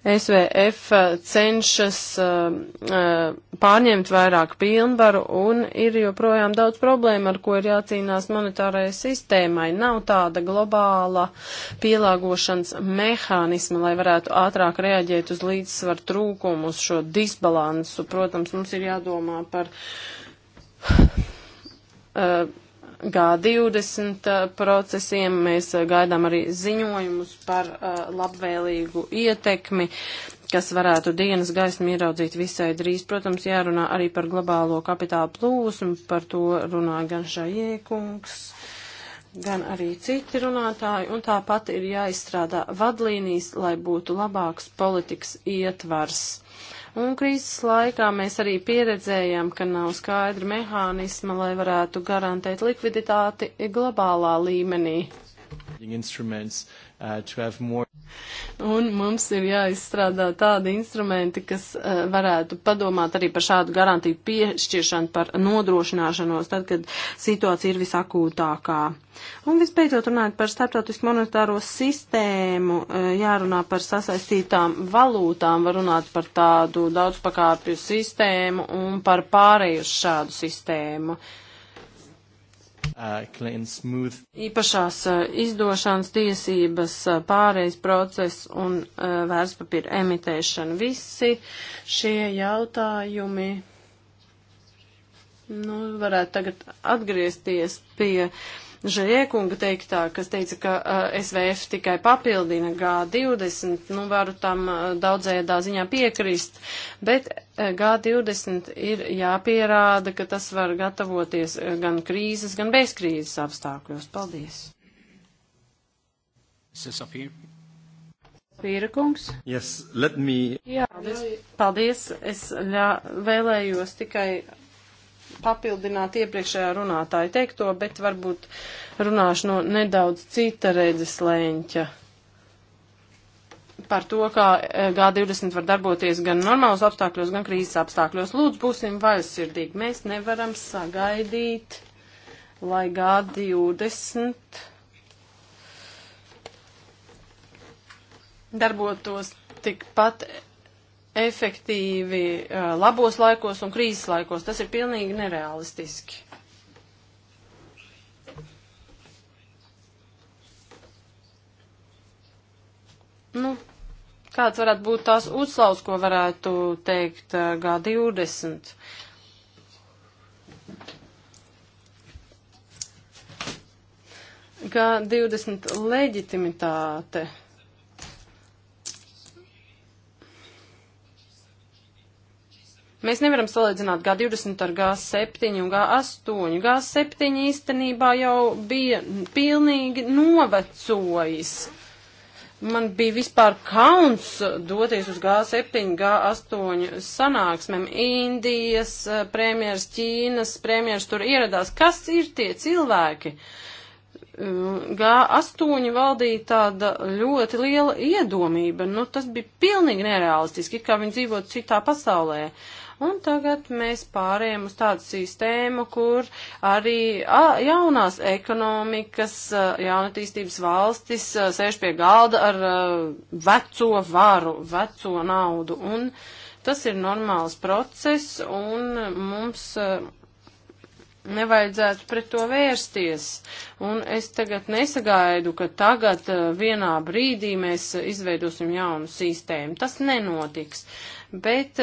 SVF eh, cenšas eh, eh, pārņemt vairāk pilnvaru un ir joprojām daudz problēmu, ar ko ir jācīnās monetārajai sistēmai. Nav tāda globāla pielāgošanas mehānisma, lai varētu ātrāk reaģēt uz līdzsvaru trūkumu, uz šo disbalansu. Protams, mums ir jādomā par G20 procesiem. Mēs eh, gaidām arī ziņojumus par eh, labvēlīgu ietekmi, kas varētu dienas gaismu ieraudzīt visai drīz. Protams, jārunā arī par globālo kapitālu plūsmu, par to runā gan Šajiekungs, gan arī citi runātāji, un tāpat ir jāizstrādā vadlīnijas, lai būtu labāks politikas ietvars Un krīzes laikā mēs arī pieredzējām, ka nav skaidra mehānisma, lai varētu garantēt likviditāti globālā līmenī. Instruments uh, to have more. Un mums ir jāizstrādā tādi instrumenti, kas uh, varētu padomāt arī par šādu garantiju piešķiršanu, par nodrošināšanos, tad, kad situācija ir visakūtākā. Un visbeidzot runājot par starptautisku monetāro sistēmu, uh, jārunā par sasaistītām valūtām, var runāt par tādu daudzpakāpju sistēmu un par pārēju šādu sistēmu. Uh, Uh, Īpašās uh, izdošanas tiesības, uh, pārejas process un uh, vērtspapīra emitēšana. Visi šie jautājumi nu, varētu tagad atgriezties pie uh, Žaiekunga teiktā, kas teica, ka eh, SVF tikai papildina G20, nu varu tam eh, daudzējādā ziņā piekrist, bet eh, G20 ir jāpierāda, ka tas var gatavoties gan krīzes, gan bez krīzes apstākļos. Paldies! Pīrakungs. Yes, let me. Jā, paldies. paldies. Es ļā, vēlējos tikai papildināt iepriekšējā runātāja teikto, bet varbūt runāšu no nedaudz cita redzes lēņķa par to, kā eh, G20 var darboties gan normālos apstākļos, gan krīzes apstākļos. Lūdzu, būsim vaļsirdīgi. Mēs nevaram sagaidīt, lai G20 darbotos tikpat efektīvi labos laikos un krīzes laikos. Tas ir pilnīgi nerealistiski. Nu, kāds varētu būt tās uzslaus, ko varētu teikt G20? G20 leģitimitāte. Mēs nevaram salīdzināt G20 ar G7 un G8. G7 īstenībā jau bija pilnīgi novecojis. Man bija vispār kauns doties uz G7, G8 sanāksmēm. Indijas eh, premjeras, Ķīnas premjeras tur ieradās. Kas ir tie cilvēki? Mm, G8 valdīja tāda ļoti liela iedomība. Nu, tas bija pilnīgi nereālistiski, kā viņi dzīvot citā pasaulē. Un tagad mēs pārējām uz tādu sistēmu, kur arī jaunās ekonomikas, jaunatīstības valstis sēž pie galda ar veco varu, veco naudu. Un tas ir normāls process, un mums nevajadzētu pret to vērsties. Un es tagad nesagaidu, ka tagad vienā brīdī mēs izveidosim jaunu sistēmu. Tas nenotiks. Bet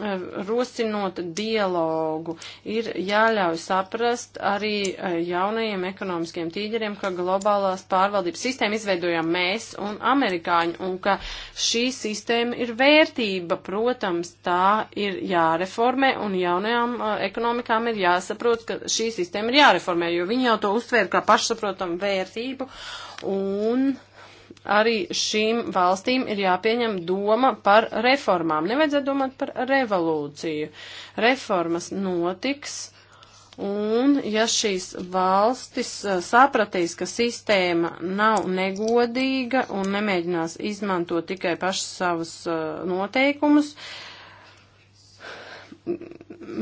Eh, rosinot dialogu, ir jāļauj saprast arī eh, jaunajiem ekonomiskiem tīģeriem, ka globālās pārvaldības sistēmu izveidojām mēs un amerikāņi, un ka šī sistēma ir vērtība, protams, tā ir jāreformē, un jaunajām eh, ekonomikām ir jāsaprot, ka šī sistēma ir jāreformē, jo viņi jau to uztvēra kā pašsaprotamu vērtību, un arī šīm valstīm ir jāpieņem doma par reformām. Nevajadzētu domāt par revolūciju. Reformas notiks. Un, ja šīs valstis eh, sapratīs, ka sistēma nav negodīga un nemēģinās izmantot tikai pašas savas eh, noteikumus, uh,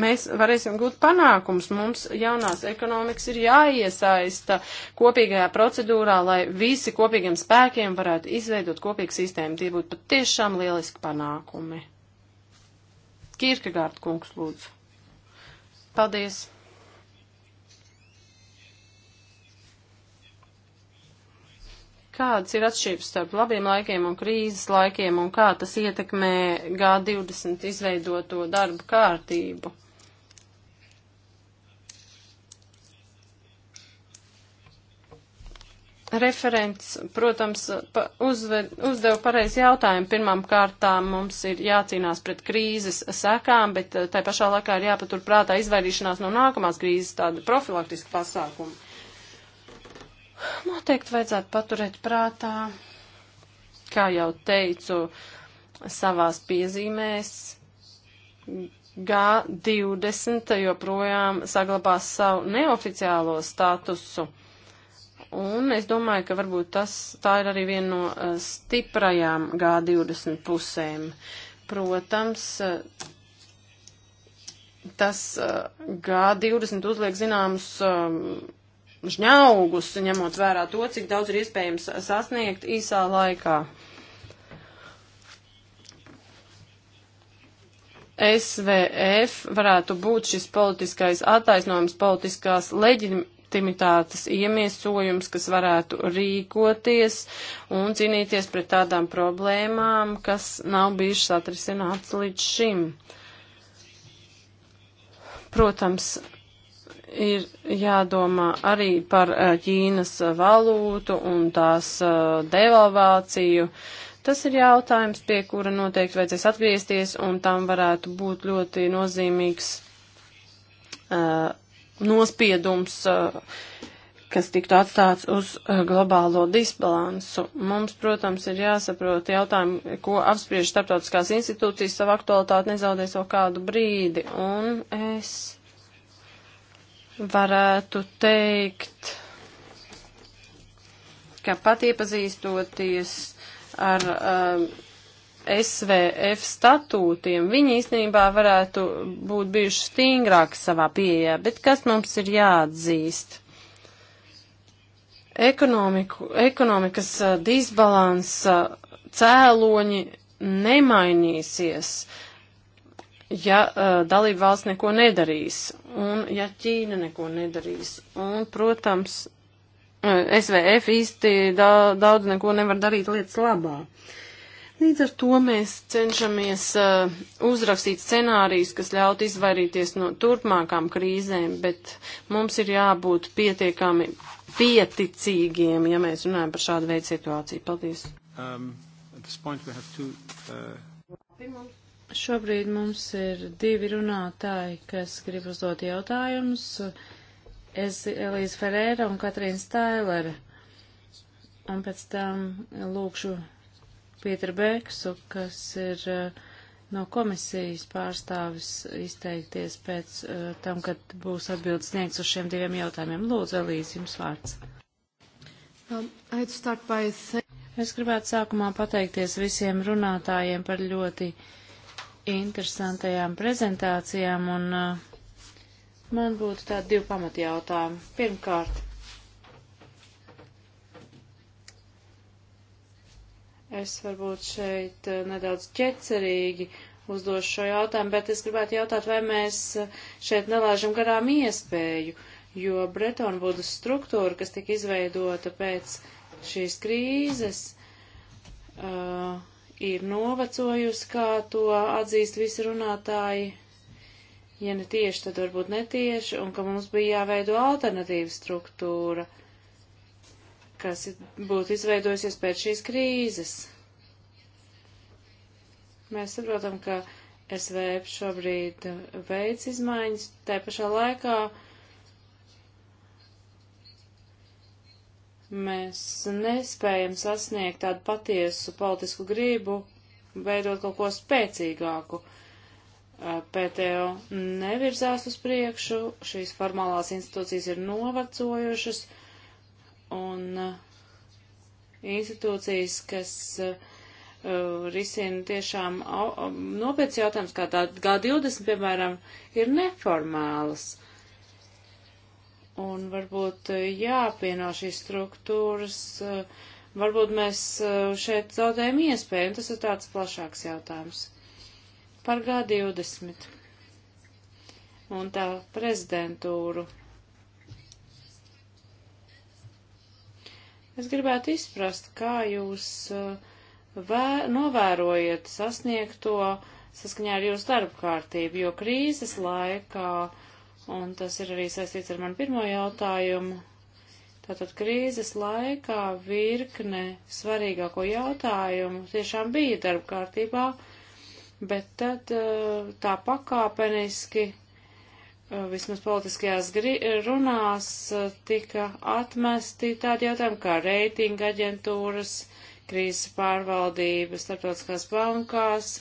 mēs varēsim gūt panākums. Mums jaunās ekonomikas ir jāiesaista kopīgajā procedūrā, lai visi kopīgiem spēkiem varētu izveidot kopīgu sistēmu. Tie būtu patiešām lieliski panākumi. Kirkegārda kungs, lūdzu. Paldies! kādas ir atšķirības starp labiem laikiem un krīzes laikiem un kā tas ietekmē G20 izveidoto darbu kārtību? referents, protams, pa, uzved, uzdev pareizi jautājumu. Pirmām kārtām mums ir jācīnās pret krīzes sekām, bet eh, tai pašā laikā ir jāpatur prātā izvairīšanās no nākamās krīzes tāda profilaktiska pasākuma. Noteikti vajadzētu paturēt prātā, kā jau teicu, savās piezīmēs. G20 joprojām saglabās savu neoficiālo statusu. Un es domāju, ka varbūt tas, tā ir arī viena no eh, stiprajām G20 pusēm. Protams, eh, tas eh, G20 uzliek zināmus Viņš nav augusi, ņemot vērā to, cik daudz ir iespējams sasniegt īsā laikā. SVF varētu būt šis politiskais attaisnojums, politiskās leģitimitātes iemiesojums, kas varētu rīkoties un cīnīties pret tādām problēmām, kas nav bijušas atrisināts līdz šim. Protams, ir jādomā arī par Ķīnas valūtu un tās devalvāciju. Tas ir jautājums, pie kura noteikti vajadzēs atgriezties, un tam varētu būt ļoti nozīmīgs uh, nospiedums, uh, kas tiktu atstāts uz uh, globālo disbalansu. Mums, protams, ir jāsaprot jautājumi, ko apspriež starptautiskās institūcijas savu aktualitāti nezaudēs vēl kādu brīdi, un es varētu teikt, ka pat iepazīstoties ar um, SVF statūtiem, viņi īstenībā varētu būt bijuši stingrāki savā pieejā, bet kas mums ir jāatzīst? Ekonomiku, ekonomikas uh, disbalansa cēloņi nemainīsies. Uh, ja uh, dalība valsts neko nedarīs un ja Ķīna neko nedarīs. Un, protams, uh, SVF īsti daudz neko nevar darīt lietas labā. Līdz ar to mēs cenšamies uh, uzrakstīt scenārijus, kas ļaut izvairīties no turpmākām krīzēm, bet mums ir jābūt pietiekami pieticīgiem, ja mēs runājam par šādu veidu situāciju. Paldies! Um, two, uh... Šobrīd mums ir divi runātāji, kas grib uzdot jautājumus. Es Elīze Ferēra un Katrīna Stailere. Un pēc tam lūkšu Pietra Bēksu, kas ir eh, no komisijas pārstāvis izteikties pēc eh, tam, kad būs atbildes sniegts uz šiem diviem jautājumiem. Lūdzu, Elīze, jums vārds. Um, es gribētu sākumā pateikties visiem runātājiem par ļoti interesantajām prezentācijām, un uh, man būtu tādi divi pamatjautājumi. Pirmkārt, es varbūt šeit uh, nedaudz ķecerīgi uzdošu šo jautājumu, bet es gribētu jautāt, vai mēs uh, šeit nelāžam garām iespēju, jo Bretonvudas struktūra, kas tika izveidota pēc šīs krīzes, uh, ir novecojusi, kā to atzīst visi runātāji, ja ne tieši, tad varbūt netieši, un ka mums bija jāveido alternatīva struktūra, kas būtu izveidojusies pēc šīs krīzes. Mēs saprotam, ka SVF šobrīd veids izmaiņas, tā pašā laikā uh, Mēs nespējam sasniegt tādu patiesu politisku gribu, veidot kaut ko spēcīgāku. Eh, PTO nevirzās uz priekšu, šīs formālās institūcijas ir novecojušas, un eh, institūcijas, kas uh, risina tiešām nopietnas jautājumas, kā tā G20, piemēram, ir neformālas. Uh, Un varbūt eh, jāpieno šīs struktūras, eh, varbūt mēs eh, šeit zaudējam iespēju, un tas ir tāds plašāks jautājums. Par G20 un tā prezidentūru. Es gribētu izprast, kā jūs vē, novērojat sasniegto saskaņā ar jūsu darbu kārtību, jo krīzes laikā un tas ir arī saistīts ar manu pirmo jautājumu. Tātad krīzes laikā virkne svarīgāko jautājumu tiešām bija darba kārtībā, bet tad eh, tā pakāpeniski eh, vismaz politiskajās runās eh, tika atmesti tādi jautājumi kā reitinga aģentūras, krīzes pārvaldība starptautiskās bankās,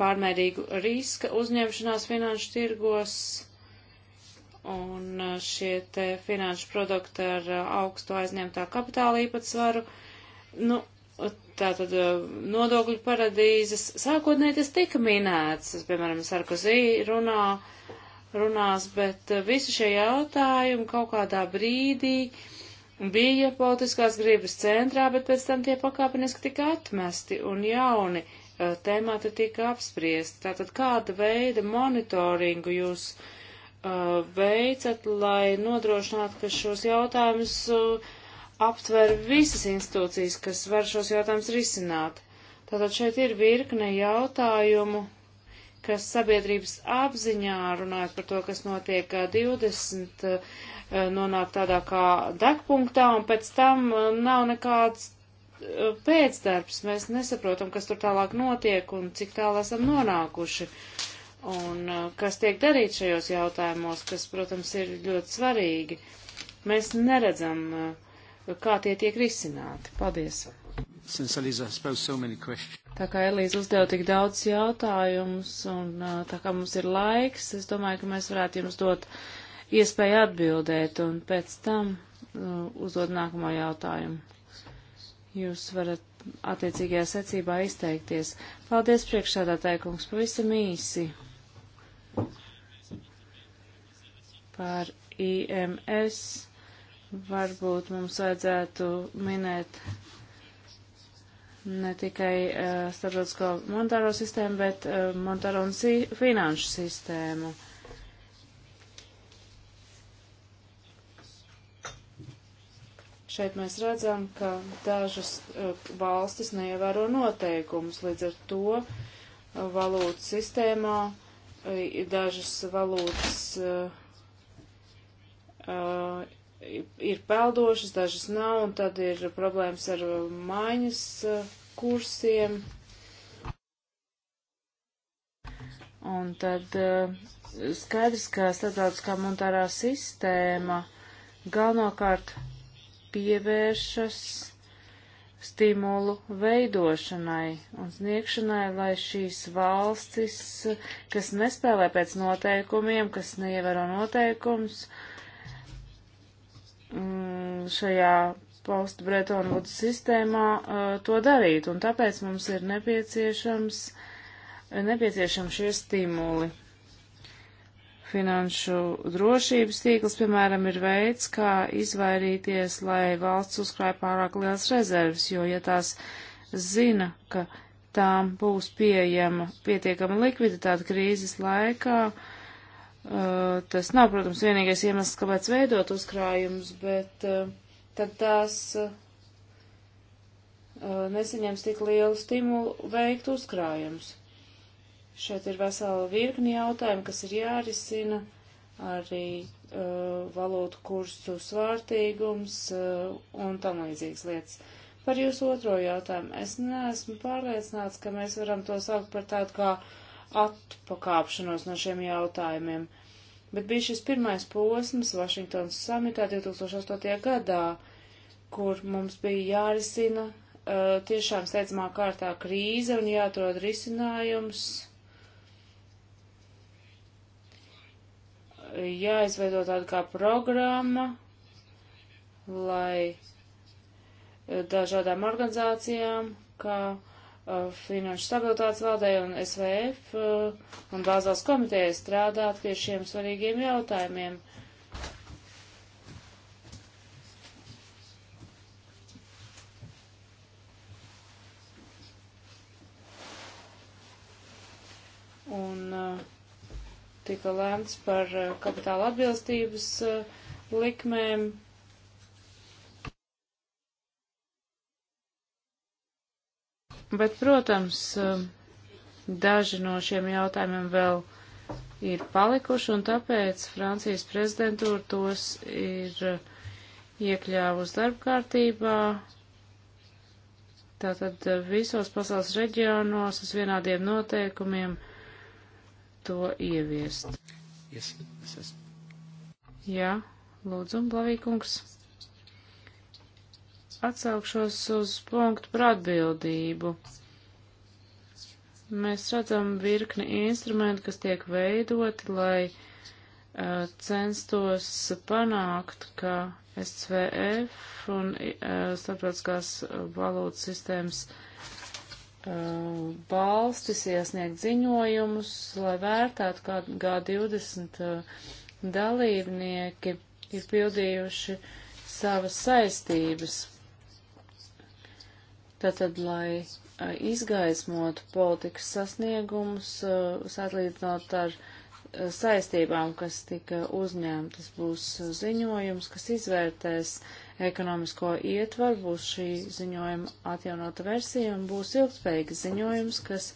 pārmērīgu riska uzņemšanās finanšu tirgos un uh, šie te finanšu produkti ar uh, augstu aizņemtā kapitāla īpatsvaru. Nu, tā tad uh, nodokļu paradīzes. Sākotnēji tas tika minēts, tas, piemēram, Sarkozī runā, runās, bet visi šie jautājumi kaut kādā brīdī bija politiskās gribas centrā, bet pēc tam tie pakāpeniski tika atmesti un jauni Eh, tēmāti tika apspriesti. Tātad kāda veida monitoringu jūs uh, veicat, lai nodrošinātu, ka šos jautājumus uh, aptver visas institūcijas, kas var šos jautājumus risināt? Tātad šeit ir virkne jautājumu, kas sabiedrības apziņā runājot par to, kas notiek 20, uh, nonāk tādā kā degpunktā, un pēc tam nav nekāds pēcdarbs, mēs nesaprotam, kas tur tālāk notiek un cik tālu esam nonākuši. Un uh, kas tiek darīts šajos jautājumos, kas, protams, ir ļoti svarīgi. Mēs neredzam, uh, kā tie tiek risināti. Paldies! Tā kā Elīze uzdeva tik daudz jautājumus un uh, tā kā mums ir laiks, es domāju, ka mēs varētu jums dot iespēju atbildēt un pēc tam uzdot nākamo jautājumu. Jūs varat attiecīgajā secībā izteikties. Paldies priekšsādātāja kungs, pavisam īsi par IMS. Varbūt mums vajadzētu minēt ne tikai uh, starptautisko monetāro sistēmu, bet uh, monetāro un si finanšu sistēmu. Uh, Šeit mēs redzam, ka dažas eh, valstis neievēro noteikumus, līdz ar to eh, valūtu sistēmā eh, dažas valūtas uh, ir peldošas, dažas nav, un tad ir problēmas ar maiņas kursiem. Un tad uh, skaidrs, ka starptautiskā monetārā sistēma galvenokārt pievēršas stimulu veidošanai un sniegšanai, lai šīs valstis, kas nespēlē pēc noteikumiem, kas neievēro noteikums, mm, šajā postu Bretonu Vudu sistēmā uh, to darītu, un tāpēc mums ir nepieciešams, nepieciešams šie stimuli. Finanšu drošības tīkls, piemēram, ir veids, kā izvairīties, lai valsts uzkrāja pārāk liels rezerves, jo, ja tās zina, ka tām būs pieejama pietiekama likviditāte krīzes laikā, uh, tas nav, protams, vienīgais iemesls, kāpēc veidot uzkrājumus, bet uh, tad tās uh, nesaņems tik lielu stimulu veikt uzkrājumus. Šeit ir vesela virkni jautājumu, kas ir jārisina, arī uh, valūtu kursu svārtīgums uh, un tam līdzīgas lietas. Par jūsu otro jautājumu es neesmu pārliecināts, ka mēs varam to saukt par tādu kā atpakāpšanos no šiem jautājumiem, bet bija šis pirmais posms Vašingtons samitā 2008. gadā, kur mums bija jārisina uh, tiešām steidzamā kārtā krīze un jāatrod risinājums jāizveido tāda kā programma, lai eh, dažādām organizācijām, kā uh, Finanšu stabilitātes valdē un SVF uh, eh, un Bāzās komiteja strādāt pie šiem svarīgiem jautājumiem. Un uh, tika lēmts par eh, kapitāla atbilstības eh, likmēm. Bet, protams, eh, daži no šiem jautājumiem vēl ir palikuši, un tāpēc Francijas prezidentūra tos ir iekļāvusi darba kārtībā. Tātad visos pasaules reģionos uz vienādiem noteikumiem to ieviest. Yes, yes, yes. Jā, lūdzu, Blavīkungs. Atsaukšos uz punktu par atbildību. Mēs redzam virkni instrumentu, kas tiek veidoti, lai uh, censtos panākt, ka SVF un uh, starptautiskās valūtas sistēmas uh, Uh, valstis iesniegt ziņojumus, lai vērtētu, kā G20 uh, dalībnieki ir pildījuši savas saistības. Tātad, lai uh, izgaismotu politikas sasniegumus, atlīdzinot ar saistībām, kas tika uzņemtas, būs ziņojums, kas izvērtēs uh, ekonomisko ietvaru, būs šī ziņojuma atjaunota versija un būs ilgspējīgs ziņojums, kas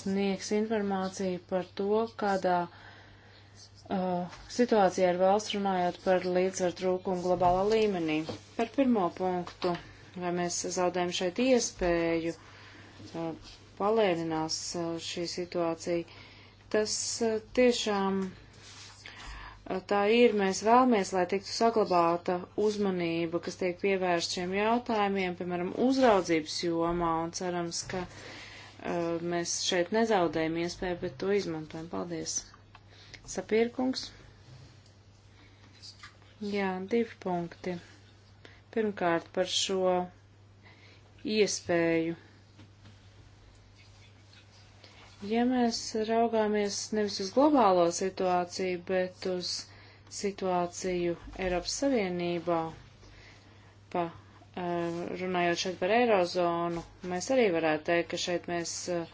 sniegs informāciju par to, kādā uh, situācijā ir valsts runājot par līdzsvaru trūkumu globālā līmenī. Par pirmo punktu, vai mēs zaudējam šeit iespēju, uh, palēninās uh, šī situācija. Tas uh, tiešām tā ir. Mēs vēlamies, lai tiktu saglabāta uzmanība, kas tiek pievērst šiem jautājumiem, piemēram, uzraudzības jomā, un cerams, ka uh, mēs šeit nezaudējam iespēju, bet to izmantojam. Paldies! Sapirkungs. Jā, divi punkti. Pirmkārt par šo iespēju Ja mēs raugāmies nevis uz globālo situāciju, bet uz situāciju Eiropas Savienībā, pa, eh, runājot šeit par Eirozonu, mēs arī varētu teikt, ka šeit mēs eh,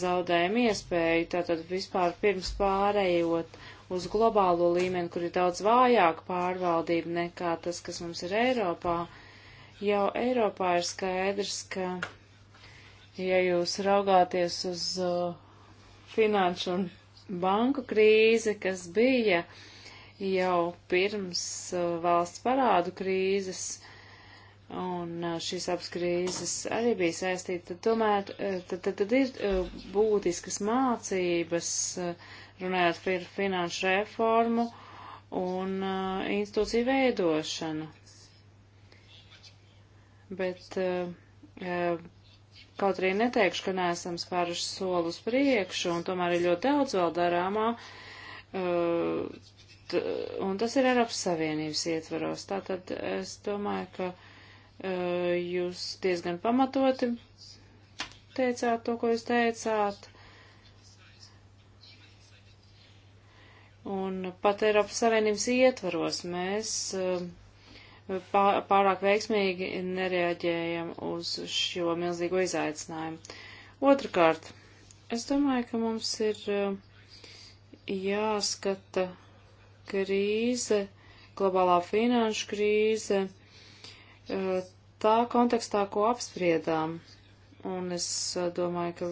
zaudējam iespēju tātad vispār pirms pārējot uz globālo līmeni, kur ir daudz vājāka pārvaldība nekā tas, kas mums ir Eiropā, jau Eiropā ir skaidrs, ka Ja jūs raugāties uz uh, finanšu un banku krīzi, kas bija jau pirms uh, valsts parādu krīzes, un uh, šīs abas krīzes arī bija saistīta, tad tomēr uh, tad, tad, tad ir uh, būtiskas mācības, uh, runājot par finanšu reformu un institūciju veidošanu. Bet uh, Kaut arī neteikšu, ka neesam spēruši soli uz priekšu, un tomēr ir ļoti daudz vēl darāmā, uh, un tas ir Eiropas Savienības ietvaros. Tātad es domāju, ka uh, jūs diezgan pamatoti teicāt to, ko jūs teicāt. Un pat Eiropas Savienības ietvaros mēs uh, pārāk veiksmīgi nereaģējam uz šo milzīgo izaicinājumu. Otrakārt, es domāju, ka mums ir eh, jāskata krīze, globālā finanšu krīze, eh, tā kontekstā, ko apspriedām un es eh, domāju, ka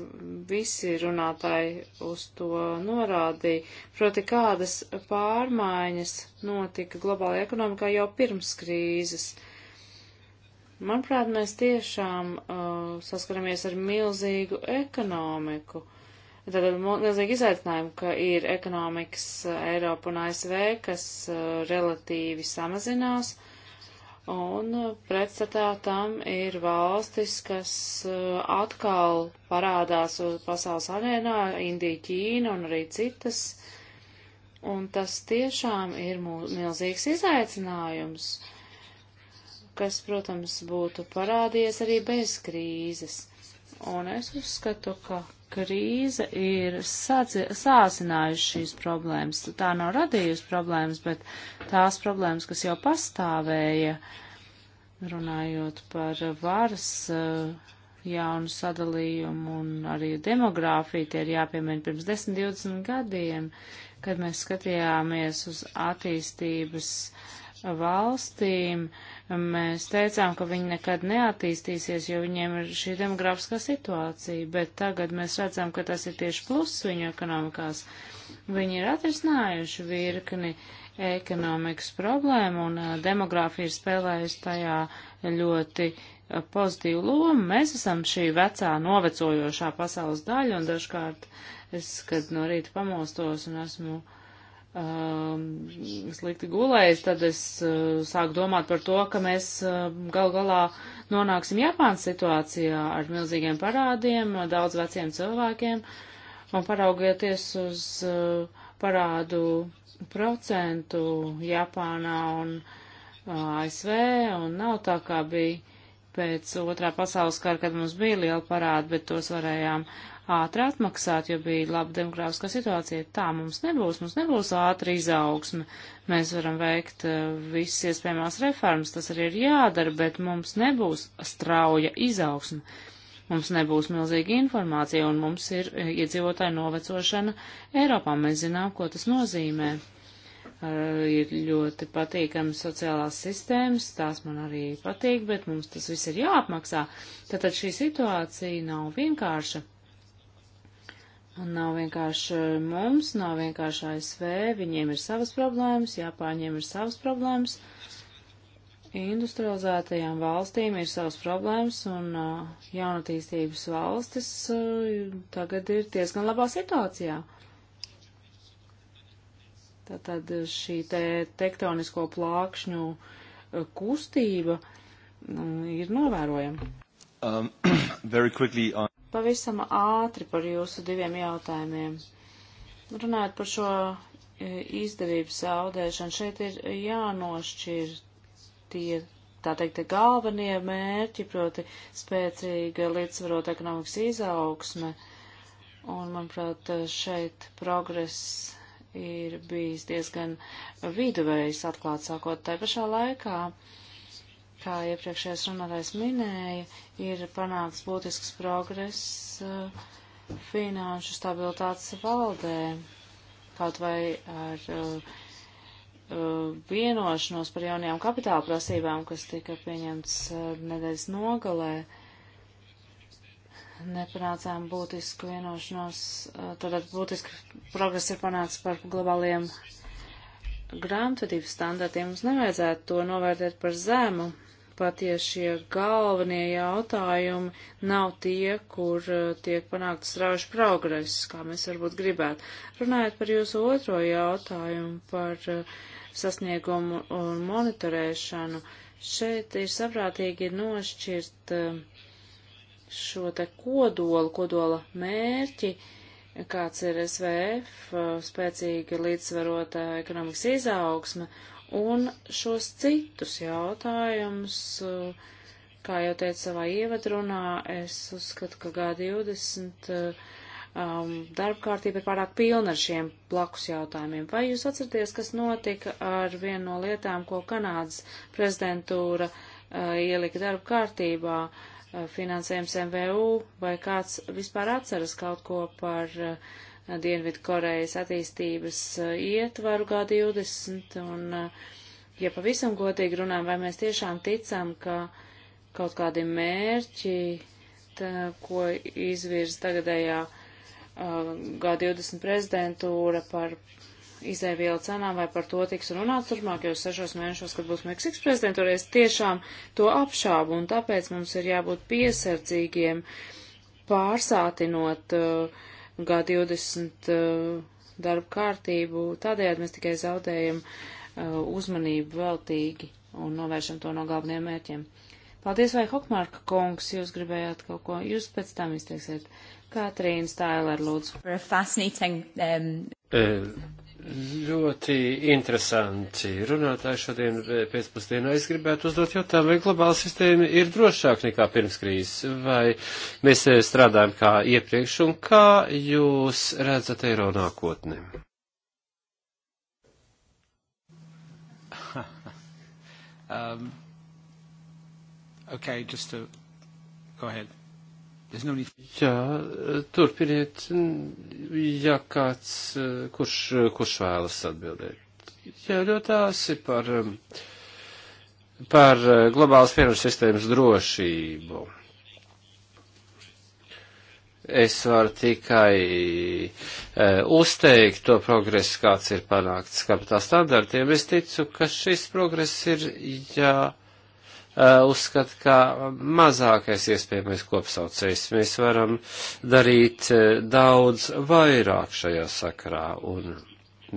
visi runātāji uz to norādīja, proti kādas pārmaiņas notika globālajā ekonomikā jau pirms krīzes. Manuprāt, mēs tiešām uh, saskaramies ar milzīgu ekonomiku. Tātad milzīgi izaicinājumu, ka ir ekonomikas eh, Eiropa un ASV, kas uh, relatīvi samazinās. Uh, Un uh, pretstatā tam ir valstis, kas uh, atkal parādās pasaules arēnā, Indija, Ķīna un arī citas. Un tas tiešām ir milzīgs izaicinājums, kas, protams, būtu parādījies arī bez krīzes. Un es uzskatu, ka krīze ir sācinājusi šīs problēmas. Tā nav radījusi problēmas, bet tās problēmas, kas jau pastāvēja, runājot par varas eh, jaunu sadalījumu un arī demogrāfiju, tie ir jāpiemēr pirms 10-20 gadiem, kad mēs skatījāmies uz attīstības valstīm. Uh, Mēs teicām, ka viņi nekad neattīstīsies, jo viņiem ir šī demografiskā situācija, bet tagad mēs redzam, ka tas ir tieši pluss viņu ekonomikās. Viņi ir atrisinājuši virkni ekonomikas problēmu un demogrāfija ir spēlējusi tajā ļoti pozitīvu lomu. Mēs esam šī vecā novecojošā pasaules daļa un dažkārt es, kad no rīta pamostos un esmu uh, um, slikti gulējis, tad es uh, sāku domāt par to, ka mēs uh, gal galā nonāksim Japānas situācijā ar milzīgiem parādiem, daudz veciem cilvēkiem, un paraugieties uz uh, parādu procentu Japānā un uh, ASV, un nav tā kā bija pēc otrā pasaules kara, kad mums bija liela parāda, bet tos varējām ātri atmaksāt, jo bija laba demokrātiskā situācija. Tā mums nebūs, mums nebūs ātri izaugsme. Mēs varam veikt eh, visas iespējamās reformas, tas arī ir jādara, bet mums nebūs strauja izaugsme. Mums nebūs milzīga informācija un mums ir eh, iedzīvotāja novecošana Eiropā. Mēs zinām, ko tas nozīmē eh, ir ļoti patīkamas sociālās sistēmas, tās man arī patīk, bet mums tas viss ir jāapmaksā. Tātad šī situācija nav vienkārša. Un nav vienkārši eh, mums, nav vienkārši ASV, viņiem ir savas problēmas, Japāņiem ir savas problēmas, industrializētajām valstīm ir savas problēmas, un uh, jaunatīstības valstis uh, tagad ir diezgan labā situācijā. Tātad šī te tektonisko plākšņu uh, kustība mm, ir novērojama. Um, on pavisam ātri par jūsu diviem jautājumiem. Runājot par šo e, izdevības zaudēšanu, šeit ir jānošķir tie, tā teikt, galvenie mērķi, proti spēcīga līdzsvarot ekonomikas izaugsme. Un, manuprāt, šeit progress ir bijis diezgan viduvējs atklāt sākot. Tā pašā laikā uh, kā iepriekšējais runātājs minēja, ir panākts būtisks progress uh, finanšu stabilitātes valdē, kaut vai ar uh, uh vienošanos par jaunajām kapitāla prasībām, kas tika pieņemts uh, nedēļas nogalē. Nepanācām būtisku vienošanos, uh, tātad būtiski progress ir panācis par globāliem grāmatvedības standartiem. Mums nevajadzētu to novērtēt par zemu pat ja šie galvenie jautājumi nav tie, kur eh, tiek panākt strauši progress, kā mēs varbūt gribētu. Runājot par jūsu otro jautājumu par eh, sasniegumu un monitorēšanu, šeit ir saprātīgi nošķirt eh, šo te kodolu, kodola mērķi, kāds ir SVF, spēcīga līdzsvarota ekonomikas izaugsme, un šos citus jautājumus, eh, kā jau teicu savā ievadrunā, es uzskatu, ka G20 eh, um, darbkārtība ir pārāk pilna ar šiem plakus jautājumiem. Vai jūs atceraties, kas notika ar vienu no lietām, ko Kanādas prezidentūra uh, ielika darba kārtībā? Uh, finansējums MVU, vai kāds vispār atceras kaut ko par uh, Dienvidkorejas attīstības eh, ietvaru G20 un, eh, ja pavisam godīgi runājam, vai mēs tiešām ticam, ka kaut kādi mērķi, tā, ko izvirza tagadējā eh, G20 prezidentūra par izēvielu cenām, vai par to tiks runāts turpmākajos sešos mēnešos, kad būs Meksikas prezidentūra, es tiešām to apšābu, un tāpēc mums ir jābūt piesardzīgiem, pārsātinot uh, G20 uh, darba kārtību. Tādējādi mēs tikai zaudējam uh, uzmanību veltīgi un novēršam to no galvenajiem mērķiem. Paldies, vai Hokmārka kungs, jūs gribējāt kaut ko, jūs pēc tam izteiksiet. Katrīna Stāler, lūdzu. Um... E Ļoti interesanti runātāji šodien eh, pēcpusdienā. Es gribētu uzdot jautājumu, vai globāla sistēma ir drošāka nekā pirms krīzes, vai mēs eh, strādājam kā iepriekš, un kā jūs redzat eiro nākotni? um, okay, just to go ahead. Jā, turpiniet, ja kāds, kurš, kurš vēlas atbildēt. Jā, ļoti āsi par, par globālas finanšu sistēmas drošību. Es varu tikai e, uzteikt to progresu, kāds ir panākts kapitāla standartiem. Es ticu, ka šis progress ir jā. Ja, Uh, uzskata, ka mazākais iespējamais kopsaucējs. Mēs varam darīt uh, daudz vairāk šajā sakarā, un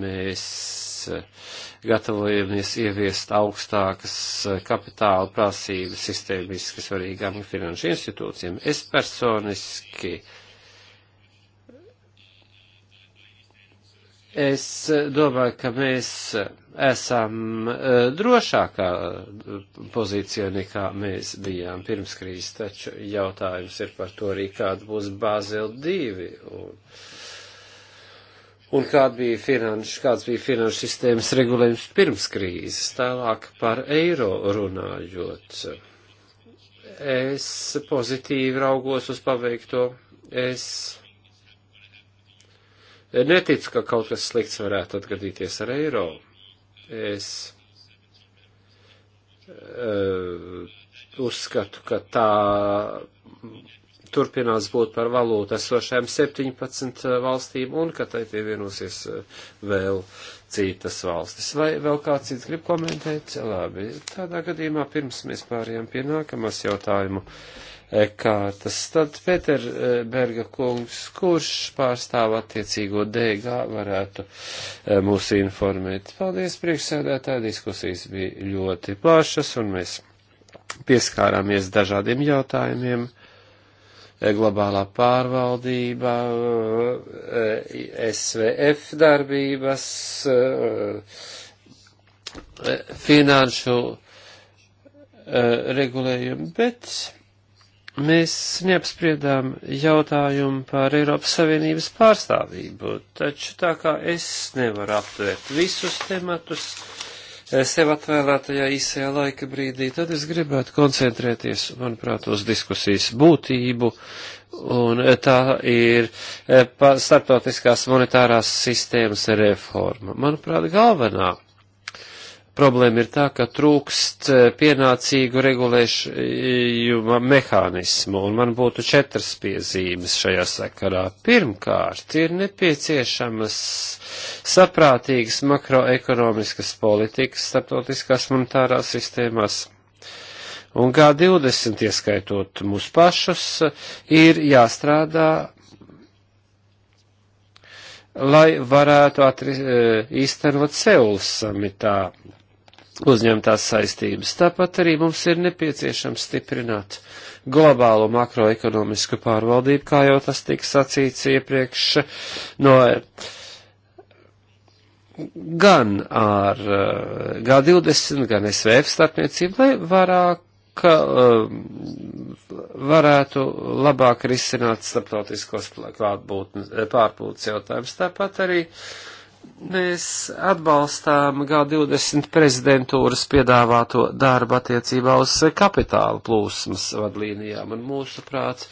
mēs uh, gatavojamies ieviest augstākas kapitāla prasības sistēmiski svarīgām finanšu institūcijām. Es personiski uh, Es domāju, ka mēs esam eh, drošākā eh, pozīcijā nekā mēs bijām pirms krīzes, taču jautājums ir par to arī, kāda būs Bāzela 2 un, un kāda bija finanšu, kāds bija finanšu sistēmas regulējums pirms krīzes, tālāk par eiro runājot. Es pozitīvi raugos uz paveikto. Es neticu, ka kaut kas slikts varētu atgadīties ar eiro. Es uh, uzskatu, ka tā turpinās būt par valūtu esošajām 17 eh, valstīm un ka tai pievienosies eh, vēl citas valstis. Vai vēl kāds cits grib komentēt? Labi, tādā gadījumā pirms mēs pārējām pie nākamas jautājumu E, kārtas. Tad Pēterberga e, kungs, kurš pārstāv attiecīgo dēgā, varētu e, mūs informēt. Paldies, priekšsēdētāji, diskusijas bija ļoti plašas un mēs pieskārāmies dažādiem jautājumiem. Globālā pārvaldība, SVF darbības, finanšu regulējumi, bet Mēs neapspriedām jautājumu par Eiropas Savienības pārstāvību, taču tā kā es nevaru aptvērt visus tematus eh, sev atvēlētajā īsajā laika brīdī, tad es gribētu koncentrēties, manuprāt, uz diskusijas būtību, un tā ir eh, starptautiskās monetārās sistēmas reforma. Manuprāt, galvenā problēma ir tā, ka trūkst eh, pienācīgu regulēšuma mehānismu, un man būtu četras piezīmes šajā sakarā. Pirmkārt, ir nepieciešamas saprātīgas makroekonomiskas politikas starptautiskās monetārās sistēmās. Un G20, ieskaitot mūs pašus, ir jāstrādā lai varētu atri, eh, īstenot Seulas samitā uzņemtās saistības. Tāpat arī mums ir nepieciešams stiprināt globālo makroekonomisku pārvaldību, kā jau tas tika sacīts iepriekš no gan ar eh, G20, gan SVF starpniecību, lai varāk ka eh, varētu labāk risināt starptautiskos klātbūtnes eh, pārpūtas jautājumus. Tāpat arī uh, Mēs atbalstām G20 prezidentūras piedāvāto darbu attiecībā uz kapitāla plūsmas vadlīnijām, un mūsuprāt,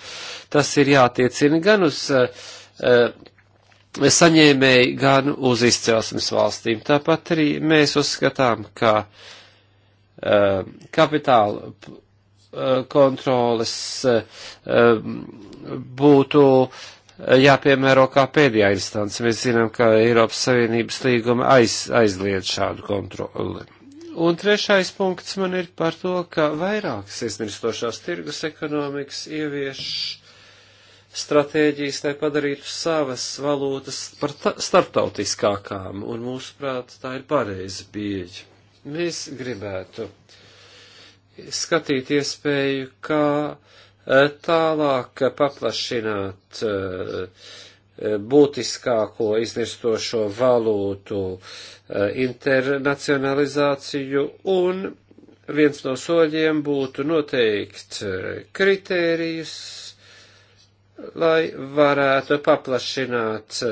tas ir jātiecina gan uz uh, saņēmēji, gan uz izcelsmes valstīm. Tāpat arī mēs uzskatām, ka uh, kapitāla uh, kontroles būtu uh, jāpiemēro kā pēdējā instance. Mēs zinām, ka Eiropas Savienības līguma aiz, aizliedz šādu kontroli. Un trešais punkts man ir par to, ka vairākas iznirstošās tirgus ekonomikas ievieš stratēģijas, lai padarītu savas valūtas par starptautiskākām, un mūsuprāt tā ir pareizi pieeja. Mēs gribētu skatīt iespēju, kā uh, tālāk paplašināt eh, būtiskāko iznirstošo valūtu eh, internacionalizāciju un viens no soļiem būtu noteikt eh, kritērijus, lai varētu paplašināt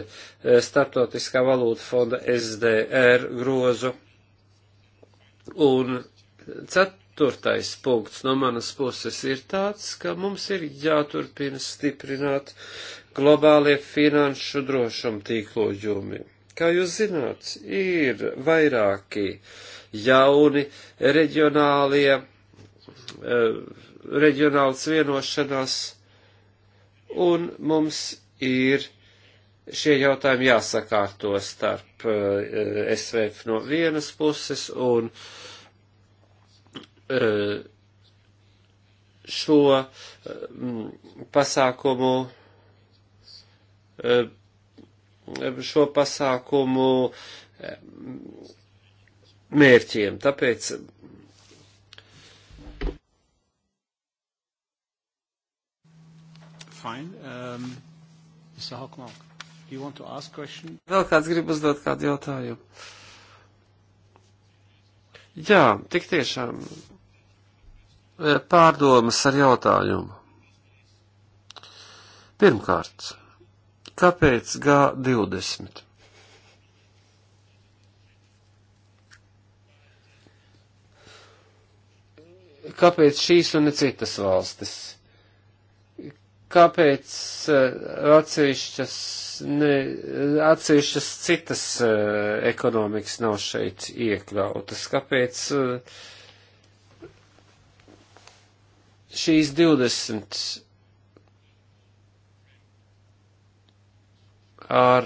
Startautiskā valūta fonda SDR grozu. Un cet, ceturtais punkts no manas puses ir tāds, ka mums ir jāturpina stiprināt globālie finanšu drošuma tīkloģumi. Kā jūs zināt, ir vairāki jauni reģionālie, eh, reģionāls vienošanās, un mums ir šie jautājumi jāsakārto starp eh, SVF no vienas puses un uh, Eh, eh, eh, šo pasākumu šo pasākumu mērķiem. Tāpēc Fine. Um, Mr. Hockmark, do you want to ask question? Vēl kāds grib uzdot kādu jautājumu? Jā, tik tiešām E, pārdomas ar jautājumu. Pirmkārt, kāpēc G20? Kāpēc šīs un ne citas valstis? Kāpēc e, atsevišķas, ne, atsevišķas citas e, ekonomikas nav šeit iekļautas? Kāpēc uh, šīs 20 ar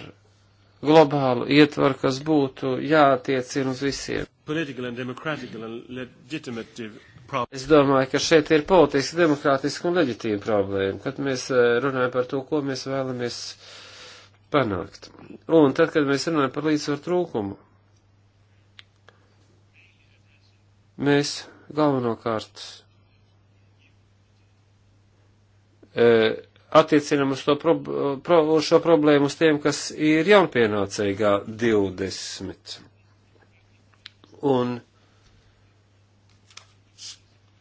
globālu ietvaru, kas būtu jātiecina uz visiem. Es domāju, ka šeit ir politiski, demokrātiski un leģitīva problēma, kad mēs eh, runājam par to, ko mēs vēlamies panākt. Un tad, kad mēs runājam par līdzsvaru trūkumu, mēs galvenokārt E, attiecinam uz, pro, pro, uz šo problēmu uz tiem, kas ir jaunpienācīgā 20. Un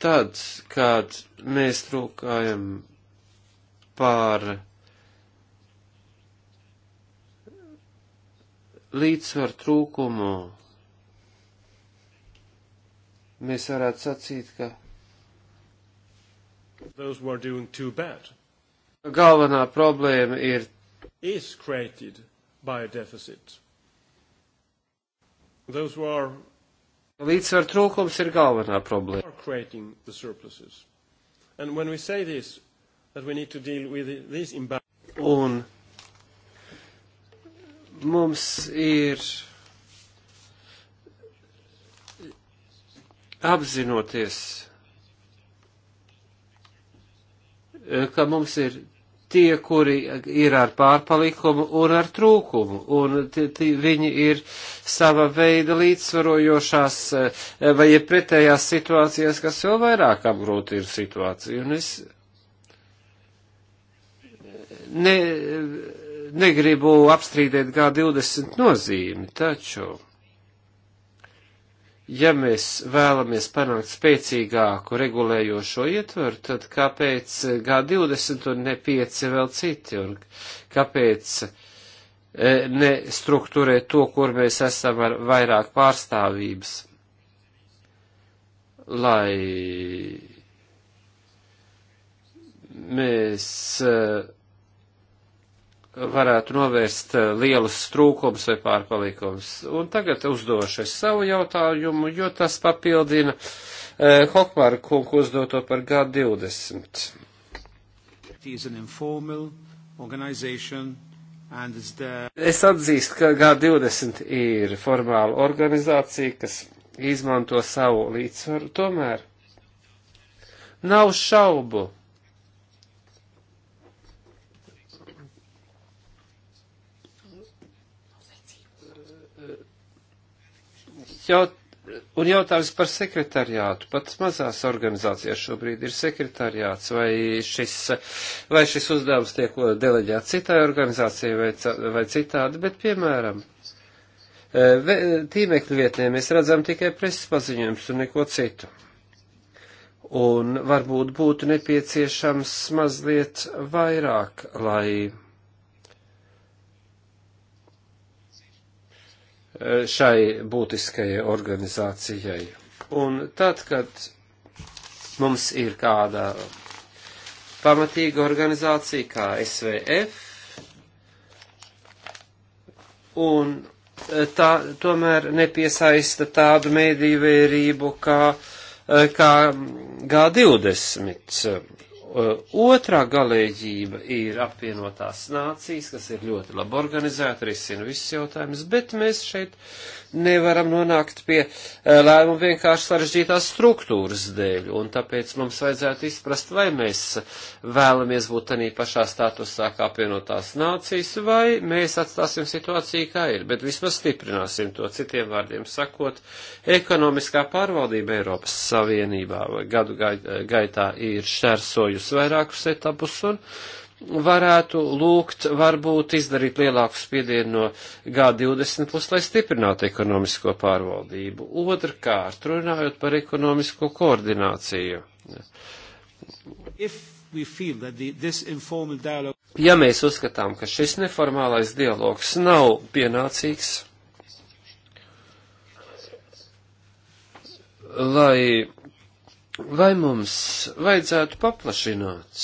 tad, kad mēs trūkājam pār līdzsvaru trūkumu, mēs varētu sacīt, ka those who are doing too bad Galvenā problēma ir is created by a deficit. Those who are Līdzsvar trūkums ir galvenā problēma. Are creating the surpluses. And when we say this, that we need to deal with these imbalances. Un mums ir apzinoties Eh, ka mums ir tie, kuri ir ar pārpalikumu un ar trūkumu, un t, t, viņi ir sava veida līdzsvarojošās eh, vai ir pretējās situācijās, kas vēl vairāk apgrūti ir situācija. Un es eh, ne, negribu apstrīdēt G20 nozīmi, taču ja mēs vēlamies panākt spēcīgāku regulējošo ietvaru, tad kāpēc G20 un ne 5 vēl citi, un kāpēc e, ne strukturēt to, kur mēs esam ar vairāk pārstāvības, lai mēs uh, varētu novērst eh, lielus trūkums vai pārpalikums. Un tagad uzdošu es savu jautājumu, jo tas papildina eh, Hokmāra kungu uzdoto par G20. Es atzīstu, ka G20 ir formāla organizācija, kas izmanto savu līdzsvaru. Tomēr nav šaubu, Jaut, un jautājums par sekretariātu. Pat mazās organizācijās šobrīd ir sekretariāts, vai šis, vai šis uzdevums tiek deleģēts citai organizācijai vai, vai citādi, bet piemēram. E, Tīmekļu vietnē mēs redzam tikai preses paziņojumus un neko citu. Un varbūt būtu nepieciešams mazliet vairāk, lai šai būtiskajai organizācijai. Un tad, kad mums ir kāda pamatīga organizācija kā SVF, un e, tā tomēr nepiesaista tādu mēdīvērību kā, e, kā G20. Uh, otrā galēģība ir apvienotās nācijas, kas ir ļoti labi organizēta, risina visus jautājumus, bet mēs šeit nevaram nonākt pie uh, lēmumu vienkārši sarežģītās struktūras dēļ, un tāpēc mums vajadzētu izprast, vai mēs vēlamies būt tādā pašā statusā kā apvienotās nācijas, vai mēs atstāsim situāciju kā ir, bet vismaz stiprināsim to citiem vārdiem sakot, ekonomiskā pārvaldība Eiropas Savienībā gadu gaitā ir šķērsojusi veiktus vairākus etapus un varētu lūgt varbūt izdarīt lielāku spiedienu no G20 plus, lai stiprinātu ekonomisko pārvaldību. Otrkārt, runājot par ekonomisko koordināciju. If Ja mēs uzskatām, ka šis neformālais dialogs nav pienācīgs, lai vai mums vajadzētu paplašināt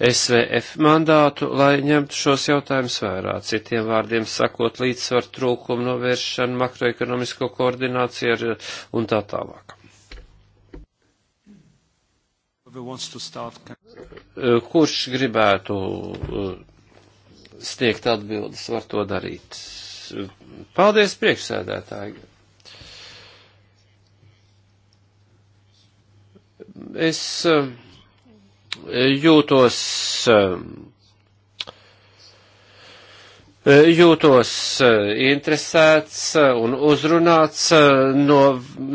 SVF mandātu, lai ņemtu šos jautājumus vērā. Citiem vārdiem sakot, līdzsvar trūkumu novēršanu, makroekonomisko koordināciju ar, un tā tālāk. Kurš gribētu uh, sniegt atbildes, var to darīt. Paldies priekšsēdētāji. Es eh, jūtos, eh, eh, jūtos interesēts un uzrunāts no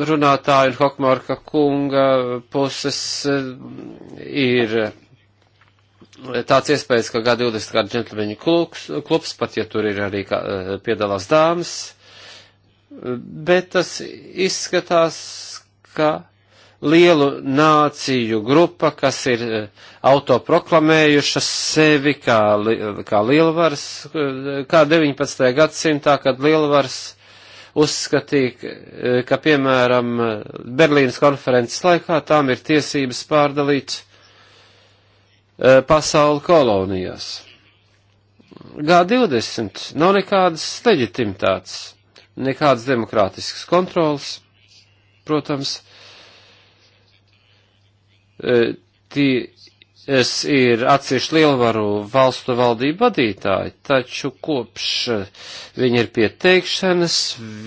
runātāja un Hokmārka kunga puses ir tāds iespējas, ka G20 kāda džentlmeņa klubs, klubs, pat ja tur ir arī kā, piedalās dāmas, bet tas izskatās, ka lielu nāciju grupa, kas ir eh, autoproklamējušas sevi kā, kā lielvars, eh, kā 19. gadsimtā, kad lielvars uzskatīja, eh, ka, piemēram, Berlīnas konferences laikā tām ir tiesības pārdalīt pasauli kolonijās. G20 nav nekādas leģitimitātes, nekādas demokrātiskas kontrolas, protams, uh, Eh, tie es ir atsevišķi lielvaru valstu valdību vadītāji, taču kopš eh, viņi ir pieteikšanas,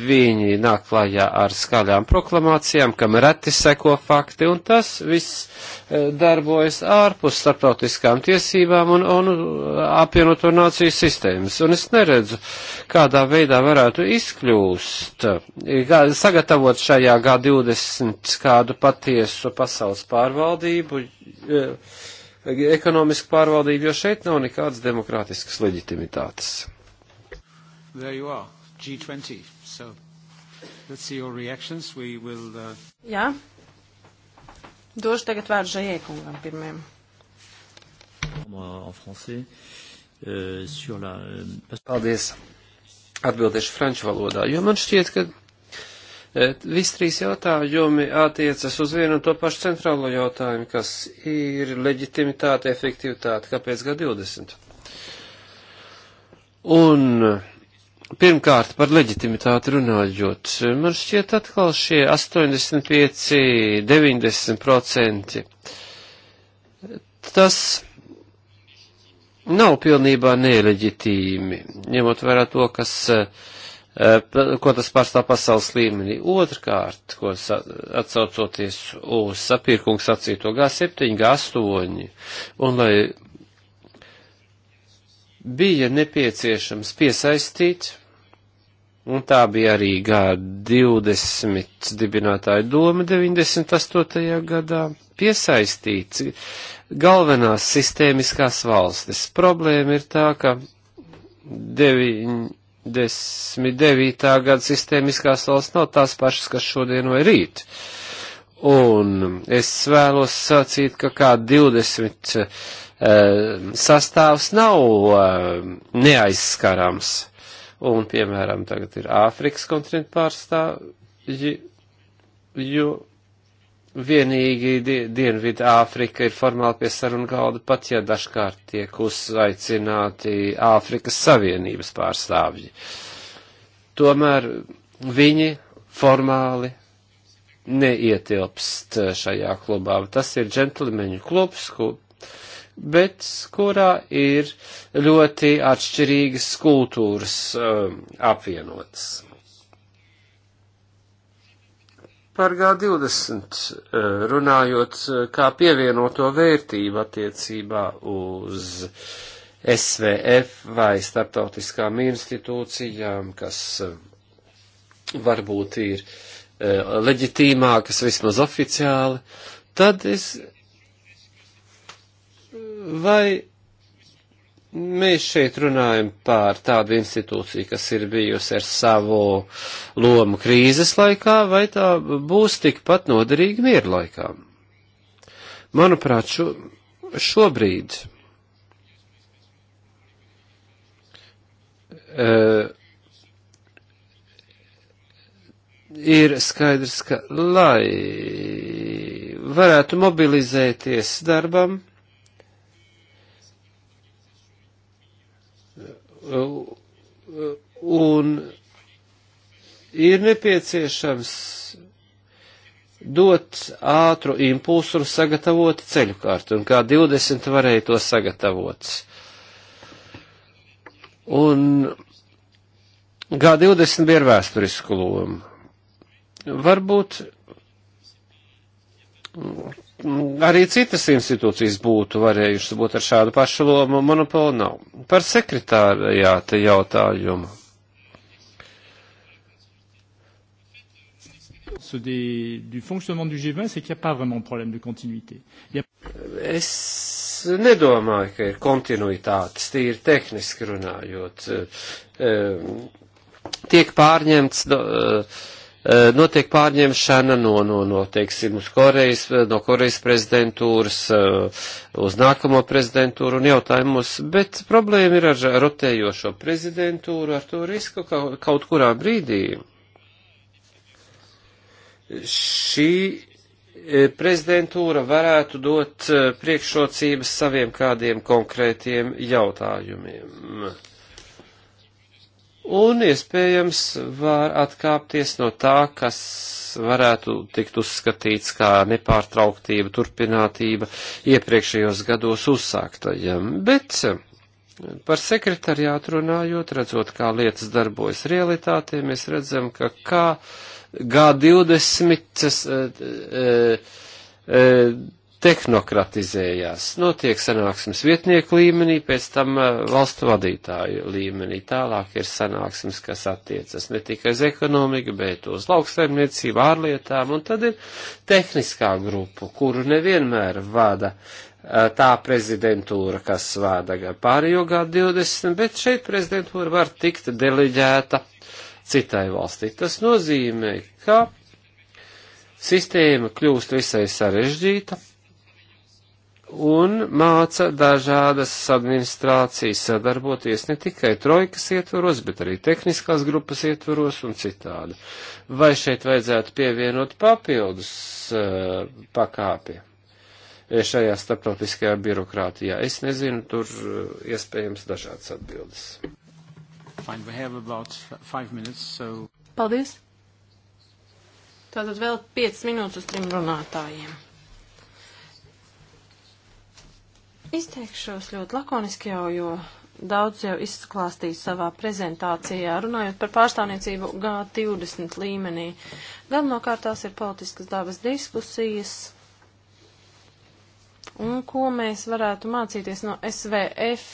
viņi nāk klājā ar skaļām proklamācijām, kam reti seko fakti, un tas viss eh, darbojas ārpus starptautiskām tiesībām un, un eh, apvienoto nāciju sistēmas. Un es neredzu, kādā veidā varētu izkļūst, sagatavot šajā G20 kādu patiesu pasaules pārvaldību. Yeah ekonomisku pārvaldību, jo šeit nav nekādas demokrātiskas leģitimitātes. G20, so let's see your reactions. We will. Uh... Jā. Došu tagad vārdu Žajiekungam pirmajam. En français, euh, sur la... Euh, Paldies. Atbildēšu franču valodā, jo man šķiet, ka Visi trīs jautājumi attiecas uz vienu un to pašu centrālo jautājumu, kas ir leģitimitāte, efektivitāte, kāpēc G20. Un pirmkārt par leģitimitāti runājot, man šķiet atkal šie 85-90%. Tas nav pilnībā neleģitīmi, ņemot vērā to, kas uh, Eh, ko tas pārstāv pasaules līmenī. Otrkārt, ko atsaucoties uz sapirkumu sacīto G7, G8, un lai bija nepieciešams piesaistīt, un tā bija arī G20 dibinātāja doma 98. gadā, piesaistīt galvenās sistēmiskās valstis. Problēma ir tā, ka 9 99. gada sistēmiskās valsts nav tās pašas, kas šodien vai rīt. Un es vēlos sacīt, ka kā 20 uh, eh, sastāvs nav uh, neaizskarams. Un, piemēram, tagad ir Āfrikas kontinentu pārstāvji, jo Vienīgi di Dienvidā Āfrika ir formāli pie sarunu galda, pat ja dažkārt tiek uzaicināti Āfrikas Savienības pārstāvji. Tomēr viņi formāli neietilpst šajā klubā. Tas ir džentlmeņu klubs, ku, bet kurā ir ļoti atšķirīgas kultūras um, apvienotas. Par G20 eh, runājot, eh, kā pievienoto vērtību attiecībā uz SVF vai starptautiskām institūcijām, kas eh, varbūt ir leģitīmākas vismaz oficiāli, tad es vai Mēs šeit runājam par tādu institūciju, kas ir bijusi ar savu lomu krīzes laikā, vai tā būs tikpat noderīga mieru laikā. Manuprāt, šo, šobrīd uh, ir skaidrs, ka lai varētu mobilizēties darbam, Uh, uh, un ir nepieciešams dot ātru impulsu un sagatavot ceļu kārtu, un kā 20 varēja to sagatavot. Un G20 bija ar vēsturisku lomu. Varbūt arī citas institūcijas būtu varējušas būt ar šādu pašu lomu, monopolu nav. Par sekretārijāta jautājumu. Des, du fonctionnement du G20, c'est qu'il n'y a pas vraiment de problème de continuité. A... Es nedomāju, ka ir kontinuitātes, tīri tehniski runājot. Ehm, tiek pārņemts. Uh, Eh, notiek pārņemšana no, no, no teiksim, uz Korejas, eh, no Korejas prezidentūras eh, uz nākamo prezidentūru un jautājumus, bet problēma ir ar rotējošo prezidentūru, ar to risku kaut, kaut kurā brīdī. Šī prezidentūra varētu dot priekšrocības saviem kādiem konkrētiem jautājumiem un iespējams var atkāpties no tā, kas varētu tikt uzskatīts kā nepārtrauktība, turpinātība iepriekšējos gados uzsāktajam. Bet Par sekretariātu runājot, redzot, kā lietas darbojas realitātē, mēs redzam, ka kā G20 e, e, tehnokratizējās. Notiek sanāksmes vietnieku līmenī, pēc tam eh, valstu vadītāju līmenī. Tālāk ir sanāksmes, kas attiecas ne tikai uz ekonomiku, bet uz lauksaimniecību, ārlietām, un tad ir tehniskā grupa, kuru nevienmēr vada eh, tā prezidentūra, kas vada pārējo gadu 20, bet šeit prezidentūra var tikt deleģēta citai valstī. Tas nozīmē, ka sistēma kļūst visai sarežģīta un māca dažādas administrācijas sadarboties ne tikai trojkas ietvaros, bet arī tehniskās grupas ietvaros un citādi. Vai šeit vajadzētu pievienot papildus uh, pakāpi šajā starptautiskajā birokrātijā? Es nezinu, tur uh, iespējams dažādas atbildes. Fine, minutes, so... Paldies! Tātad vēl 5 minūtes uz trim runātājiem. Izteikšos ļoti lakoniski jau, jo daudz jau izklāstīju savā prezentācijā, runājot par pārstāvniecību G20 līmenī. Galvenokārt tās ir politiskas dabas diskusijas. Un ko mēs varētu mācīties no SVF?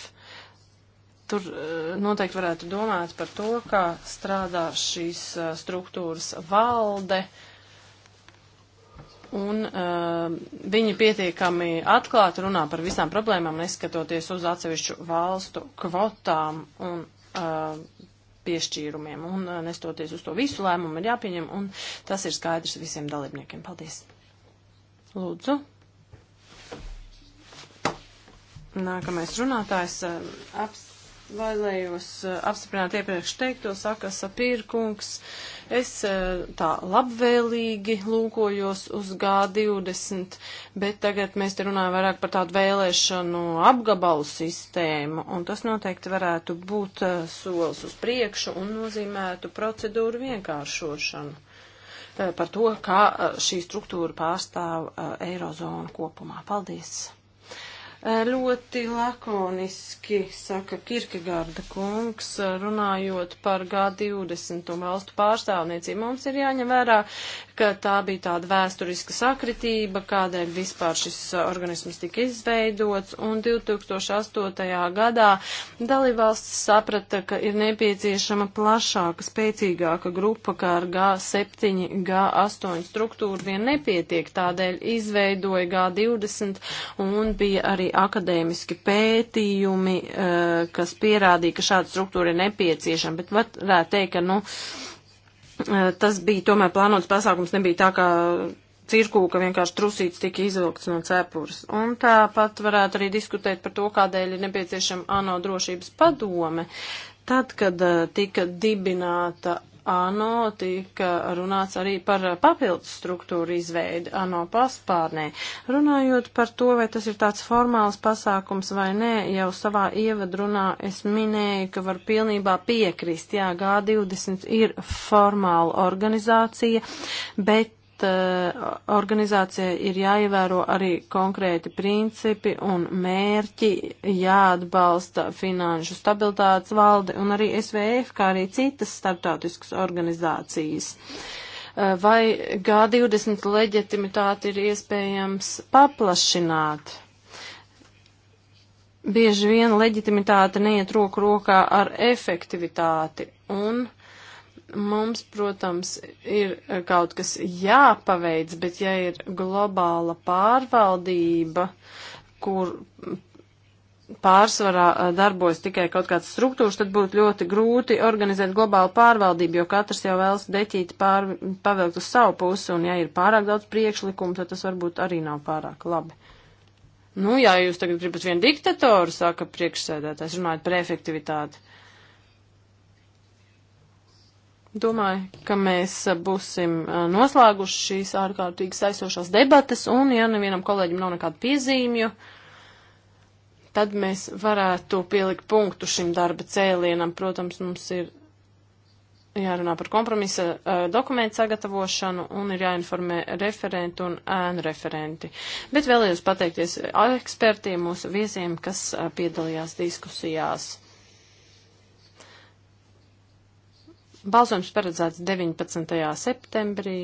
Tur eh, noteikti varētu domāt par to, kā strādā šīs eh, struktūras valde. Uh, un uh, viņi pietiekami atklāti runā par visām problēmām, neskatoties uz atsevišķu valstu kvotām un uh, piešķīrumiem. Un uh, nestoties uz to visu lēmumu ir jāpieņem, un tas ir skaidrs visiem dalībniekiem. Paldies! Lūdzu! Nākamais runātājs uh, apstiprināts vēlējos uh, apstiprināt iepriekš teikto, saka Sapīrkungs, Es eh, tā labvēlīgi lūkojos uz G20, bet tagad mēs te runājam vairāk par tādu vēlēšanu apgabalu sistēmu, un tas noteikti varētu būt eh, solis uz priekšu un nozīmētu procedūru vienkāršošanu eh, par to, kā šī struktūra pārstāv Eirozonu kopumā. Paldies! Eh, ļoti lakoniski saka Kirkegarda kungs, eh, runājot par G20 un valstu pārstāvniecību. Mums ir jāņem vērā, ka tā bija tāda vēsturiska sakritība, kādēļ vispār šis organisms tika izveidots, un 2008. gadā dalībvalsts saprata, ka ir nepieciešama plašāka, spēcīgāka grupa, kā ar G7, G8 struktūru vien nepietiek, tādēļ izveidoja G20 un bija arī akadēmiski pētījumi, eh, kas pierādīja, ka šāda struktūra ir nepieciešama, bet varētu teikt, ka, nu, tas bija tomēr plānots pasākums, nebija tā kā cirku, ka vienkārši trusīts tika izvilkts no cepures. Un tāpat varētu arī diskutēt par to, kādēļ ir nepieciešama ANO drošības padome. Tad, kad tika dibināta ANO tika runāts arī par papildus struktūru izveidi ANO paspārnē. Runājot par to, vai tas ir tāds formāls pasākums vai nē, jau savā ievadrunā es minēju, ka var pilnībā piekrist. Jā, G20 ir formāla organizācija, bet Eh, organizācijai ir jāievēro arī konkrēti principi un mērķi, jāatbalsta finanšu stabilitātes valde un arī SVF, kā arī citas starptautiskas organizācijas. Eh, vai G20 leģitimitāti ir iespējams paplašināt? Bieži vien leģitimitāte neiet roku rokā ar efektivitāti un uh, Mums, protams, ir kaut kas jāpaveic, bet ja ir globāla pārvaldība, kur pārsvarā eh, darbojas tikai kaut kāds struktūrs, tad būtu ļoti grūti organizēt globālu pārvaldību, jo katrs jau vēlas deķīt pār, pavilkt uz savu pusi, un ja ir pārāk daudz priekšlikumu, tad tas varbūt arī nav pārāk labi. Nu, ja jūs tagad gribat vienu diktatoru, saka priekšsēdētājs, runājot par efektivitāti. Domāju, ka mēs būsim noslēguši šīs ārkārtīgi saistošās debates, un ja nevienam kolēģim nav nekādu piezīmju, tad mēs varētu pielikt punktu šim darba cēlienam. Protams, mums ir jārunā par kompromisa uh, dokumentu sagatavošanu un ir jāinformē referenti un ēnu referenti. Bet vēlējos pateikties ekspertiem, mūsu viesiem, kas uh, piedalījās diskusijās. Balsojums paredzēts 19. septembrī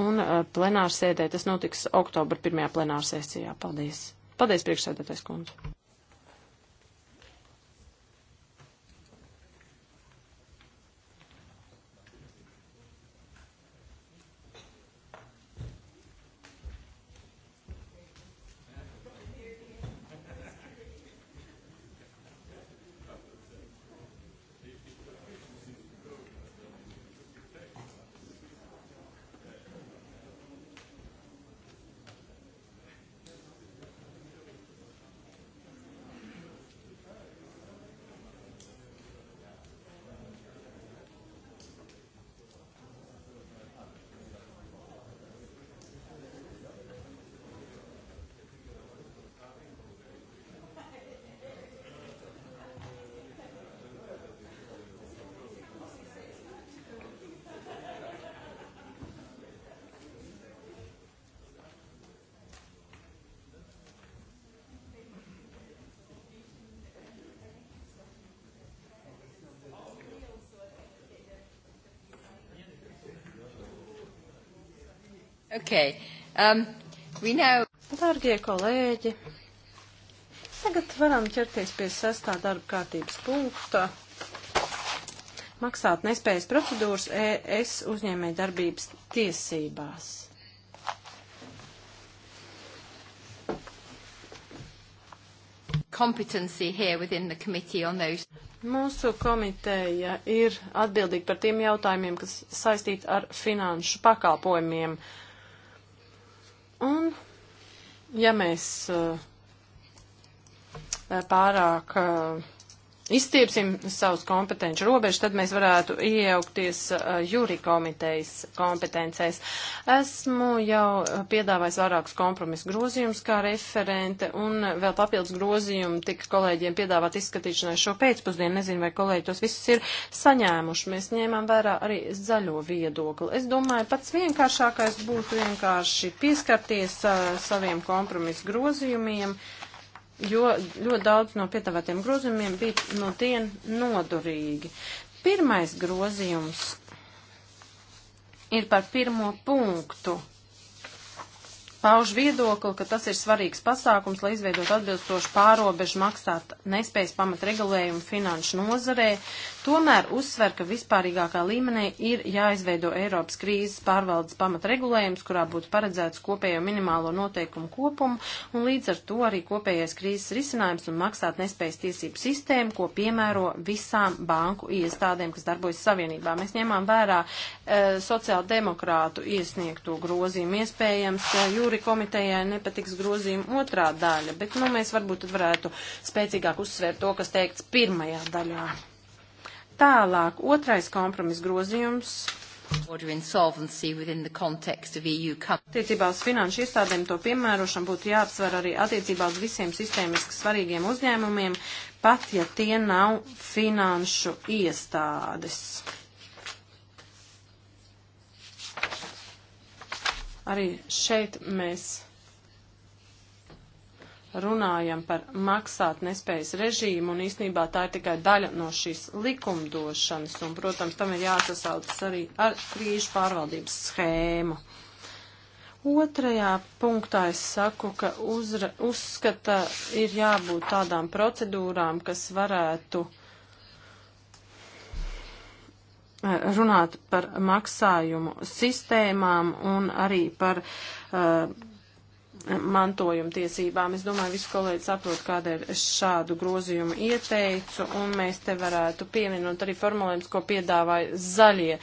un uh, plenārsēdē tas notiks oktobra pirmajā plenārsēsijā. Paldies! Paldies, priekšsēdētais kundze! Okay. Um, now... Dārgie kolēģi, tagad varam ķerties pie sestā darba kārtības punkta. Maksāt nespējas procedūras ES uzņēmē darbības tiesībās. competency here within the committee on those. Mūsu komiteja ir atbildīga par tiem jautājumiem, kas saistīti ar finanšu pakalpojumiem. Uh, Un, ja mēs eh, pārāk eh, izstiepsim savus kompetenci robežas, tad mēs varētu iejaukties uh, jūri komitejas kompetencēs. Esmu jau piedāvājis vairākus kompromisu grozījumus kā referente, un vēl papildus grozījumu tika kolēģiem piedāvāt izskatīšanai šo pēcpusdienu. Nezinu, vai kolēģi tos visus ir saņēmuši. Mēs ņēmām vērā arī zaļo viedokli. Es domāju, pats vienkāršākais būtu vienkārši pieskarties uh, saviem kompromisu grozījumiem. Uh, jo ļoti daudz no piedāvātiem grozījumiem bija no dien nodurīgi. Pirmais grozījums ir par pirmo punktu. Pauž viedokli, ka tas ir svarīgs pasākums, lai izveidot atbilstošu pārobežu maksāt nespējas pamat regulējumu finanšu nozarē, Tomēr uzsver, ka vispārīgākā līmenī ir jāizveido Eiropas krīzes pārvaldes pamatregulējums, kurā būtu paredzēts kopējo minimālo noteikumu kopumu, un līdz ar to arī kopējais krīzes risinājums un maksāt nespējas tiesību sistēmu, ko piemēro visām banku iestādēm, kas darbojas savienībā. Mēs ņemām vērā e, sociāldemokrātu iesniegto grozījumu. Iespējams, e, jūri komitejai nepatiks grozījuma otrā daļa, bet nu, mēs varbūt varētu spēcīgāk uzsvērt to, kas teikts pirmajā daļā. Tālāk, otrais kompromis grozījums. E attiecībā uz finanšu iestādēm to piemērošanu būtu jāapsver arī attiecībā uz visiem sistēmiski svarīgiem uzņēmumiem, pat ja tie nav finanšu iestādes. Arī šeit mēs runājam par maksāt nespējas režīmu, un īstenībā tā ir tikai daļa no šīs likumdošanas, un, protams, tam ir jāsasaucas arī ar krīžu pārvaldības schēmu. Otrajā punktā es saku, ka uzra, uzskata ir jābūt tādām procedūrām, kas varētu eh, runāt par maksājumu sistēmām un arī par uh, mantojuma tiesībām. Es domāju, visi kolēģi saprot, kādēļ es šādu grozījumu ieteicu, un mēs te varētu pieminot arī formulējums, ko piedāvāja zaļie.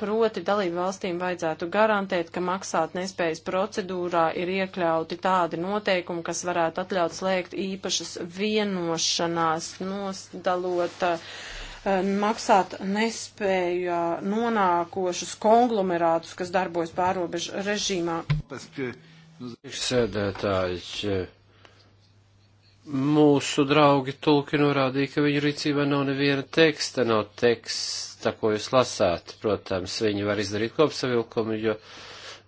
Proti dalību valstīm vajadzētu garantēt, ka maksāt nespējas procedūrā ir iekļauti tādi noteikumi, kas varētu atļaut slēgt īpašas vienošanās, nosdalot uh, eh, maksāt nespēja nonākošus konglomerātus, kas darbojas pārobežu režīmā. Paskui. Priekšsēdētāji, eh, mūsu draugi tulki norādīja, ka viņu rīcībā nav neviena teksta, nav teksta, ko jūs lasāt. Protams, viņi var izdarīt kopsavilkumu, jo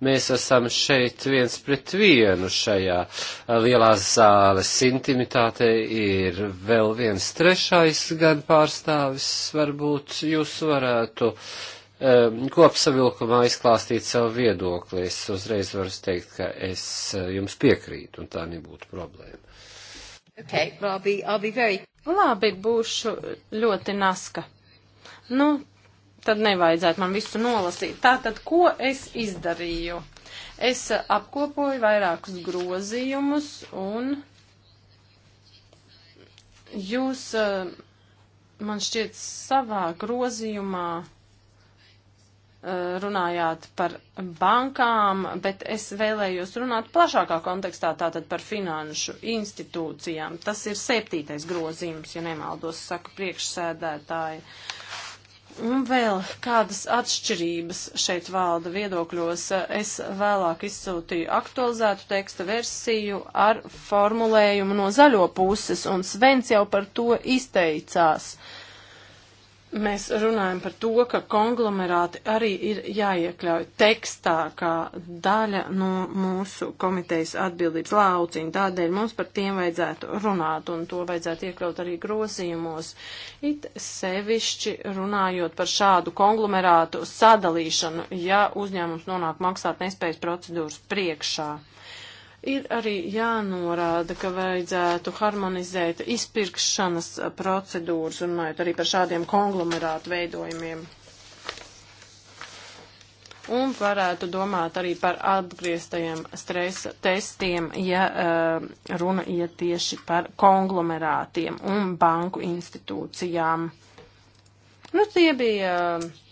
mēs esam šeit viens pret vienu šajā eh, lielās zāles intimitāte. Ir vēl viens trešais gan pārstāvis, varbūt jūs varētu. Uh, Ehm, kopsavilkumā izklāstīt savu viedokli. Es uzreiz varu teikt, ka es eh, jums piekrītu, un tā nebūtu problēma. Okay, well, I'll be, I'll be very... Labi, būšu ļoti naska. Nu, tad nevajadzētu man visu nolasīt. Tātad, ko es izdarīju? Es eh, apkopoju vairākus grozījumus un jūs, eh, man šķiet, savā grozījumā Eh, runājāt par bankām, bet es vēlējos runāt plašākā kontekstā tātad par finanšu institūcijām. Tas ir septītais grozījums, ja nemaldos, saka priekšsēdētāji. Un vēl kādas atšķirības šeit valda viedokļos. Es vēlāk izsūtīju aktualizētu teksta versiju ar formulējumu no zaļo puses, un Svens jau par to izteicās. Uh, mēs runājam par to, ka konglomerāti arī ir jāiekļauj tekstā kā daļa no mūsu komitejas atbildības lauciņa. Tādēļ mums par tiem vajadzētu runāt un to vajadzētu iekļaut arī grozījumos. It sevišķi runājot par šādu konglomerātu sadalīšanu, ja uzņēmums nonāk maksāt nespējas procedūras priekšā. Uh, Ir arī jānorāda, ka vajadzētu harmonizēt izpirkšanas procedūras, runājot arī par šādiem konglomerātu veidojumiem. Un varētu domāt arī par atgrieztajiem stresa testiem, ja uh, runa iet tieši par konglomerātiem un banku institūcijām. Nu, tie bija. Uh,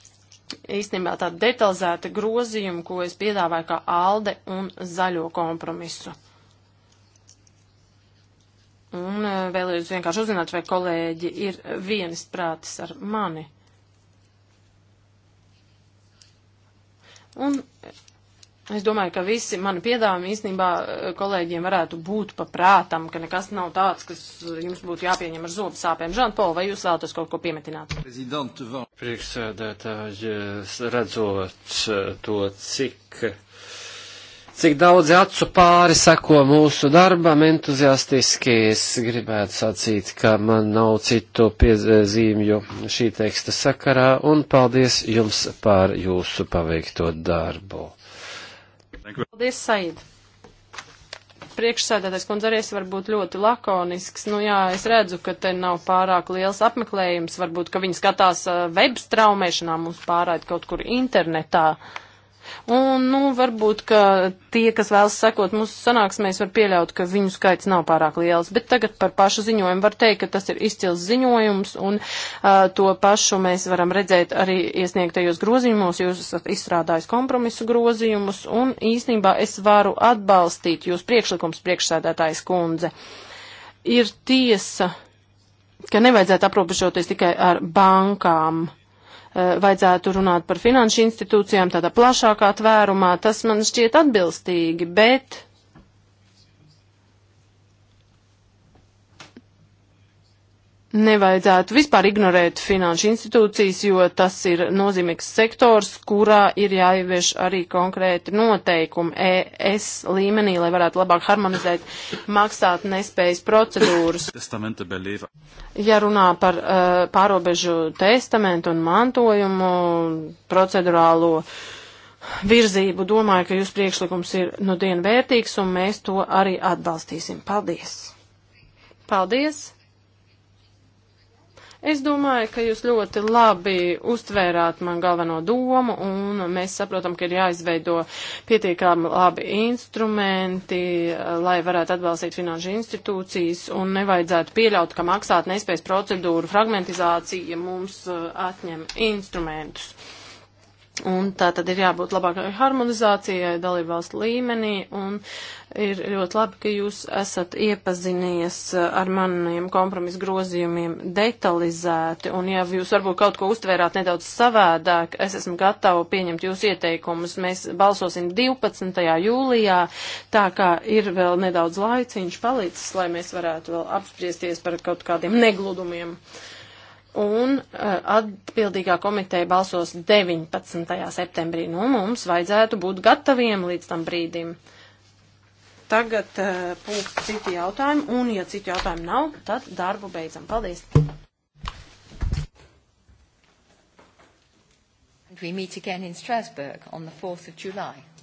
īstenībā tāda detalizēta grozījuma, ko es piedāvāju kā alde un zaļo kompromisu. Un eh, vēlējos vienkārši uzzināt, vai kolēģi ir vienas prātis ar mani. Un Es domāju, ka visi mani piedāvājumi īstenībā eh, kolēģiem varētu būt paprātam, ka nekas nav tāds, kas eh, jums būtu jāpieņem ar zobu sāpēm. Žanpola, vai jūs vēlaties kaut ko piemetināt? Priekšsēdētāji, redzot eh, to, cik, cik daudz acu pāri sako mūsu darbam, entuziastiski es gribētu sacīt, ka man nav citu piezīmju šī teksta sakarā, un paldies jums par jūsu paveikto darbu. Paldies, Said! Priekšsēdētais kundze arī var būt ļoti lakonisks. Nu jā, es redzu, ka te nav pārāk liels apmeklējums. Varbūt, ka viņi skatās eh, web straumēšanā, mums pārāda kaut kur internetā. Uh, Un, nu, varbūt, ka tie, kas vēlas sekot mūsu sanāksmēs, var pieļaut, ka viņu skaits nav pārāk liels. Bet tagad par pašu ziņojumu var teikt, ka tas ir izcils ziņojums, un uh, to pašu mēs varam redzēt arī iesniegtajos grozījumos. Jūs esat izstrādājis kompromisu grozījumus, un īsnībā es varu atbalstīt jūs priekšlikums priekšsēdētājs kundze. Ir tiesa, ka nevajadzētu aprobežoties tikai ar bankām. Uh, Eh, vajadzētu runāt par finanšu institūcijām tādā plašākā tvērumā, tas man šķiet atbilstīgi, bet Nevajadzētu vispār ignorēt finanšu institūcijas, jo tas ir nozīmīgs sektors, kurā ir jāievieš arī konkrēti noteikumi ES līmenī, lai varētu labāk harmonizēt maksāt nespējas procedūras. Ja runā par uh, pārobežu testamentu un mantojumu procedurālo uh, virzību. Domāju, ka jūs priekšlikums ir nu dienu vērtīgs, un mēs to arī atbalstīsim. Paldies! Paldies! Es domāju, ka jūs ļoti labi uztvērāt man galveno domu, un mēs saprotam, ka ir jāizveido pietiekami labi instrumenti, lai varētu atbalstīt finanšu institūcijas, un nevajadzētu pieļaut, ka maksāt nespējas procedūru fragmentizācija mums uh, atņem instrumentus. Un tā tad ir jābūt labākai harmonizācijai dalībvalstu līmenī, un ir ļoti labi, ka jūs esat iepazinies ar maniem kompromisu grozījumiem detalizēti, un ja jūs varbūt kaut ko uztvērāt nedaudz savādāk, es esmu gatava pieņemt jūs ieteikumus. Mēs balsosim 12. jūlijā, tā kā ir vēl nedaudz laiciņš palicis, lai mēs varētu vēl apspriesties par kaut kādiem negludumiem. Uh, un eh, atbildīgā komiteja balsos 19. septembrī. Nu, mums vajadzētu būt gataviem līdz tam brīdim. Tagad uh, pūk citi jautājumi, un ja citi jautājumi nav, tad darbu beidzam. Paldies! We meet again in Strasbourg on the 4th of July.